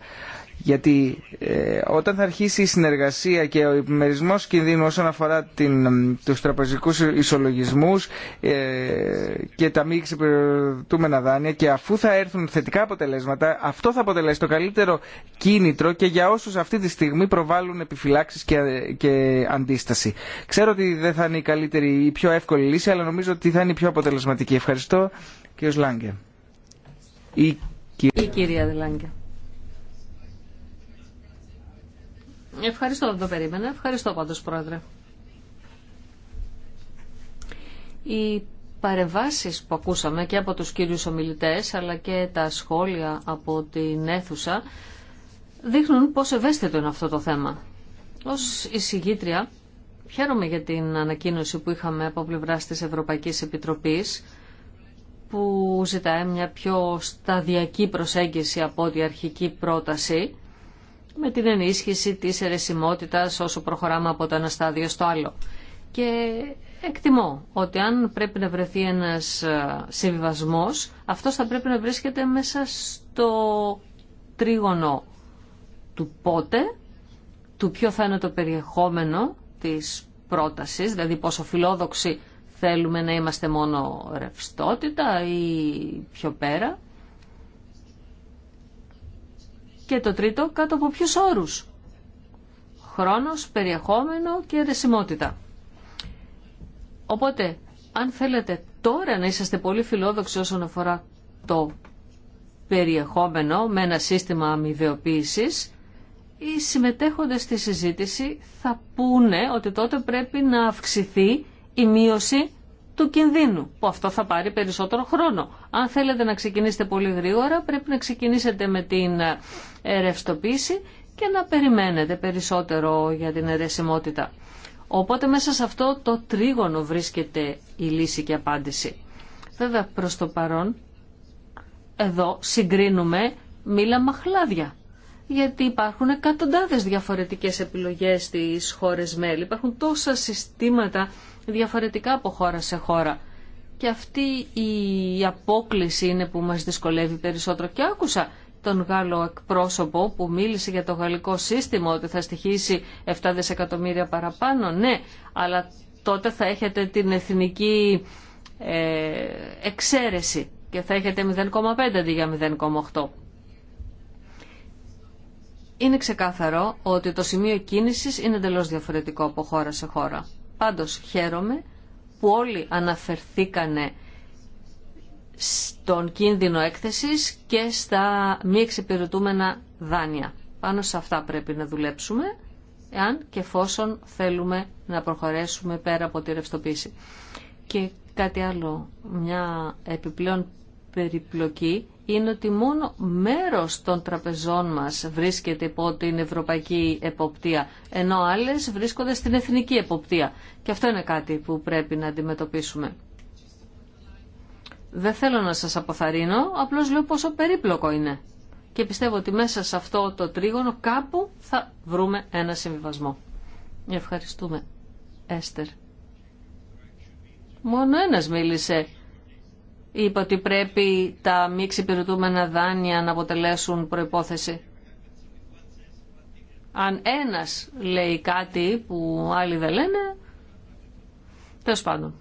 γιατί ε, όταν θα αρχίσει η συνεργασία και ο επιμερισμός κινδύνου όσον αφορά την, τους τραπεζικούς ισολογισμούς ε, και τα μη εξυπηρετούμενα δάνεια και αφού θα έρθουν θετικά αποτελέσματα, αυτό θα αποτελέσει το καλύτερο κίνητρο και για όσους αυτή τη στιγμή προβάλλουν επιφυλάξεις και, και αντίσταση. Ξέρω ότι δεν θα είναι η καλύτερη ή πιο εύκολη λύση, αλλά νομίζω ότι θα είναι η πιο αποτελεσματική. Ευχαριστώ, κύριος Λάγκε. Η, κυρία Λάγκε. Ευχαριστώ, δεν το περίμενα. Ευχαριστώ πάντως, Πρόεδρε. Οι παρεμβάσει που ακούσαμε και από τους κύριους ομιλητές, αλλά και τα σχόλια από την αίθουσα, δείχνουν πόσο ευαίσθητο είναι αυτό το θέμα. Ως εισηγήτρια, χαίρομαι για την ανακοίνωση που είχαμε από πλευρά της Ευρωπαϊκής Επιτροπής, που ζητάει μια πιο σταδιακή προσέγγιση από τη αρχική πρόταση, με την ενίσχυση της αιρεσιμότητας όσο προχωράμε από το ένα στάδιο στο άλλο. Και εκτιμώ ότι αν πρέπει να βρεθεί ένας συμβιβασμός, αυτός θα πρέπει να βρίσκεται μέσα στο τρίγωνο του πότε, του ποιο θα είναι το περιεχόμενο της πρότασης, δηλαδή πόσο φιλόδοξοι θέλουμε να είμαστε μόνο ρευστότητα ή πιο πέρα, και το τρίτο, κάτω από ποιους όρους. Χρόνος, περιεχόμενο και αιρεσιμότητα. Οπότε, αν θέλετε τώρα να είσαστε πολύ φιλόδοξοι όσον αφορά το περιεχόμενο με ένα σύστημα αμοιβαιοποίησης, οι συμμετέχοντες στη συζήτηση θα πούνε ότι τότε πρέπει να αυξηθεί η μείωση του κινδύνου, που αυτό θα πάρει περισσότερο χρόνο. Αν θέλετε να ξεκινήσετε πολύ γρήγορα, πρέπει να ξεκινήσετε με την ε, ρευστοποίηση και να περιμένετε περισσότερο για την ερεσιμότητα. Οπότε μέσα σε αυτό το τρίγωνο βρίσκεται η λύση και η απάντηση. Βέβαια προς το παρόν, εδώ συγκρίνουμε μήλα μαχλάδια. Γιατί υπάρχουν εκατοντάδες διαφορετικές επιλογές στις χώρες μέλη. Υπάρχουν τόσα συστήματα διαφορετικά από χώρα σε χώρα. Και αυτή η απόκληση είναι που μας δυσκολεύει περισσότερο. Και άκουσα τον Γάλλο εκπρόσωπο που μίλησε για το γαλλικό σύστημα ότι θα στοιχήσει 7 δισεκατομμύρια παραπάνω. Ναι, αλλά τότε θα έχετε την εθνική ε, εξαίρεση και θα έχετε 0,5 αντί για 0,8. Είναι ξεκάθαρο ότι το σημείο κίνησης είναι εντελώς διαφορετικό από χώρα σε χώρα. Πάντως χαίρομαι που όλοι αναφερθήκανε στον κίνδυνο έκθεσης και στα μη εξυπηρετούμενα δάνεια. Πάνω σε αυτά πρέπει να δουλέψουμε, εάν και εφόσον θέλουμε να προχωρέσουμε πέρα από τη ρευστοποίηση. Και κάτι άλλο, μια επιπλέον περιπλοκή είναι ότι μόνο μέρος των τραπεζών μας βρίσκεται υπό την ευρωπαϊκή εποπτεία, ενώ άλλες βρίσκονται στην εθνική εποπτεία. Και αυτό είναι κάτι που πρέπει να αντιμετωπίσουμε. Δεν θέλω να σας αποθαρρύνω, απλώς λέω πόσο περίπλοκο είναι. Και πιστεύω ότι μέσα σε αυτό το τρίγωνο κάπου θα βρούμε ένα συμβιβασμό. Ευχαριστούμε. Έστερ. Μόνο ένας μίλησε είπε ότι πρέπει τα μη εξυπηρετούμενα δάνεια να αποτελέσουν προϋπόθεση. Αν ένας λέει κάτι που άλλοι δεν λένε, τέλο πάντων.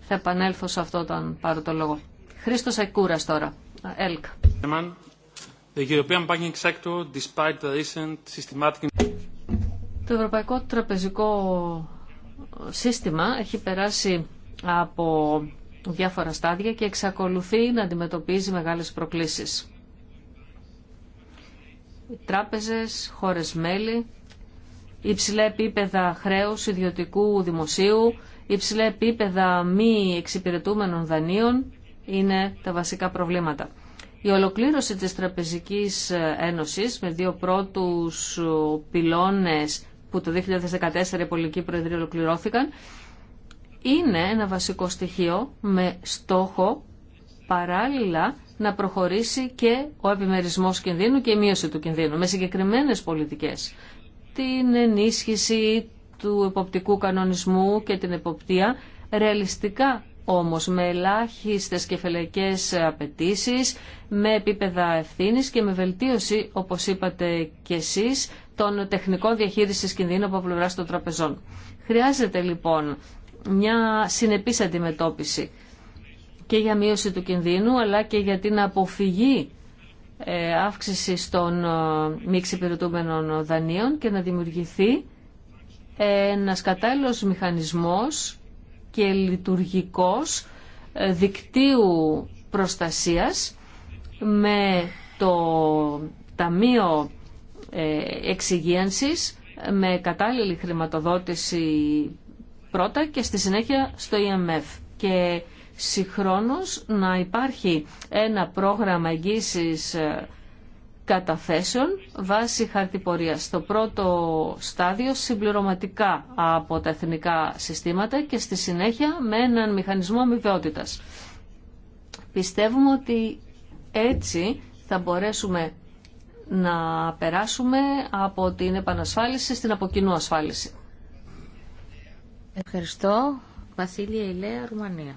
Θα επανέλθω σε αυτό όταν πάρω το λόγο. Χρήστος Ακούρας τώρα, ΕΛΚ. Το ευρωπαϊκό τραπεζικό σύστημα έχει περάσει από διάφορα στάδια και εξακολουθεί να αντιμετωπίζει μεγάλες προκλήσεις. Οι τράπεζες, χώρες μέλη, υψηλά επίπεδα χρέους ιδιωτικού δημοσίου, υψηλά επίπεδα μη εξυπηρετούμενων δανείων είναι τα βασικά προβλήματα. Η ολοκλήρωση της Τραπεζικής Ένωσης με δύο πρώτους πυλώνες που το 2014 οι πολιτικοί προεδρία ολοκληρώθηκαν είναι ένα βασικό στοιχείο με στόχο παράλληλα να προχωρήσει και ο επιμερισμός κινδύνου και η μείωση του κινδύνου με συγκεκριμένες πολιτικές. Την ενίσχυση του εποπτικού κανονισμού και την εποπτεία ρεαλιστικά όμως με ελάχιστες κεφαλαϊκές απαιτήσει, με επίπεδα ευθύνης και με βελτίωση, όπως είπατε και εσείς, των τεχνικών διαχείρισης κινδύνου από πλευρά των τραπεζών. Χρειάζεται λοιπόν μια συνεπής αντιμετώπιση και για μείωση του κινδύνου αλλά και για την αποφυγή ε, αύξηση των ε, μη εξυπηρετούμενων δανείων και να δημιουργηθεί ένας κατάλληλος μηχανισμός και λειτουργικός ε, δικτύου προστασίας με το Ταμείο Εξυγίανσης με κατάλληλη χρηματοδότηση πρώτα και στη συνέχεια στο IMF e Και συγχρόνως να υπάρχει ένα πρόγραμμα εγγύησης ε, καταθέσεων βάσει χαρτιπορίας. Στο πρώτο στάδιο συμπληρωματικά από τα εθνικά συστήματα και στη συνέχεια με έναν μηχανισμό αμοιβαιότητας. Πιστεύουμε ότι έτσι θα μπορέσουμε να περάσουμε από την επανασφάλιση στην αποκοινού ασφάλιση. Ευχαριστώ. Βασίλεια Ηλέα, Ρουμανία.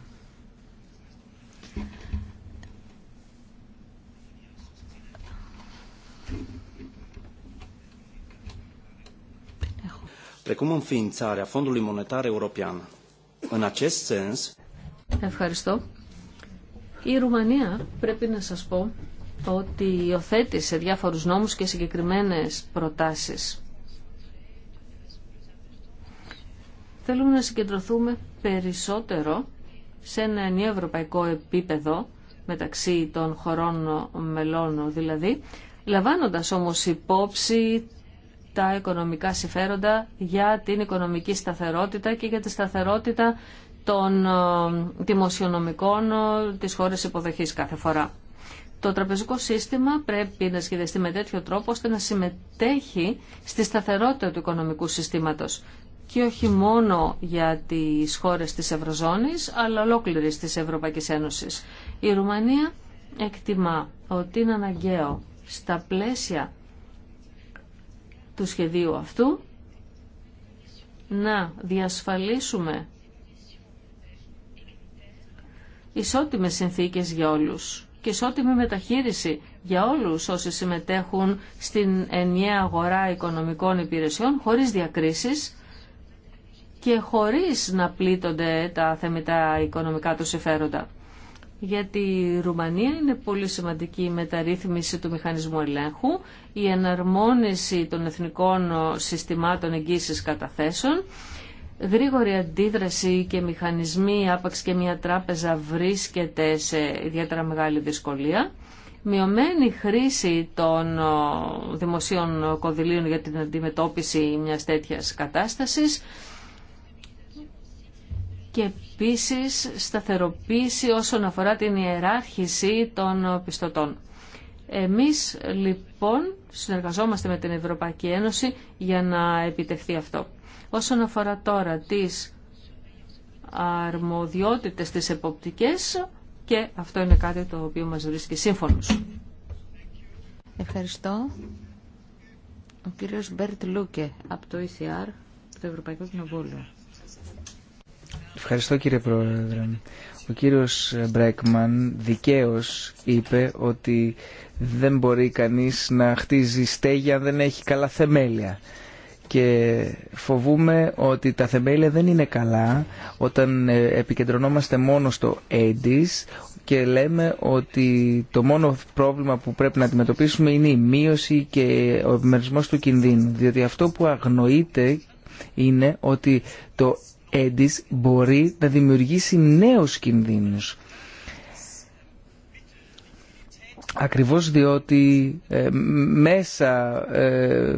precum înființarea Fondului Monetar European. În acest sens... Ευχαριστώ. Η Ρουμανία πρέπει να σας πω ότι υιοθέτησε διάφορους νόμους και συγκεκριμένες προτάσεις Θέλουμε να συγκεντρωθούμε περισσότερο σε ένα ενιαίο ευρωπαϊκό επίπεδο μεταξύ των χωρών μελών δηλαδή, λαμβάνοντας όμως υπόψη τα οικονομικά συμφέροντα για την οικονομική σταθερότητα και για τη σταθερότητα των ε, δημοσιονομικών ε, της χώρας υποδοχής κάθε φορά. Το τραπεζικό σύστημα πρέπει να σχεδιαστεί με τέτοιο τρόπο ώστε να συμμετέχει στη σταθερότητα του οικονομικού συστήματος και όχι μόνο για τις χώρες της Ευρωζώνης, αλλά ολόκληρης της Ευρωπαϊκής Ένωσης. Η Ρουμανία εκτιμά ότι είναι αναγκαίο στα πλαίσια του σχεδίου αυτού να διασφαλίσουμε ισότιμες συνθήκες για όλους και ισότιμη μεταχείριση για όλους όσοι συμμετέχουν στην ενιαία αγορά οικονομικών υπηρεσιών χωρίς διακρίσεις και χωρίς να πλήττονται τα θεμετά οικονομικά του συμφέροντα. Για τη Ρουμανία είναι πολύ σημαντική η μεταρρύθμιση του μηχανισμού ελέγχου, η εναρμόνιση των εθνικών συστημάτων εγγύησης καταθέσεων, γρήγορη αντίδραση και μηχανισμοί άπαξ και μια τράπεζα βρίσκεται σε ιδιαίτερα μεγάλη δυσκολία, μειωμένη χρήση των δημοσίων κονδυλίων για την αντιμετώπιση μιας τέτοιας κατάστασης, και επίσης σταθεροποίηση όσον αφορά την ιεράρχηση των πιστωτών. Εμείς λοιπόν συνεργαζόμαστε με την Ευρωπαϊκή Ένωση για να επιτευχθεί αυτό. Όσον αφορά τώρα τις αρμοδιότητες της εποπτικές και αυτό είναι κάτι το οποίο μας βρίσκει σύμφωνος. Ευχαριστώ. Ο κύριος Μπέρτ Λούκε από το ECR, το Ευρωπαϊκό Κοινοβούλιο. Ευχαριστώ κύριε Πρόεδρε. Ο κύριος Μπρέκμαν δικαίως είπε ότι δεν μπορεί κανείς να χτίζει Στέγη αν δεν έχει καλά θεμέλια. Και φοβούμε ότι τα θεμέλια δεν είναι καλά όταν ε, επικεντρωνόμαστε μόνο στο AIDS και λέμε ότι το μόνο πρόβλημα που πρέπει να αντιμετωπίσουμε είναι η μείωση και ο επιμερισμός του κινδύνου. Διότι αυτό που αγνοείται είναι ότι το έντις μπορεί να δημιουργήσει νέους κινδύνους. Ακριβώς διότι ε, μέσα ε,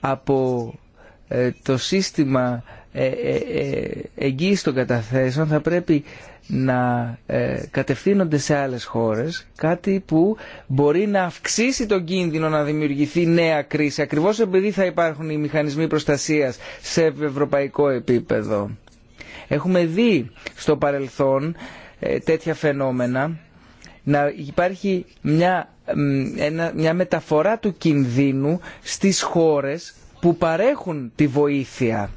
από ε, το σύστημα ε, ε, ε, εγγύηση των καταθέσεων θα πρέπει να κατευθύνονται σε άλλες χώρες κάτι που μπορεί να αυξήσει τον κίνδυνο να δημιουργηθεί νέα κρίση ακριβώς επειδή θα υπάρχουν οι μηχανισμοί προστασίας σε ευρωπαϊκό επίπεδο. Έχουμε δει στο παρελθόν τέτοια φαινόμενα να υπάρχει μια, μια μεταφορά του κινδύνου στις χώρες που παρέχουν τη βοήθεια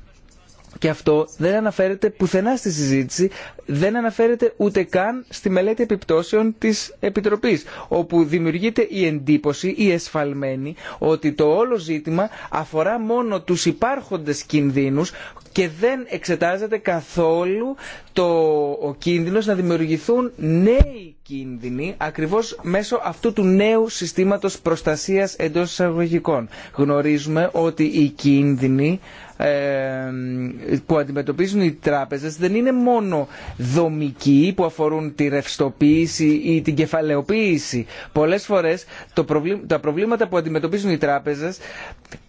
και αυτό δεν αναφέρεται πουθενά στη συζήτηση, δεν αναφέρεται ούτε καν στη μελέτη επιπτώσεων της Επιτροπής, όπου δημιουργείται η εντύπωση, η εσφαλμένη, ότι το όλο ζήτημα αφορά μόνο του υπάρχοντες κινδύνους και δεν εξετάζεται καθόλου το, ο κίνδυνος να δημιουργηθούν νέοι κίνδυνοι ακριβώς μέσω αυτού του νέου συστήματος προστασίας εντό εισαγωγικών. Γνωρίζουμε ότι οι κίνδυνοι ε, που αντιμετωπίζουν οι τράπεζες δεν είναι μόνο δομικοί που αφορούν τη ρευστοποίηση ή την κεφαλαιοποίηση. Πολλές φορές τα προβλήματα που αντιμετωπίζουν οι τράπεζες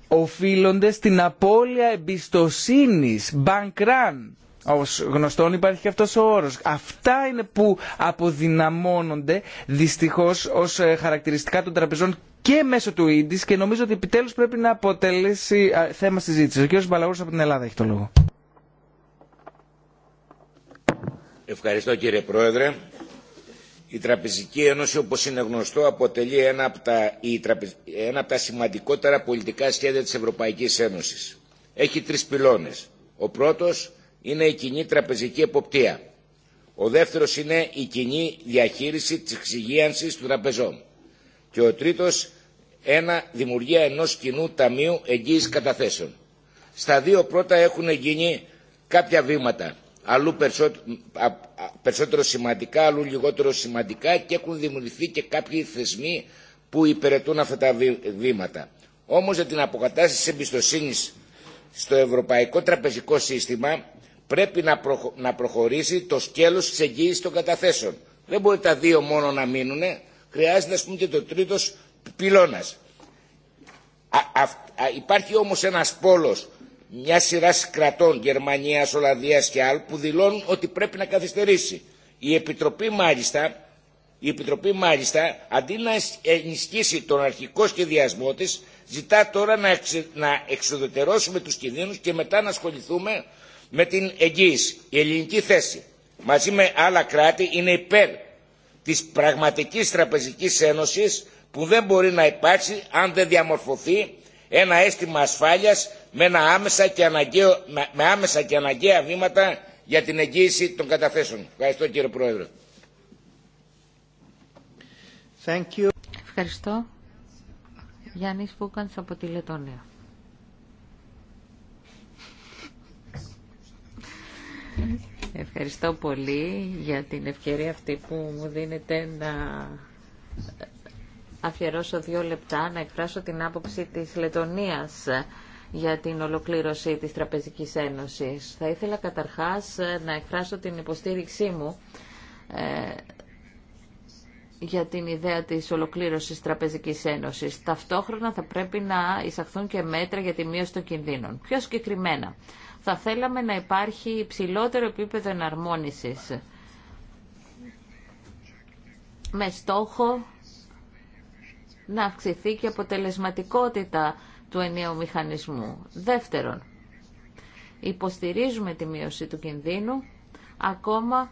οφείλονται στην απώλεια εμπιστοσύνης, bank run ως γνωστόν υπάρχει και αυτός ο όρος. Αυτά είναι που αποδυναμώνονται δυστυχώς ως ε, χαρακτηριστικά των τραπεζών και μέσω του ίντις και νομίζω ότι επιτέλους πρέπει να αποτελέσει θέμα συζήτηση. Ο κ. Μπαλαγούρος από την Ελλάδα έχει το λόγο. Ευχαριστώ κύριε Πρόεδρε. Η Τραπεζική Ένωση, όπως είναι γνωστό, αποτελεί ένα από τα, ένα από τα σημαντικότερα πολιτικά σχέδια της Ευρωπαϊκής Ένωσης. Έχει τρεις πυλώνες. Ο πρώτος είναι η κοινή τραπεζική εποπτεία. Ο δεύτερος είναι η κοινή διαχείριση της εξυγίανσης του τραπεζών. Και ο τρίτος, ένα, δημιουργία ενός κοινού ταμείου εγγύης καταθέσεων. Στα δύο πρώτα έχουν γίνει κάποια βήματα, αλλού περισσότερο σημαντικά, αλλού λιγότερο σημαντικά και έχουν δημιουργηθεί και κάποιοι θεσμοί που υπηρετούν αυτά τα βήματα. Όμως για την αποκατάσταση της εμπιστοσύνης στο ευρωπαϊκό τραπεζικό σύστημα πρέπει να, να προχωρήσει το σκέλος της εγγύησης των καταθέσεων. Δεν μπορεί τα δύο μόνο να μείνουν. Χρειάζεται, ας πούμε, και το τρίτος πυλώνας. Α, υπάρχει όμως ένας πόλος μια σειρά κρατών, Γερμανίας, Ολλανδίας και άλλων, που δηλώνουν ότι πρέπει να καθυστερήσει. Η Επιτροπή μάλιστα, η Επιτροπή μάλιστα αντί να ενισχύσει τον αρχικό σχεδιασμό της, ζητά τώρα να, να εξοδετερώσουμε τους κινδύνους και μετά να ασχοληθούμε με την εγγύηση. Η ελληνική θέση μαζί με άλλα κράτη είναι υπέρ της πραγματικής τραπεζικής ένωσης που δεν μπορεί να υπάρξει αν δεν διαμορφωθεί ένα αίσθημα ασφάλειας με, άμεσα, και αναγκαίο, με άμεσα και αναγκαία βήματα για την εγγύηση των καταθέσεων. Ευχαριστώ κύριε Πρόεδρε. Thank you. Ευχαριστώ. Γιάννης Πούκανς από τη Λετωνία. Ευχαριστώ πολύ για την ευκαιρία αυτή που μου δίνετε να αφιερώσω δύο λεπτά να εκφράσω την άποψη της Λετωνίας για την ολοκλήρωση της Τραπεζικής Ένωσης. Θα ήθελα καταρχάς να εκφράσω την υποστήριξή μου ε, για την ιδέα της ολοκλήρωσης Τραπεζικής Ένωσης. Ταυτόχρονα θα πρέπει να εισαχθούν και μέτρα για τη μείωση των κινδύνων. Πιο συγκεκριμένα, θα θέλαμε να υπάρχει υψηλότερο επίπεδο εναρμόνισης με στόχο να αυξηθεί και αποτελεσματικότητα του ενιαίου μηχανισμού. Δεύτερον, υποστηρίζουμε τη μείωση του κινδύνου ακόμα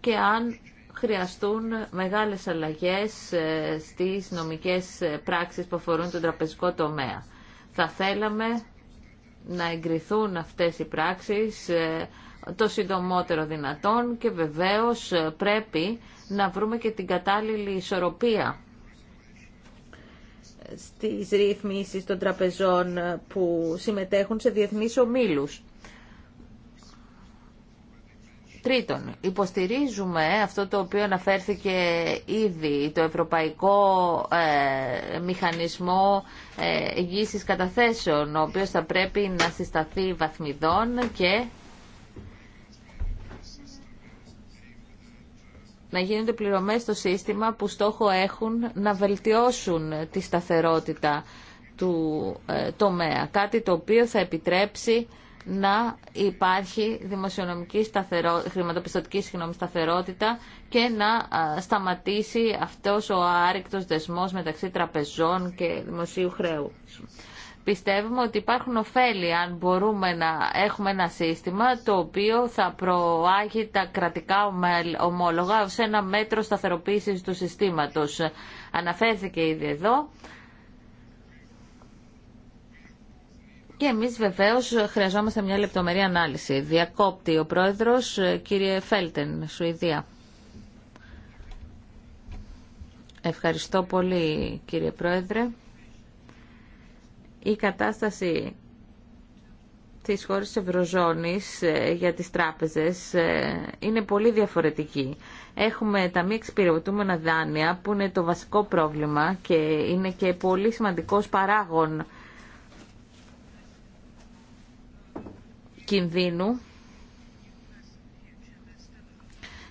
και αν χρειαστούν μεγάλες αλλαγές ε, στις νομικές ε, πράξεις που αφορούν τον τραπεζικό τομέα. Θα θέλαμε να εγκριθούν αυτές οι πράξεις ε, το συντομότερο δυνατόν και βεβαίως ε, πρέπει να βρούμε και την κατάλληλη ισορροπία στις ρυθμίσεις των τραπεζών ε, που συμμετέχουν σε διεθνείς ομίλους. Τρίτον, υποστηρίζουμε αυτό το οποίο αναφέρθηκε ήδη, το Ευρωπαϊκό ε, Μηχανισμό ε, Εγγύησης Καταθέσεων, ο οποίος θα πρέπει να συσταθεί βαθμιδών και να γίνονται πληρωμές στο σύστημα που στόχο έχουν να βελτιώσουν τη σταθερότητα του ε, τομέα. Κάτι το οποίο θα επιτρέψει να υπάρχει δημοσιονομική σταθερό, χρηματοπιστωτική συγγνώμη, σταθερότητα και να σταματήσει αυτός ο άρρηκτος δεσμός μεταξύ τραπεζών και δημοσίου χρέου. Πιστεύουμε ότι υπάρχουν ωφέλη αν μπορούμε να έχουμε ένα σύστημα το οποίο θα προάγει τα κρατικά ομόλογα ως ένα μέτρο σταθεροποίησης του συστήματος. Αναφέρθηκε ήδη εδώ Και εμείς βεβαίως χρειαζόμαστε μια λεπτομερή ανάλυση. Διακόπτει ο πρόεδρος, κύριε Φέλτεν, Σουηδία. Ευχαριστώ πολύ κύριε Πρόεδρε. Η κατάσταση της χώρας της Ευρωζώνης ε, για τις τράπεζες ε, είναι πολύ διαφορετική. Έχουμε τα μη εξυπηρετούμενα δάνεια που είναι το βασικό πρόβλημα και είναι και πολύ σημαντικός παράγον κινδύνου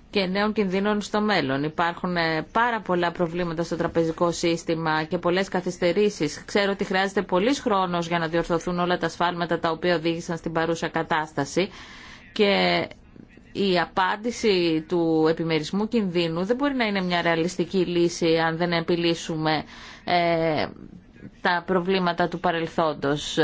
και νέων κινδύνων στο μέλλον. Υπάρχουν ε, πάρα πολλά προβλήματα στο τραπεζικό σύστημα και πολλές καθυστερήσεις. Ξέρω ότι χρειάζεται πολύς χρόνος για να διορθωθούν όλα τα σφάλματα τα οποία οδήγησαν στην παρούσα κατάσταση και η απάντηση του επιμερισμού κινδύνου δεν μπορεί να είναι μια ρεαλιστική λύση αν δεν επιλύσουμε ε, τα προβλήματα του παρελθόντος.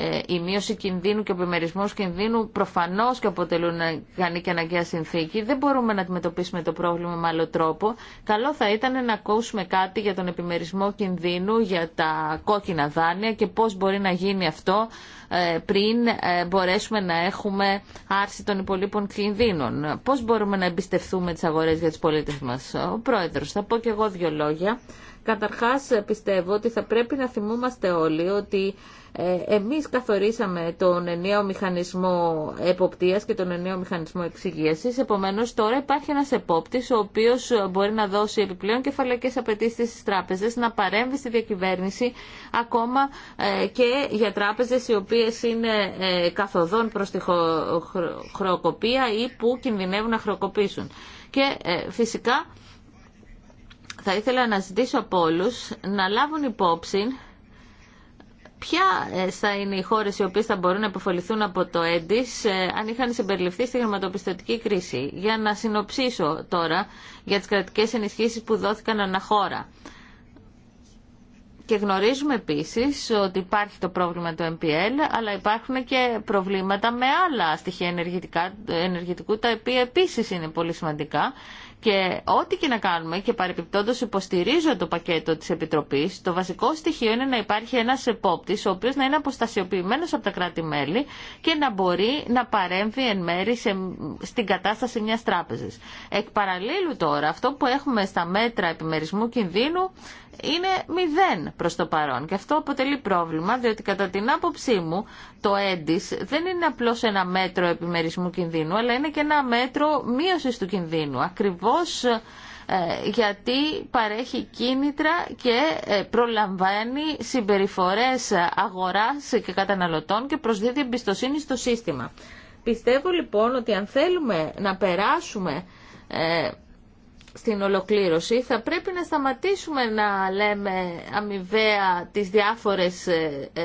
Ε, η μείωση κινδύνου και ο επιμερισμό κινδύνου προφανώ και αποτελούν ικανή και αναγκαία συνθήκη. Δεν μπορούμε να αντιμετωπίσουμε το πρόβλημα με άλλο τρόπο. Καλό θα ήταν να ακούσουμε κάτι για τον επιμερισμό κινδύνου, για τα κόκκινα δάνεια και πώ μπορεί να γίνει αυτό ε, πριν ε, μπορέσουμε να έχουμε άρση των υπολείπων κινδύνων. Πώ μπορούμε να εμπιστευτούμε τι αγορέ για του πολίτε μα. Ο Πρόεδρο, θα πω και εγώ δύο λόγια. Καταρχάς πιστεύω ότι θα πρέπει να θυμούμαστε όλοι ότι ε, εμείς καθορίσαμε τον ενιαίο μηχανισμό εποπτείας και τον ενιαίο μηχανισμό εξυγίασης. Επομένως, τώρα υπάρχει ένας επόπτης ο οποίος ε, μπορεί να δώσει επιπλέον κεφαλαϊκές απαιτήσει στις τράπεζες, να παρέμβει στη διακυβέρνηση ακόμα ε, και για τράπεζες οι οποίες είναι καθοδόν προς τη χρεοκοπία ή που κινδυνεύουν να χρεοκοπήσουν. Και φυσικά θα ήθελα να ζητήσω από όλους να λάβουν υπόψη Ποια ε, θα είναι οι χώρες οι οποίες θα μπορούν να υποφοληθούν από το ΕΝΤΙΣ ε, αν είχαν συμπεριληφθεί στη χρηματοπιστωτική κρίση. Για να συνοψίσω τώρα για τις κρατικές ενισχύσει που δόθηκαν αναχώρα. Και γνωρίζουμε επίση ότι υπάρχει το πρόβλημα του MPL, αλλά υπάρχουν και προβλήματα με άλλα στοιχεία ενεργητικού, τα οποία επίση είναι πολύ σημαντικά και ό,τι και να κάνουμε και παρεπιπτόντω υποστηρίζω το πακέτο τη Επιτροπής, το βασικό στοιχείο είναι να υπάρχει ένα επόπτη ο οποίο να είναι αποστασιοποιημένος από τα κράτη-μέλη και να μπορεί να παρέμβει εν μέρη σε, στην κατάσταση μια τράπεζα. Εκ παραλλήλου τώρα αυτό που έχουμε στα μέτρα επιμερισμού κινδύνου είναι μηδέν προ το παρόν. Και αυτό αποτελεί πρόβλημα, διότι κατά την άποψή μου το έντις δεν είναι απλώς ένα μέτρο επιμερισμού κινδύνου, αλλά είναι και ένα μέτρο μείωσης του κινδύνου. Ακριβώς ε, γιατί παρέχει κίνητρα και ε, προλαμβάνει συμπεριφορές αγοράς και καταναλωτών και προσδίδει εμπιστοσύνη στο σύστημα. Πιστεύω λοιπόν ότι αν θέλουμε να περάσουμε ε, στην ολοκλήρωση, θα πρέπει να σταματήσουμε να λέμε αμοιβαία τις διάφορες ε, ε,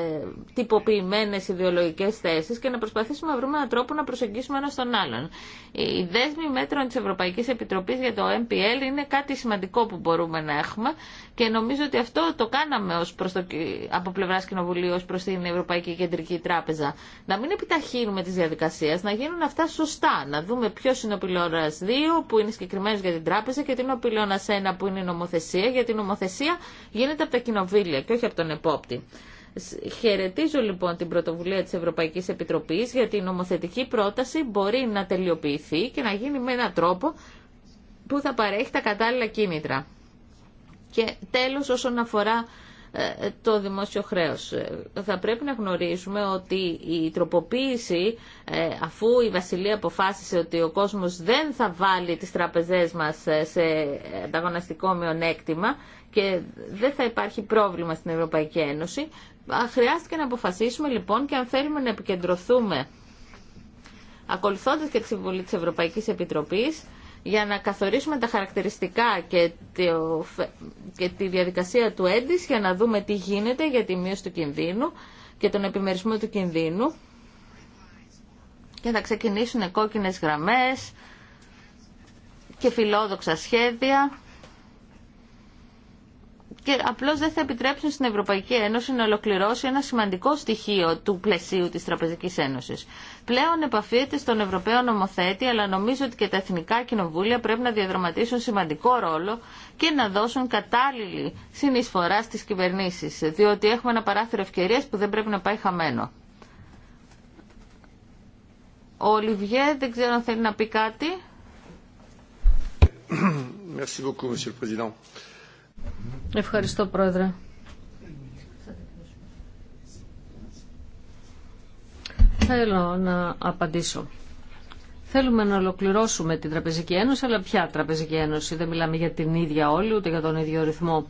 τυποποιημένες ιδεολογικές θέσεις και να προσπαθήσουμε να βρούμε έναν τρόπο να προσεγγίσουμε ένα τον άλλον. Οι δέσμοι μέτρων της Ευρωπαϊκής Επιτροπής για το MPL είναι κάτι σημαντικό που μπορούμε να έχουμε και νομίζω ότι αυτό το κάναμε ως προς το, από πλευρά Κοινοβουλίου ως προς την Ευρωπαϊκή Κεντρική Τράπεζα. Να μην επιταχύνουμε τις διαδικασίες, να γίνουν αυτά σωστά, να δούμε ποιο είναι ο πυλώρας 2 που είναι συγκεκριμένο για την τράπεζα και την οπηλώνα σε ένα που είναι η νομοθεσία, γιατί η νομοθεσία γίνεται από τα κοινοβούλια και όχι από τον επόπτη. Χαιρετίζω λοιπόν την πρωτοβουλία της Ευρωπαϊκής Επιτροπής γιατί η νομοθετική πρόταση μπορεί να τελειοποιηθεί και να γίνει με έναν τρόπο που θα παρέχει τα κατάλληλα κίνητρα. Και τέλος όσον αφορά ε, ε, το δημόσιο χρέος. Ε, θα πρέπει να γνωρίζουμε ότι η τροποποίηση, αφού η Βασιλεία αποφάσισε ότι ο κόσμος δεν θα βάλει τις τραπεζές μας σε ανταγωνιστικό μειονέκτημα και δεν θα υπάρχει πρόβλημα στην Ευρωπαϊκή Ένωση, χρειάστηκε να αποφασίσουμε λοιπόν και αν θέλουμε να επικεντρωθούμε ακολουθώντας και τη συμβολή της Ευρωπαϊκής Επιτροπής για να καθορίσουμε τα χαρακτηριστικά και, τη διαδικασία του έντις για να δούμε τι γίνεται για τη μείωση του κινδύνου και τον επιμερισμό του κινδύνου και να ξεκινήσουν κόκκινες γραμμές και φιλόδοξα σχέδια και απλώ δεν θα επιτρέψουν στην Ευρωπαϊκή Ένωση να ολοκληρώσει ένα σημαντικό στοιχείο του πλαισίου της Τραπεζικής Ένωσης. Πλέον επαφείται στον Ευρωπαίο νομοθέτη, αλλά νομίζω ότι και τα εθνικά κοινοβούλια πρέπει να διαδραματίσουν σημαντικό ρόλο και να δώσουν κατάλληλη συνεισφορά στις κυβερνήσει, διότι έχουμε ένα παράθυρο ευκαιρία που δεν πρέπει να πάει χαμένο. Ο Λιβιέ, δεν ξέρω αν θέλει να πει κάτι. Merci beaucoup, Monsieur le Président. Ευχαριστώ, Πρόεδρε. Θέλω να απαντήσω. Θέλουμε να ολοκληρώσουμε την Τραπεζική Ένωση, αλλά ποια Τραπεζική Ένωση. Δεν μιλάμε για την ίδια όλη, ούτε για τον ίδιο ρυθμό.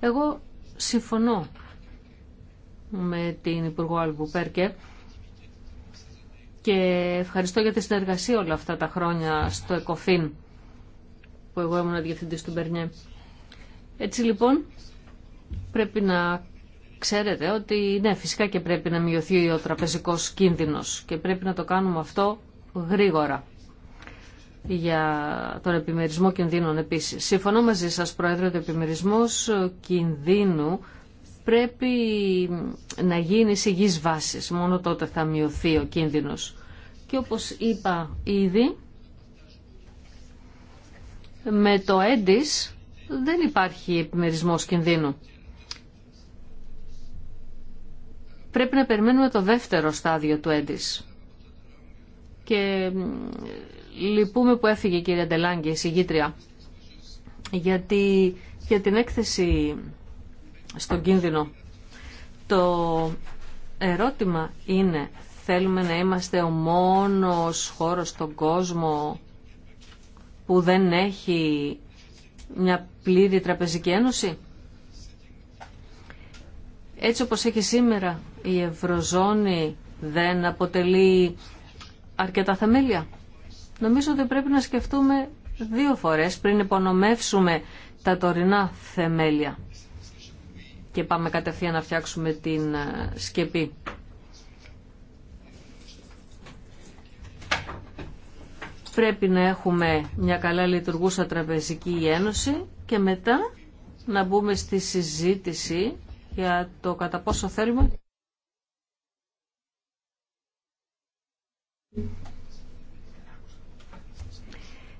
Εγώ συμφωνώ με την Υπουργό πέρκε και ευχαριστώ για τη συνεργασία όλα αυτά τα χρόνια στο ΕΚΟΦΗΝ που εγώ ήμουν διευθυντής του Μπερνιέ. Έτσι λοιπόν πρέπει να ξέρετε ότι ναι φυσικά και πρέπει να μειωθεί ο τραπεζικός κίνδυνος και πρέπει να το κάνουμε αυτό γρήγορα για τον επιμερισμό κινδύνων επίσης. Συμφωνώ μαζί σας Πρόεδρε ότι ο επιμερισμός κινδύνου πρέπει να γίνει σε γης βάσης. Μόνο τότε θα μειωθεί ο κίνδυνος. Και όπως είπα ήδη, με το έντις δεν υπάρχει επιμερισμός κινδύνου. Πρέπει να περιμένουμε το δεύτερο στάδιο του έντις. Και λυπούμε που έφυγε η κυρία Ντελάγκη, η συγγήτρια, γιατί για την έκθεση στον κίνδυνο. Το ερώτημα είναι, θέλουμε να είμαστε ο μόνος χώρος στον κόσμο που δεν έχει μια πλήρη τραπεζική ένωση. Έτσι όπως έχει σήμερα η Ευρωζώνη δεν αποτελεί αρκετά θεμέλια. Νομίζω ότι πρέπει να σκεφτούμε δύο φορές πριν υπονομεύσουμε τα τωρινά θεμέλια και πάμε κατευθείαν να φτιάξουμε την ε, σκεπή. πρέπει να έχουμε μια καλά λειτουργούσα τραπεζική ένωση και μετά να μπούμε στη συζήτηση για το κατά πόσο θέλουμε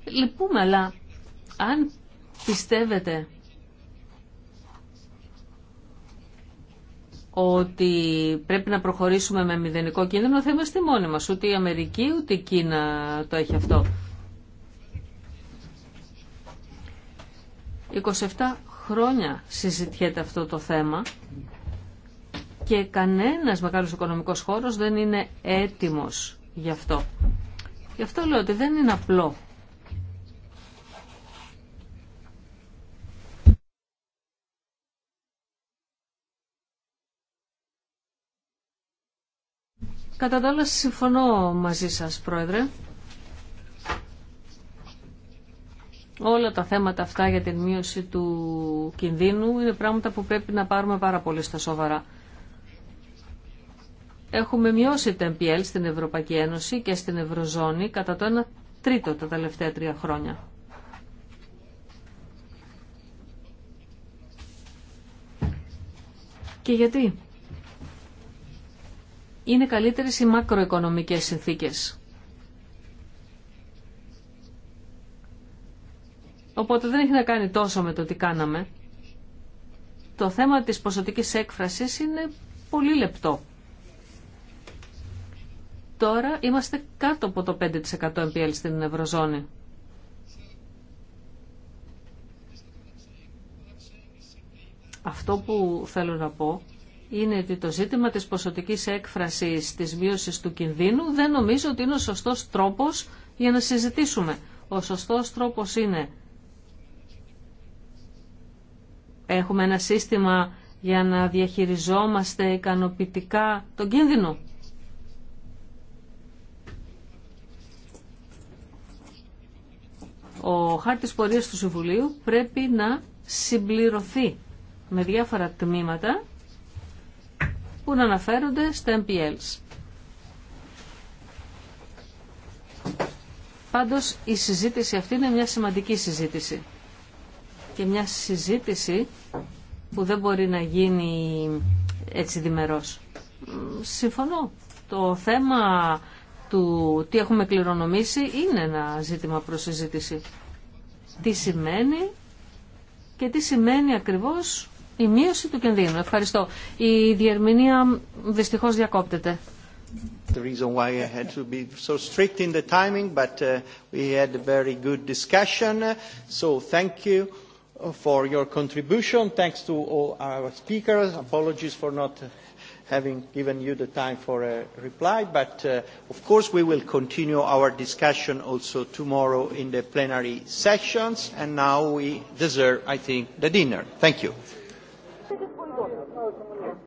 Λυπούμε, αλλά αν πιστεύετε ότι πρέπει να προχωρήσουμε με μηδενικό κίνδυνο, θα είμαστε μόνοι μας. Ούτε η Αμερική, ούτε η Κίνα το έχει αυτό. 27 χρόνια συζητιέται αυτό το θέμα και κανένας μεγάλος οικονομικός χώρος δεν είναι έτοιμος γι' αυτό. Γι' αυτό λέω ότι δεν είναι απλό Κατά τα άλλα συμφωνώ μαζί σας, Πρόεδρε. Όλα τα θέματα αυτά για την μείωση του κινδύνου είναι πράγματα που πρέπει να πάρουμε πάρα πολύ στα σοβαρά. Έχουμε μειώσει το MPL στην Ευρωπαϊκή Ένωση και στην Ευρωζώνη κατά το 1 τρίτο τα τελευταία τρία χρόνια. Και γιατί είναι καλύτερες οι μακροοικονομικές συνθήκες. Οπότε δεν έχει να κάνει τόσο με το τι κάναμε. Το θέμα της ποσοτικής έκφρασης είναι πολύ λεπτό. Τώρα είμαστε κάτω από το 5% MPL στην Ευρωζώνη. Αυτό που θέλω να πω είναι ότι το ζήτημα της ποσοτικής έκφρασης της μείωσης του κινδύνου δεν νομίζω ότι είναι ο σωστός τρόπος για να συζητήσουμε. Ο σωστός τρόπος είναι έχουμε ένα σύστημα για να διαχειριζόμαστε ικανοποιητικά τον κίνδυνο. Ο χάρτης πορείας του Συμβουλίου πρέπει να συμπληρωθεί με διάφορα τμήματα που να αναφέρονται στα MPLs. Πάντως η συζήτηση αυτή είναι μια σημαντική συζήτηση και μια συζήτηση που δεν μπορεί να γίνει έτσι διμερός. Συμφωνώ. Το θέμα του τι έχουμε κληρονομήσει είναι ένα ζήτημα προς συζήτηση. Τι σημαίνει και τι σημαίνει ακριβώς η μείωση του κινδύνου. Ευχαριστώ. Η διερμηνία δυστυχώς διακόπτεται. The reason why I had to be so strict in the timing, but we had a very good discussion. So thank you for your contribution. Thanks to all our speakers. Apologies for not having given you the time for a reply, but of course we will continue our discussion also tomorrow in the plenary sessions, and now we deserve, I think, the dinner. Thank you. Λοιπόν,